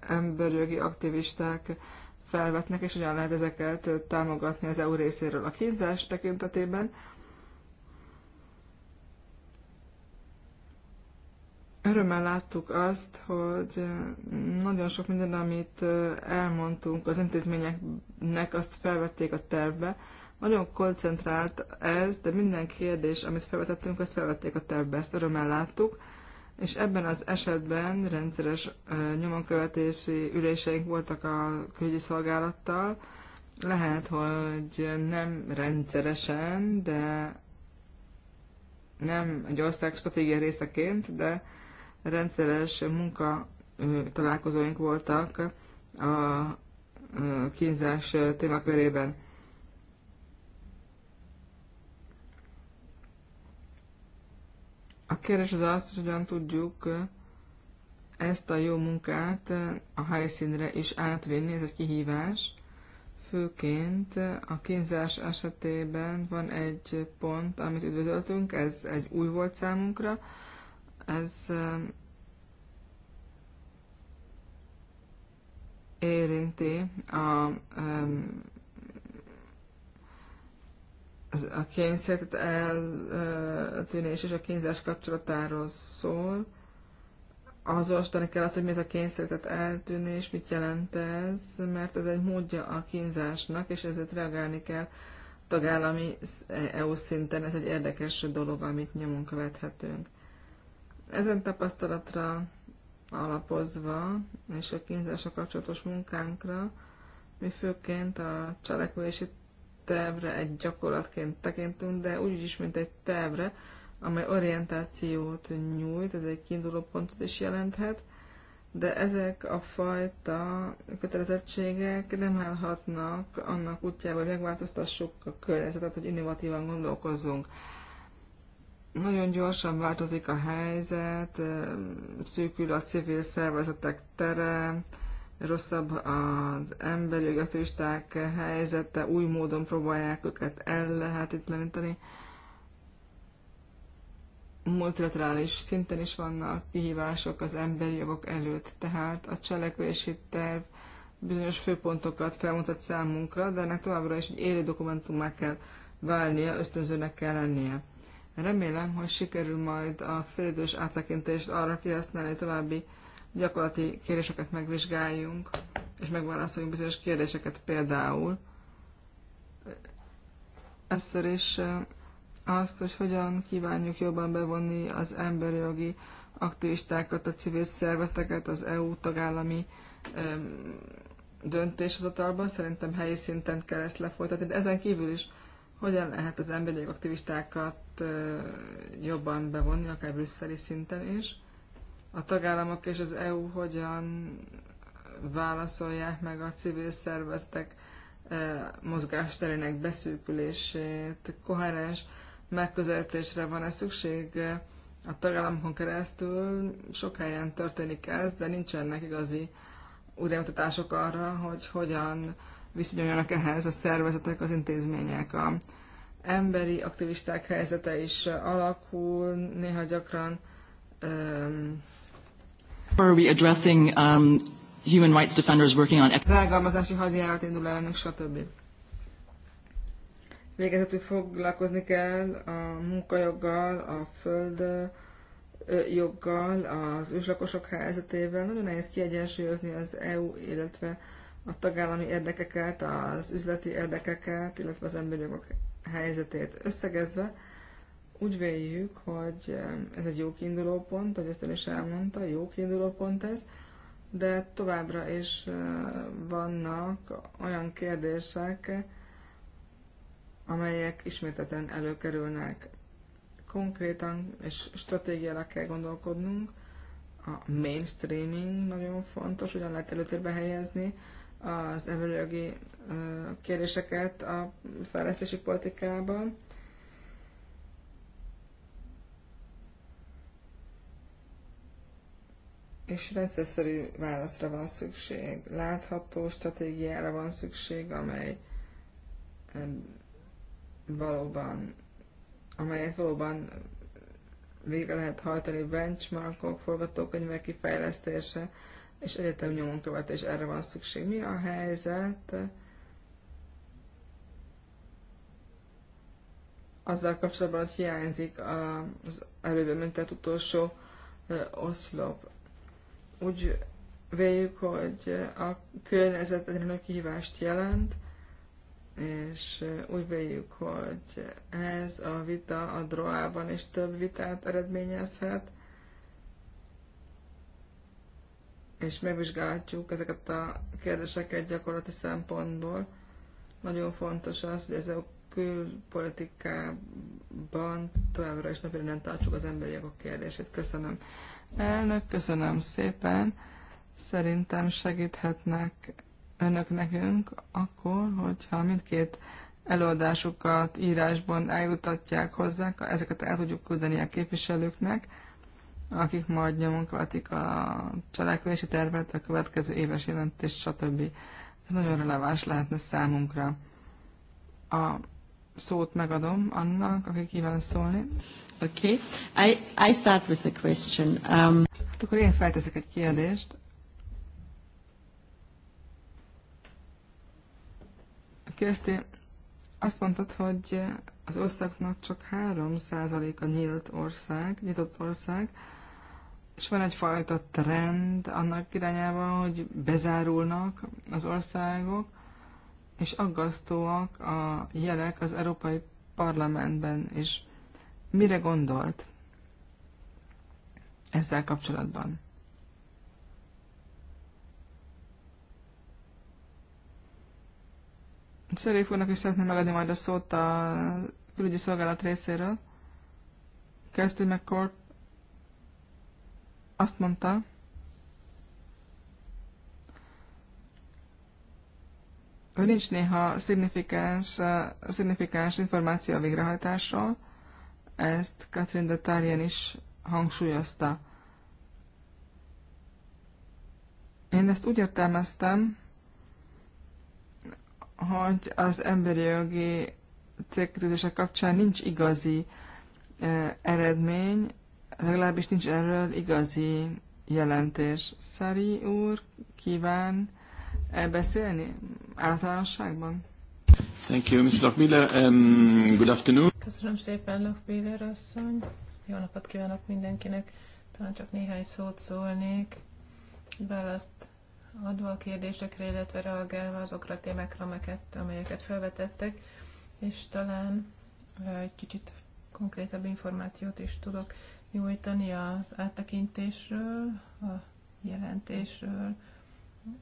S4: emberi aktivisták felvetnek, és hogyan lehet ezeket támogatni az EU részéről a kínzás tekintetében. Örömmel láttuk azt, hogy eh, nagyon sok minden, amit eh, elmondtunk az intézményeknek, azt felvették a tervbe. Nagyon koncentrált ez, de minden kérdés, amit felvetettünk, azt felvették a tervbe, ezt örömmel láttuk. És ebben az esetben rendszeres eh, nyomonkövetési üléseink voltak a külügyi szolgálattal. Lehet, hogy nem rendszeresen, de nem egy ország stratégia részeként, de rendszeres munka találkozóink voltak a kínzás témakörében. A kérdés az az, hogy hogyan tudjuk ezt a jó munkát a helyszínre is átvinni, ez egy kihívás. Főként a kínzás esetében van egy pont, amit üdvözöltünk, ez egy új volt számunkra, ez érinti a, a kényszerített eltűnés és a kényszeres kapcsolatáról szól. Azonosítani kell azt, hogy mi ez a kényszerített eltűnés, mit jelent ez, mert ez egy módja a kínzásnak, és ezért reagálni kell tagállami e, EU szinten. Ez egy érdekes dolog, amit nyomon követhetünk. Ezen tapasztalatra alapozva és a kínzásra kapcsolatos munkánkra, mi főként a cselekvési tervre egy gyakorlatként tekintünk, de úgy is, mint egy tervre, amely orientációt nyújt, ez egy kiinduló pontot is jelenthet, de ezek a fajta kötelezettségek nem állhatnak annak útjába, hogy megváltoztassuk a környezetet, hogy innovatívan gondolkozzunk. Nagyon gyorsan változik a helyzet, szűkül a civil szervezetek tere, rosszabb az emberi aktivisták helyzete, új módon próbálják őket ellehetetleníteni. Multilaterális szinten is vannak kihívások az emberi jogok előtt, tehát a cselekvési terv bizonyos főpontokat felmutat számunkra, de ennek továbbra is egy élő meg kell válnia, ösztönzőnek kell lennie. Remélem, hogy sikerül majd a félidős áttekintést arra kihasználni, hogy további gyakorlati kérdéseket megvizsgáljunk, és megválaszoljunk bizonyos kérdéseket például. Először is azt, hogy hogyan kívánjuk jobban bevonni az emberi jogi aktivistákat, a civil szervezeteket, az EU tagállami döntéshozatalban. Szerintem helyi szinten kell ezt lefolytatni, de ezen kívül is hogyan lehet az emberi jogi aktivistákat jobban bevonni, akár brüsszeli szinten is. A tagállamok és az EU hogyan válaszolják meg a civil szervezetek mozgásterének beszűkülését, koherens megközelítésre van-e szükség a tagállamokon keresztül? Sok helyen történik ez, de nincsenek igazi újraimutatások arra, hogy hogyan viszonyuljanak ehhez a szervezetek, az intézmények, a emberi aktivisták helyzete is alakul, néha gyakran um, Are we addressing um, human rights defenders working on... Rágalmazási hadjárat indul ellenük, stb. Végezetül foglalkozni kell a munkajoggal, a föld joggal, az őslakosok helyzetével. Nagyon nehéz kiegyensúlyozni az EU, illetve a tagállami érdekeket, az üzleti érdekeket, illetve az emberi jogokat helyzetét összegezve, úgy véljük, hogy eh, ez egy jó kiinduló pont, hogy ezt ön is elmondta, jó kiinduló pont ez, de továbbra is eh, vannak olyan kérdések, amelyek ismételten előkerülnek. Konkrétan és stratégiára kell gondolkodnunk, a mainstreaming nagyon fontos, hogyan lehet előtérbe helyezni az emberi kérdéseket a fejlesztési politikában. És rendszerszerű válaszra van szükség, látható stratégiára van szükség, amely valóban, amelyet valóban végre lehet hajtani benchmarkok, forgatókönyvek kifejlesztése, és egyetem nyomon követés, erre van szükség. Mi a helyzet azzal kapcsolatban, hogy hiányzik az előbb említett utolsó oszlop? Úgy véljük, hogy a környezet egy nagy kihívást jelent, és úgy véljük, hogy ez a vita a droában is több vitát eredményezhet, és megvizsgálhatjuk ezeket a kérdéseket gyakorlati szempontból. Nagyon fontos az, hogy ez a külpolitikában továbbra is napirenden tartsuk az emberi jogok kérdését. Köszönöm. Elnök, köszönöm szépen. Szerintem segíthetnek önök nekünk akkor, hogyha mindkét előadásukat írásban eljutatják hozzá, ezeket el tudjuk küldeni a képviselőknek akik majd nyomon követik a cselekvési tervet, a következő éves jelentés, stb. Ez nagyon releváns lehetne számunkra. A szót megadom annak, aki kíván szólni. Oké, okay. I, I start with a question. Um... Hát akkor én felteszek egy kérdést. Kirsti, azt mondtad, hogy az országnak csak 3%-a nyílt ország, nyitott ország, és van egyfajta trend annak irányában, hogy bezárulnak az országok, és aggasztóak a jelek az Európai Parlamentben is. Mire gondolt ezzel kapcsolatban? Szeréf úrnak is szeretném megadni majd a szót a külügyi szolgálat részéről. Keresztül McCourt azt mondta, hogy nincs néha szignifikáns, eh, szignifikáns információ a végrehajtásról. Ezt Catherine de Tarien is hangsúlyozta. Én ezt úgy értelmeztem, hogy az emberi jogi célkitűzések kapcsán nincs igazi eh, eredmény, legalábbis nincs erről igazi jelentés. Szeri úr kíván beszélni általánosságban?
S2: Thank you, Mr. Lockmiller. Um, good afternoon.
S3: Köszönöm szépen, Lockmiller asszony. Jó napot kívánok mindenkinek. Talán csak néhány szót szólnék, választ adva a kérdésekre, illetve reagálva azokra a témákra, amelyeket, amelyeket felvetettek, és talán uh, egy kicsit konkrétabb információt is tudok nyújtani az áttekintésről, a jelentésről,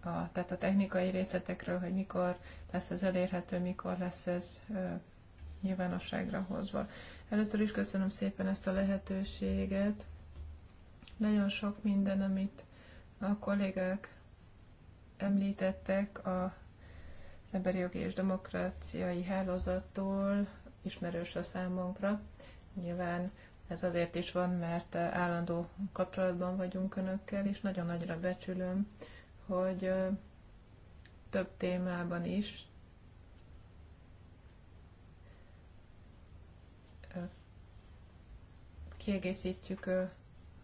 S3: a, tehát a technikai részletekről, hogy mikor lesz ez elérhető, mikor lesz ez ö, nyilvánosságra hozva. Először is köszönöm szépen ezt a lehetőséget. Nagyon sok minden, amit a kollégák említettek a az Emberi Jogi és Demokráciai Hálózattól ismerős a számunkra. Nyilván ez azért is van, mert eh, állandó kapcsolatban vagyunk önökkel, és nagyon nagyra becsülöm, hogy eh, több témában is eh, kiegészítjük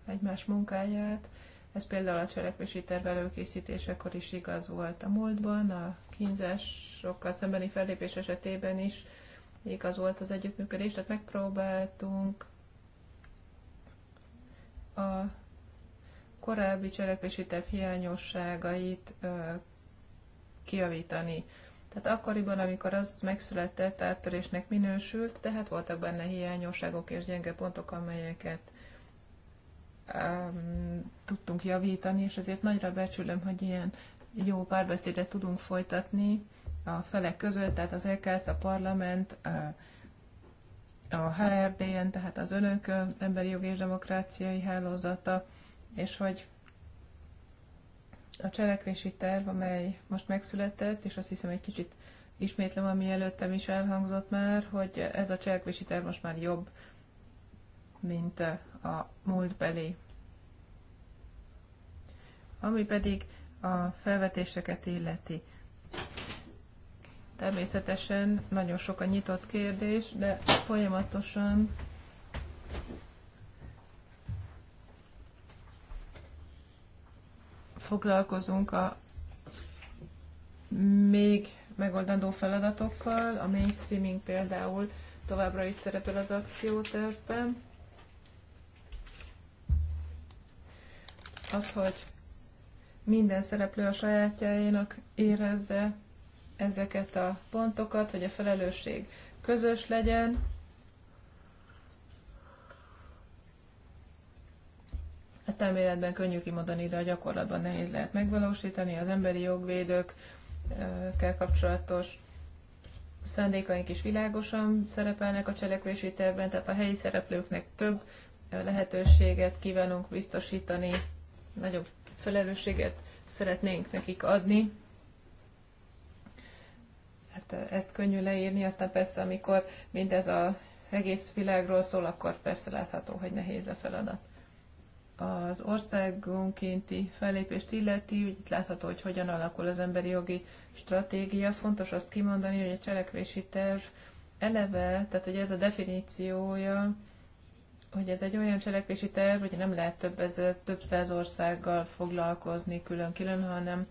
S3: egymás munkáját. Ez például a cselekvési terv előkészítésekor is igaz volt a múltban, a kínzásokkal szembeni fellépés esetében is igaz volt az együttműködés, tehát megpróbáltunk a korábbi cselekvési terv hiányosságait kiavítani. Tehát akkoriban, amikor az megszületett, áttörésnek minősült, tehát voltak benne hiányosságok és gyenge pontok, amelyeket um, tudtunk javítani, és ezért nagyra becsülöm, hogy ilyen jó párbeszédet tudunk folytatni a felek között, tehát az EKSZ, a parlament, a HRDN, tehát az önök emberi jogi és demokráciai hálózata, és hogy a cselekvési terv, amely most megszületett, és azt hiszem egy kicsit ismétlem, ami előttem is elhangzott már, hogy ez a cselekvési terv most már jobb, mint a múltbeli. Ami pedig a felvetéseket illeti. Természetesen nagyon sok a nyitott kérdés, de folyamatosan foglalkozunk a még megoldandó feladatokkal, a mainstreaming például továbbra is szerepel az akciótervben. Az, hogy minden szereplő a sajátjáénak érezze ezeket a pontokat, hogy a felelősség közös legyen. Ezt elméletben könnyű kimondani, de a gyakorlatban nehéz lehet megvalósítani. Az emberi jogvédőkkel kapcsolatos szándékaink is világosan szerepelnek a cselekvési tervben, tehát a helyi szereplőknek több lehetőséget kívánunk biztosítani, nagyobb felelősséget szeretnénk nekik adni hát ezt könnyű leírni, aztán persze, amikor mindez az egész világról szól, akkor persze látható, hogy nehéz a feladat. Az országunkénti fellépést illeti, úgy itt látható, hogy hogyan alakul az emberi jogi stratégia. Fontos azt kimondani, hogy a cselekvési terv eleve, tehát hogy ez a definíciója, hogy ez egy olyan cselekvési terv, hogy nem lehet több, ez, több száz országgal foglalkozni külön-külön, hanem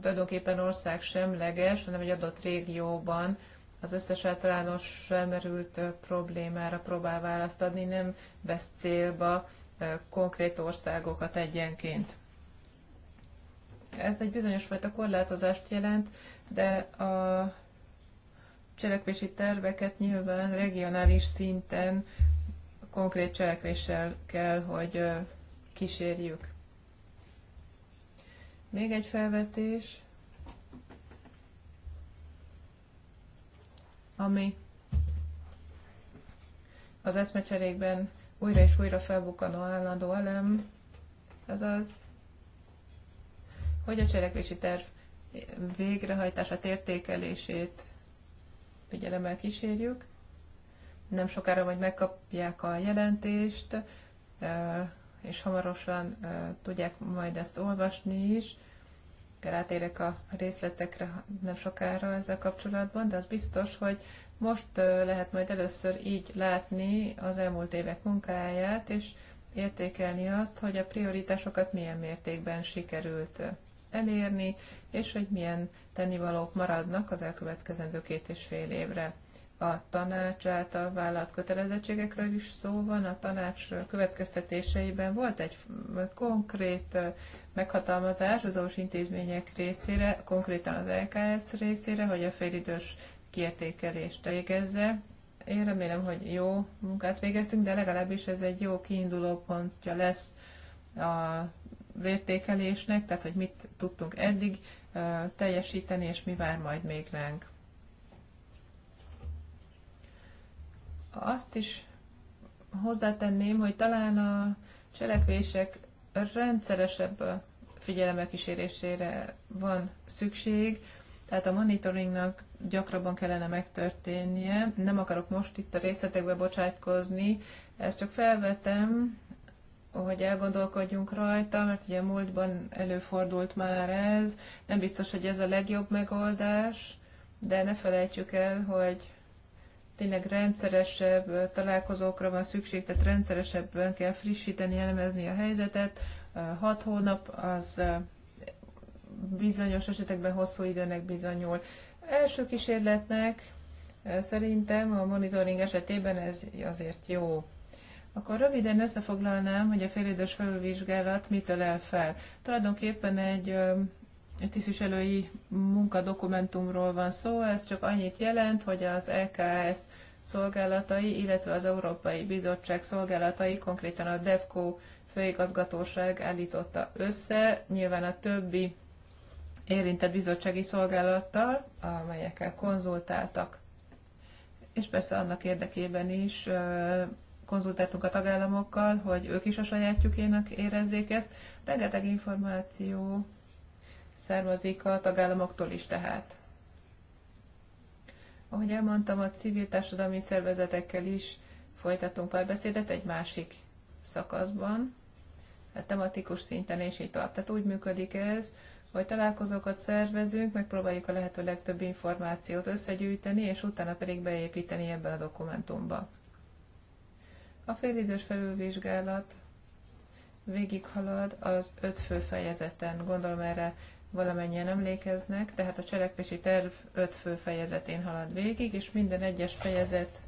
S3: tulajdonképpen ország semleges, hanem egy adott régióban az összes általános felmerült problémára próbál választ adni, nem vesz célba konkrét országokat egyenként. Ez egy bizonyos fajta korlátozást jelent, de a cselekvési terveket nyilván regionális szinten konkrét cselekvéssel kell, hogy kísérjük. Még egy felvetés, ami az eszmecserékben újra és újra felbukkanó állandó elem, az az, hogy a cselekvési terv végrehajtását, értékelését figyelemmel kísérjük. Nem sokára majd megkapják a jelentést, és hamarosan tudják majd ezt olvasni is. Rátérek a részletekre nem sokára ezzel kapcsolatban, de az biztos, hogy most lehet majd először így látni az elmúlt évek munkáját, és értékelni azt, hogy a prioritásokat milyen mértékben sikerült elérni, és hogy milyen tennivalók maradnak az elkövetkezendő két és fél évre a tanács által vállalt kötelezettségekről is szó van, a tanács következtetéseiben volt egy konkrét meghatalmazás az orvos intézmények részére, konkrétan az LKS részére, hogy a félidős kiértékelést végezze. Én remélem, hogy jó munkát végeztünk, de legalábbis ez egy jó kiinduló pontja lesz az értékelésnek, tehát hogy mit tudtunk eddig teljesíteni, és mi vár majd még ránk. azt is hozzátenném, hogy talán a cselekvések rendszeresebb figyelemmel kísérésére van szükség, tehát a monitoringnak gyakrabban kellene megtörténnie. Nem akarok most itt a részletekbe bocsátkozni, ezt csak felvetem, hogy elgondolkodjunk rajta, mert ugye múltban előfordult már ez, nem biztos, hogy ez a legjobb megoldás, de ne felejtsük el, hogy tényleg rendszeresebb találkozókra van szükség, tehát rendszeresebben kell frissíteni, elemezni a helyzetet. Hat hónap az bizonyos esetekben hosszú időnek bizonyul. Első kísérletnek szerintem a monitoring esetében ez azért jó. Akkor röviden összefoglalnám, hogy a félidős felülvizsgálat mitől el fel. Tulajdonképpen egy tisztviselői munkadokumentumról van szó, ez csak annyit jelent, hogy az EKS szolgálatai, illetve az Európai Bizottság szolgálatai, konkrétan a DEFCO főigazgatóság állította össze, nyilván a többi érintett bizottsági szolgálattal, amelyekkel konzultáltak. És persze annak érdekében is konzultáltunk a tagállamokkal, hogy ők is a sajátjukének érezzék ezt. Rengeteg információ származik a tagállamoktól is tehát. Ahogy elmondtam, a civil társadalmi szervezetekkel is folytatunk párbeszédet egy másik szakaszban, a tematikus szinten és így tovább. Tehát úgy működik ez, hogy találkozókat szervezünk, megpróbáljuk a lehető legtöbb információt összegyűjteni, és utána pedig beépíteni ebbe a dokumentumba. A félidős felülvizsgálat végighalad az öt fő fejezeten. Gondolom erre valamennyien emlékeznek, tehát a cselekvési terv öt fő fejezetén halad végig, és minden egyes fejezet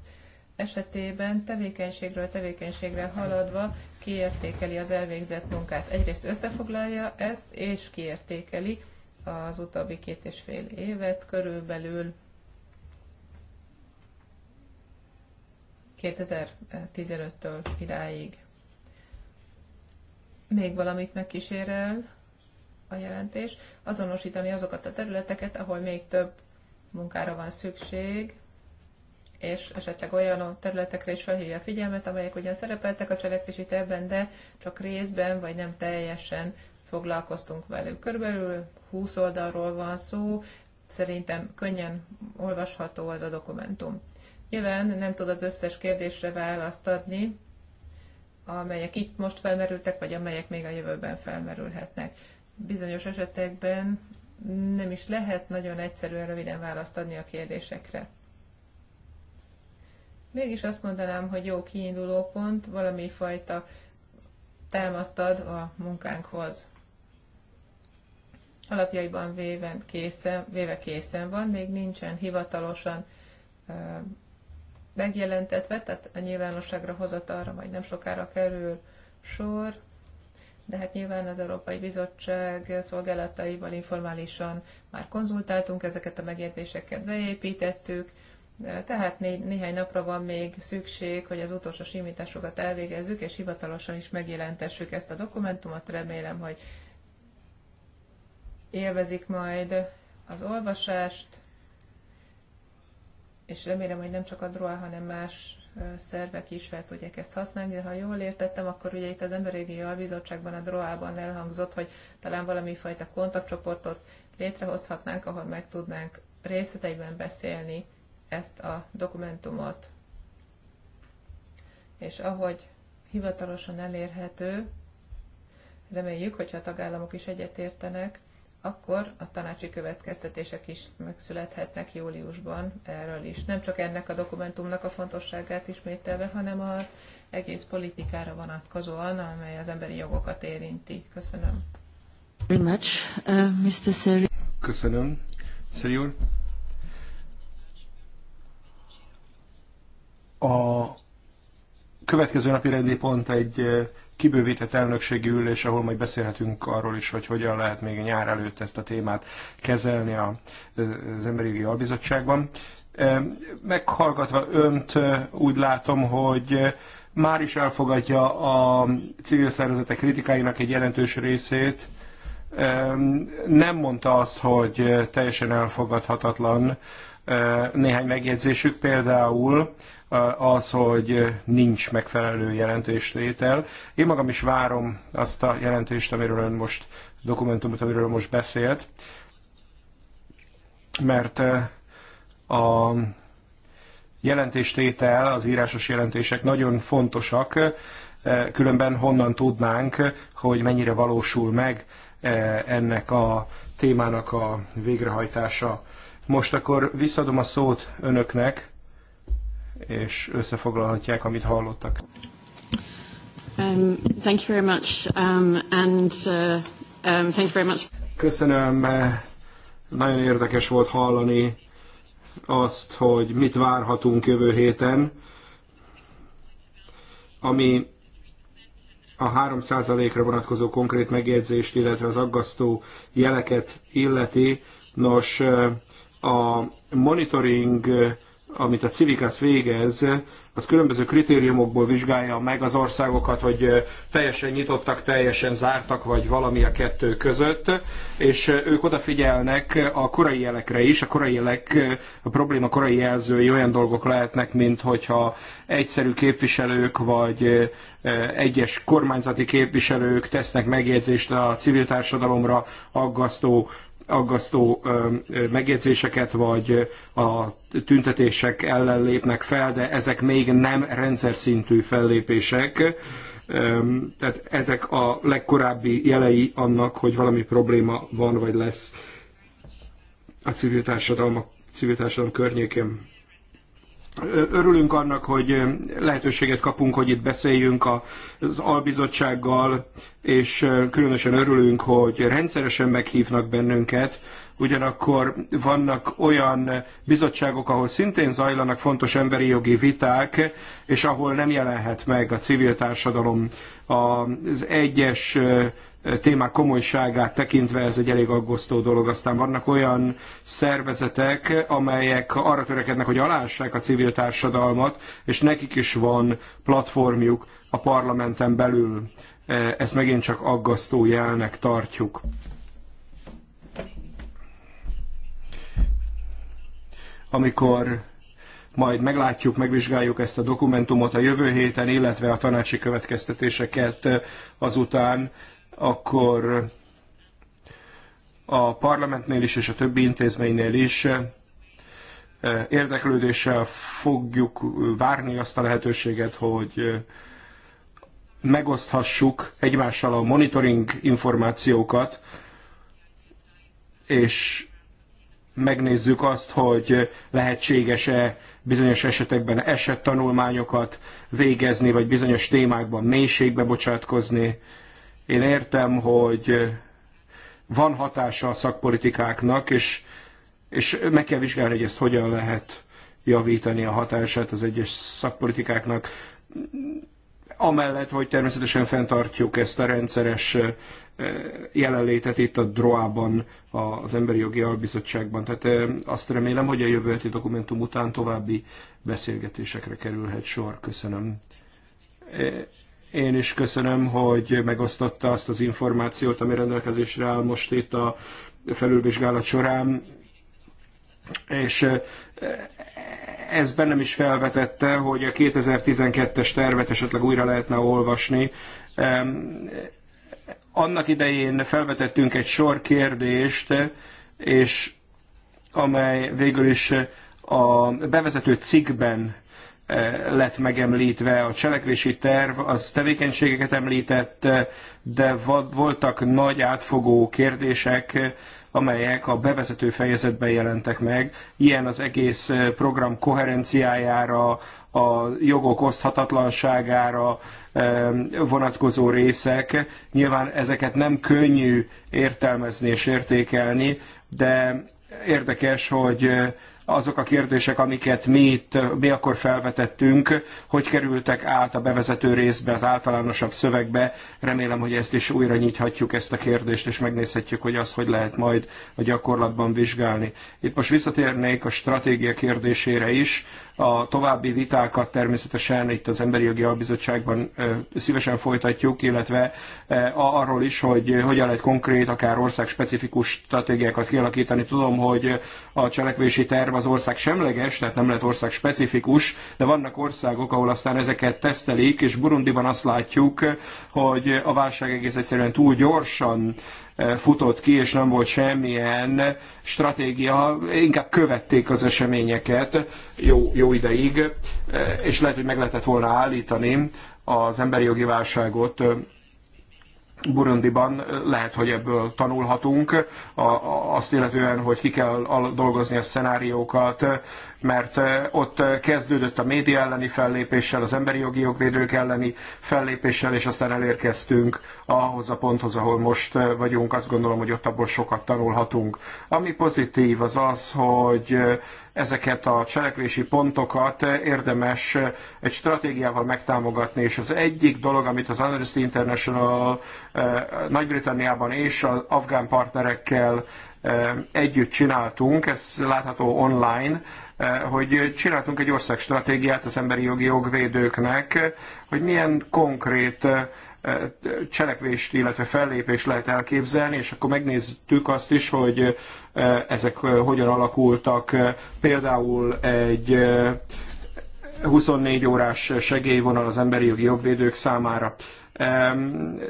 S3: esetében tevékenységről tevékenységre haladva kiértékeli az elvégzett munkát. Egyrészt összefoglalja ezt, és kiértékeli az utóbbi két és fél évet körülbelül 2015-től idáig. Még valamit megkísérel a jelentés, azonosítani azokat a területeket, ahol még több munkára van szükség, és esetleg olyan területekre is felhívja a figyelmet, amelyek ugyan szerepeltek a cselekvési tervben, de csak részben vagy nem teljesen foglalkoztunk velük. Körülbelül 20 oldalról van szó, szerintem könnyen olvasható az a dokumentum. Nyilván nem tud az összes kérdésre választ adni, amelyek itt most felmerültek, vagy amelyek még a jövőben felmerülhetnek bizonyos esetekben nem is lehet nagyon egyszerűen röviden választ adni a kérdésekre. Mégis azt mondanám, hogy jó kiinduló pont, valami fajta támaszt ad a munkánkhoz. Alapjaiban véve készen, véve készen van, még nincsen hivatalosan ö, megjelentetve, tehát a nyilvánosságra hozatalra majd nem sokára kerül sor, de hát nyilván az Európai Bizottság szolgálataival informálisan már konzultáltunk, ezeket a megjegyzéseket beépítettük, tehát né- néhány napra van még szükség, hogy az utolsó simításokat elvégezzük, és hivatalosan is megjelentessük ezt a dokumentumot. Remélem, hogy élvezik majd az olvasást, és remélem, hogy nem csak a DROA, hanem más szervek is fel tudják ezt használni, de ha jól értettem, akkor ugye itt az Emberi Albizottságban, a DROA-ban elhangzott, hogy talán valami fajta kontaktcsoportot létrehozhatnánk, ahol meg tudnánk részleteiben beszélni ezt a dokumentumot. És ahogy hivatalosan elérhető, reméljük, hogyha a tagállamok is egyetértenek, akkor a tanácsi következtetések is megszülethetnek júliusban erről is. Nem csak ennek a dokumentumnak a fontosságát ismételve, hanem az egész politikára vonatkozóan, amely az emberi jogokat érinti. Köszönöm.
S2: Very much, uh, Mr. Seri. Köszönöm. Seri úr. A következő napi rendi pont egy kibővített elnökségi ülés, ahol majd beszélhetünk arról is, hogy hogyan lehet még nyár előtt ezt a témát kezelni az Emberi Jogi Albizottságban. Meghallgatva önt úgy látom, hogy már is elfogadja a civil szervezetek kritikáinak egy jelentős részét, nem mondta azt, hogy teljesen elfogadhatatlan néhány megjegyzésük, például az, hogy nincs megfelelő jelentéstétel. Én magam is várom azt a jelentést, amiről ön most, dokumentumot, amiről most beszélt, mert eh, a jelentéstétel, az írásos jelentések nagyon fontosak, eh, különben honnan tudnánk, hogy mennyire valósul meg eh, ennek a témának a végrehajtása. Most akkor visszadom a szót önöknek, és összefoglalhatják, amit hallottak.
S1: Um, thank you very much, um, and uh, um, thank you very much.
S2: Köszönöm, uh, nagyon érdekes volt hallani azt, hogy mit várhatunk jövő héten, ami a 3%-ra vonatkozó konkrét megjegyzést, illetve az aggasztó jeleket illeti. Nos, uh, a monitoring uh, amit a Civitas végez, az különböző kritériumokból vizsgálja meg az országokat, hogy teljesen nyitottak, teljesen zártak, vagy valami a kettő között, és ők odafigyelnek a korai jelekre is. A korai jelek, a probléma korai jelzői olyan dolgok lehetnek, mint hogyha egyszerű képviselők, vagy egyes kormányzati képviselők tesznek megjegyzést a civil társadalomra aggasztó aggasztó megjegyzéseket, vagy a tüntetések ellen lépnek fel, de ezek még nem rendszer szintű fellépések. Tehát ezek a legkorábbi jelei annak, hogy valami probléma van, vagy lesz a civil társadalom, a civil társadalom környékén. Örülünk annak, hogy lehetőséget kapunk, hogy itt beszéljünk az albizottsággal, és különösen örülünk, hogy rendszeresen meghívnak bennünket, ugyanakkor vannak olyan bizottságok, ahol szintén zajlanak fontos emberi jogi viták, és ahol nem jelenhet meg a civil társadalom az egyes témák komolyságát tekintve ez egy elég aggasztó dolog. Aztán vannak olyan szervezetek, amelyek arra törekednek, hogy alássák a civil társadalmat, és nekik is van platformjuk a parlamenten belül. Ezt megint csak aggasztó jelnek tartjuk. Amikor majd meglátjuk, megvizsgáljuk ezt a dokumentumot a jövő héten, illetve a tanácsi következtetéseket azután akkor a parlamentnél is és a többi intézménynél is eh, érdeklődéssel fogjuk várni azt a lehetőséget, hogy eh, megoszthassuk egymással a monitoring információkat, és megnézzük azt, hogy lehetséges-e bizonyos esetekben esettanulmányokat végezni, vagy bizonyos témákban mélységbe bocsátkozni én értem, hogy van hatása a szakpolitikáknak, és, és meg kell vizsgálni, hogy ezt hogyan lehet javítani a hatását az egyes szakpolitikáknak. Amellett, hogy természetesen fenntartjuk ezt a rendszeres jelenlétet itt a DROA-ban, az Emberi Jogi Albizottságban. Tehát azt remélem, hogy a jövő heti dokumentum után további beszélgetésekre kerülhet sor. Köszönöm. Én is köszönöm, hogy megosztotta azt az információt, ami rendelkezésre áll most itt a felülvizsgálat során. És e, ez bennem is felvetette, hogy a 2012-es tervet esetleg újra lehetne olvasni. E, annak idején felvetettünk egy sor kérdést, és amely végül is a bevezető cikkben lett megemlítve. A cselekvési terv az tevékenységeket említett, de voltak nagy átfogó kérdések, amelyek a bevezető fejezetben jelentek meg. Ilyen az egész eh, program koherenciájára, a jogok oszthatatlanságára eh, vonatkozó részek. Nyilván ezeket nem könnyű értelmezni és értékelni, de érdekes, hogy eh, azok a kérdések, amiket mi itt, mi akkor felvetettünk, hogy kerültek át a bevezető részbe, az általánosabb szövegbe. Remélem, hogy ezt is újra nyithatjuk ezt a kérdést, és megnézhetjük, hogy az hogy lehet majd a gyakorlatban vizsgálni. Itt most visszatérnék a stratégia kérdésére is, a további vitákat természetesen itt az Emberi Jogi Albizottságban szívesen folytatjuk, illetve arról is, hogy hogyan lehet konkrét, akár országspecifikus stratégiákat kialakítani. Tudom, hogy a cselekvési terv az ország semleges, tehát nem lehet ország specifikus, de vannak országok, ahol aztán ezeket tesztelik, és Burundiban azt látjuk, hogy a válság egész egyszerűen túl gyorsan futott ki, és nem volt semmilyen stratégia, inkább követték az eseményeket jó, jó ideig, és lehet, hogy meg lehetett volna állítani az emberi jogi válságot Burundiban lehet, hogy ebből tanulhatunk, azt illetően, hogy ki kell dolgozni a szenáriókat, mert ott kezdődött a média elleni fellépéssel, az emberi jogi jogvédők elleni fellépéssel, és aztán elérkeztünk ahhoz a ponthoz, ahol most vagyunk. Azt gondolom, hogy ott abból sokat tanulhatunk. Ami pozitív az az, hogy ezeket a cselekvési pontokat érdemes egy stratégiával megtámogatni, és az egyik dolog, amit az Amnesty International Nagy-Britanniában és az afgán partnerekkel együtt csináltunk, ez látható online, hogy csináltunk egy országstratégiát az emberi jogi jogvédőknek, hogy milyen konkrét cselekvést, illetve fellépést lehet elképzelni, és akkor megnéztük azt is, hogy ezek hogyan alakultak. Például egy 24 órás segélyvonal az emberi jogi jogvédők számára.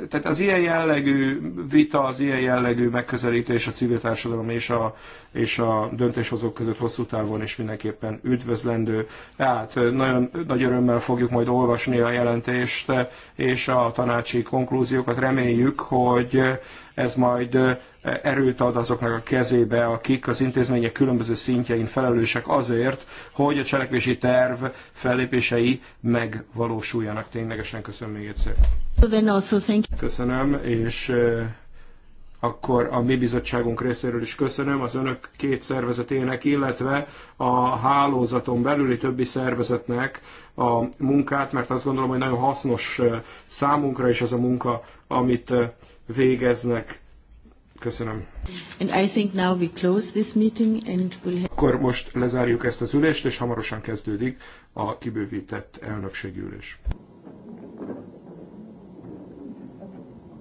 S2: Tehát az ilyen jellegű vita, az ilyen jellegű megközelítés a civil társadalom és a, és a döntéshozók között hosszú távon is mindenképpen üdvözlendő. Tehát nagyon nagy örömmel fogjuk majd olvasni a jelentést és a tanácsi konklúziókat. Reméljük, hogy ez majd erőt ad azoknak a kezébe, akik az intézmények különböző szintjein felelősek azért, hogy a cselekvési terv fellépései megvalósuljanak. Ténylegesen köszönöm még egyszer. Köszönöm, és akkor a mi bizottságunk részéről is köszönöm az önök két szervezetének, illetve a hálózaton belüli többi szervezetnek a munkát, mert azt gondolom, hogy nagyon hasznos számunkra is ez a munka, amit végeznek. Köszönöm.
S1: And I think now we close this meeting and we'll have...
S2: Akkor most lezárjuk ezt az ülést, és hamarosan kezdődik a kibővített elnökségi ülés.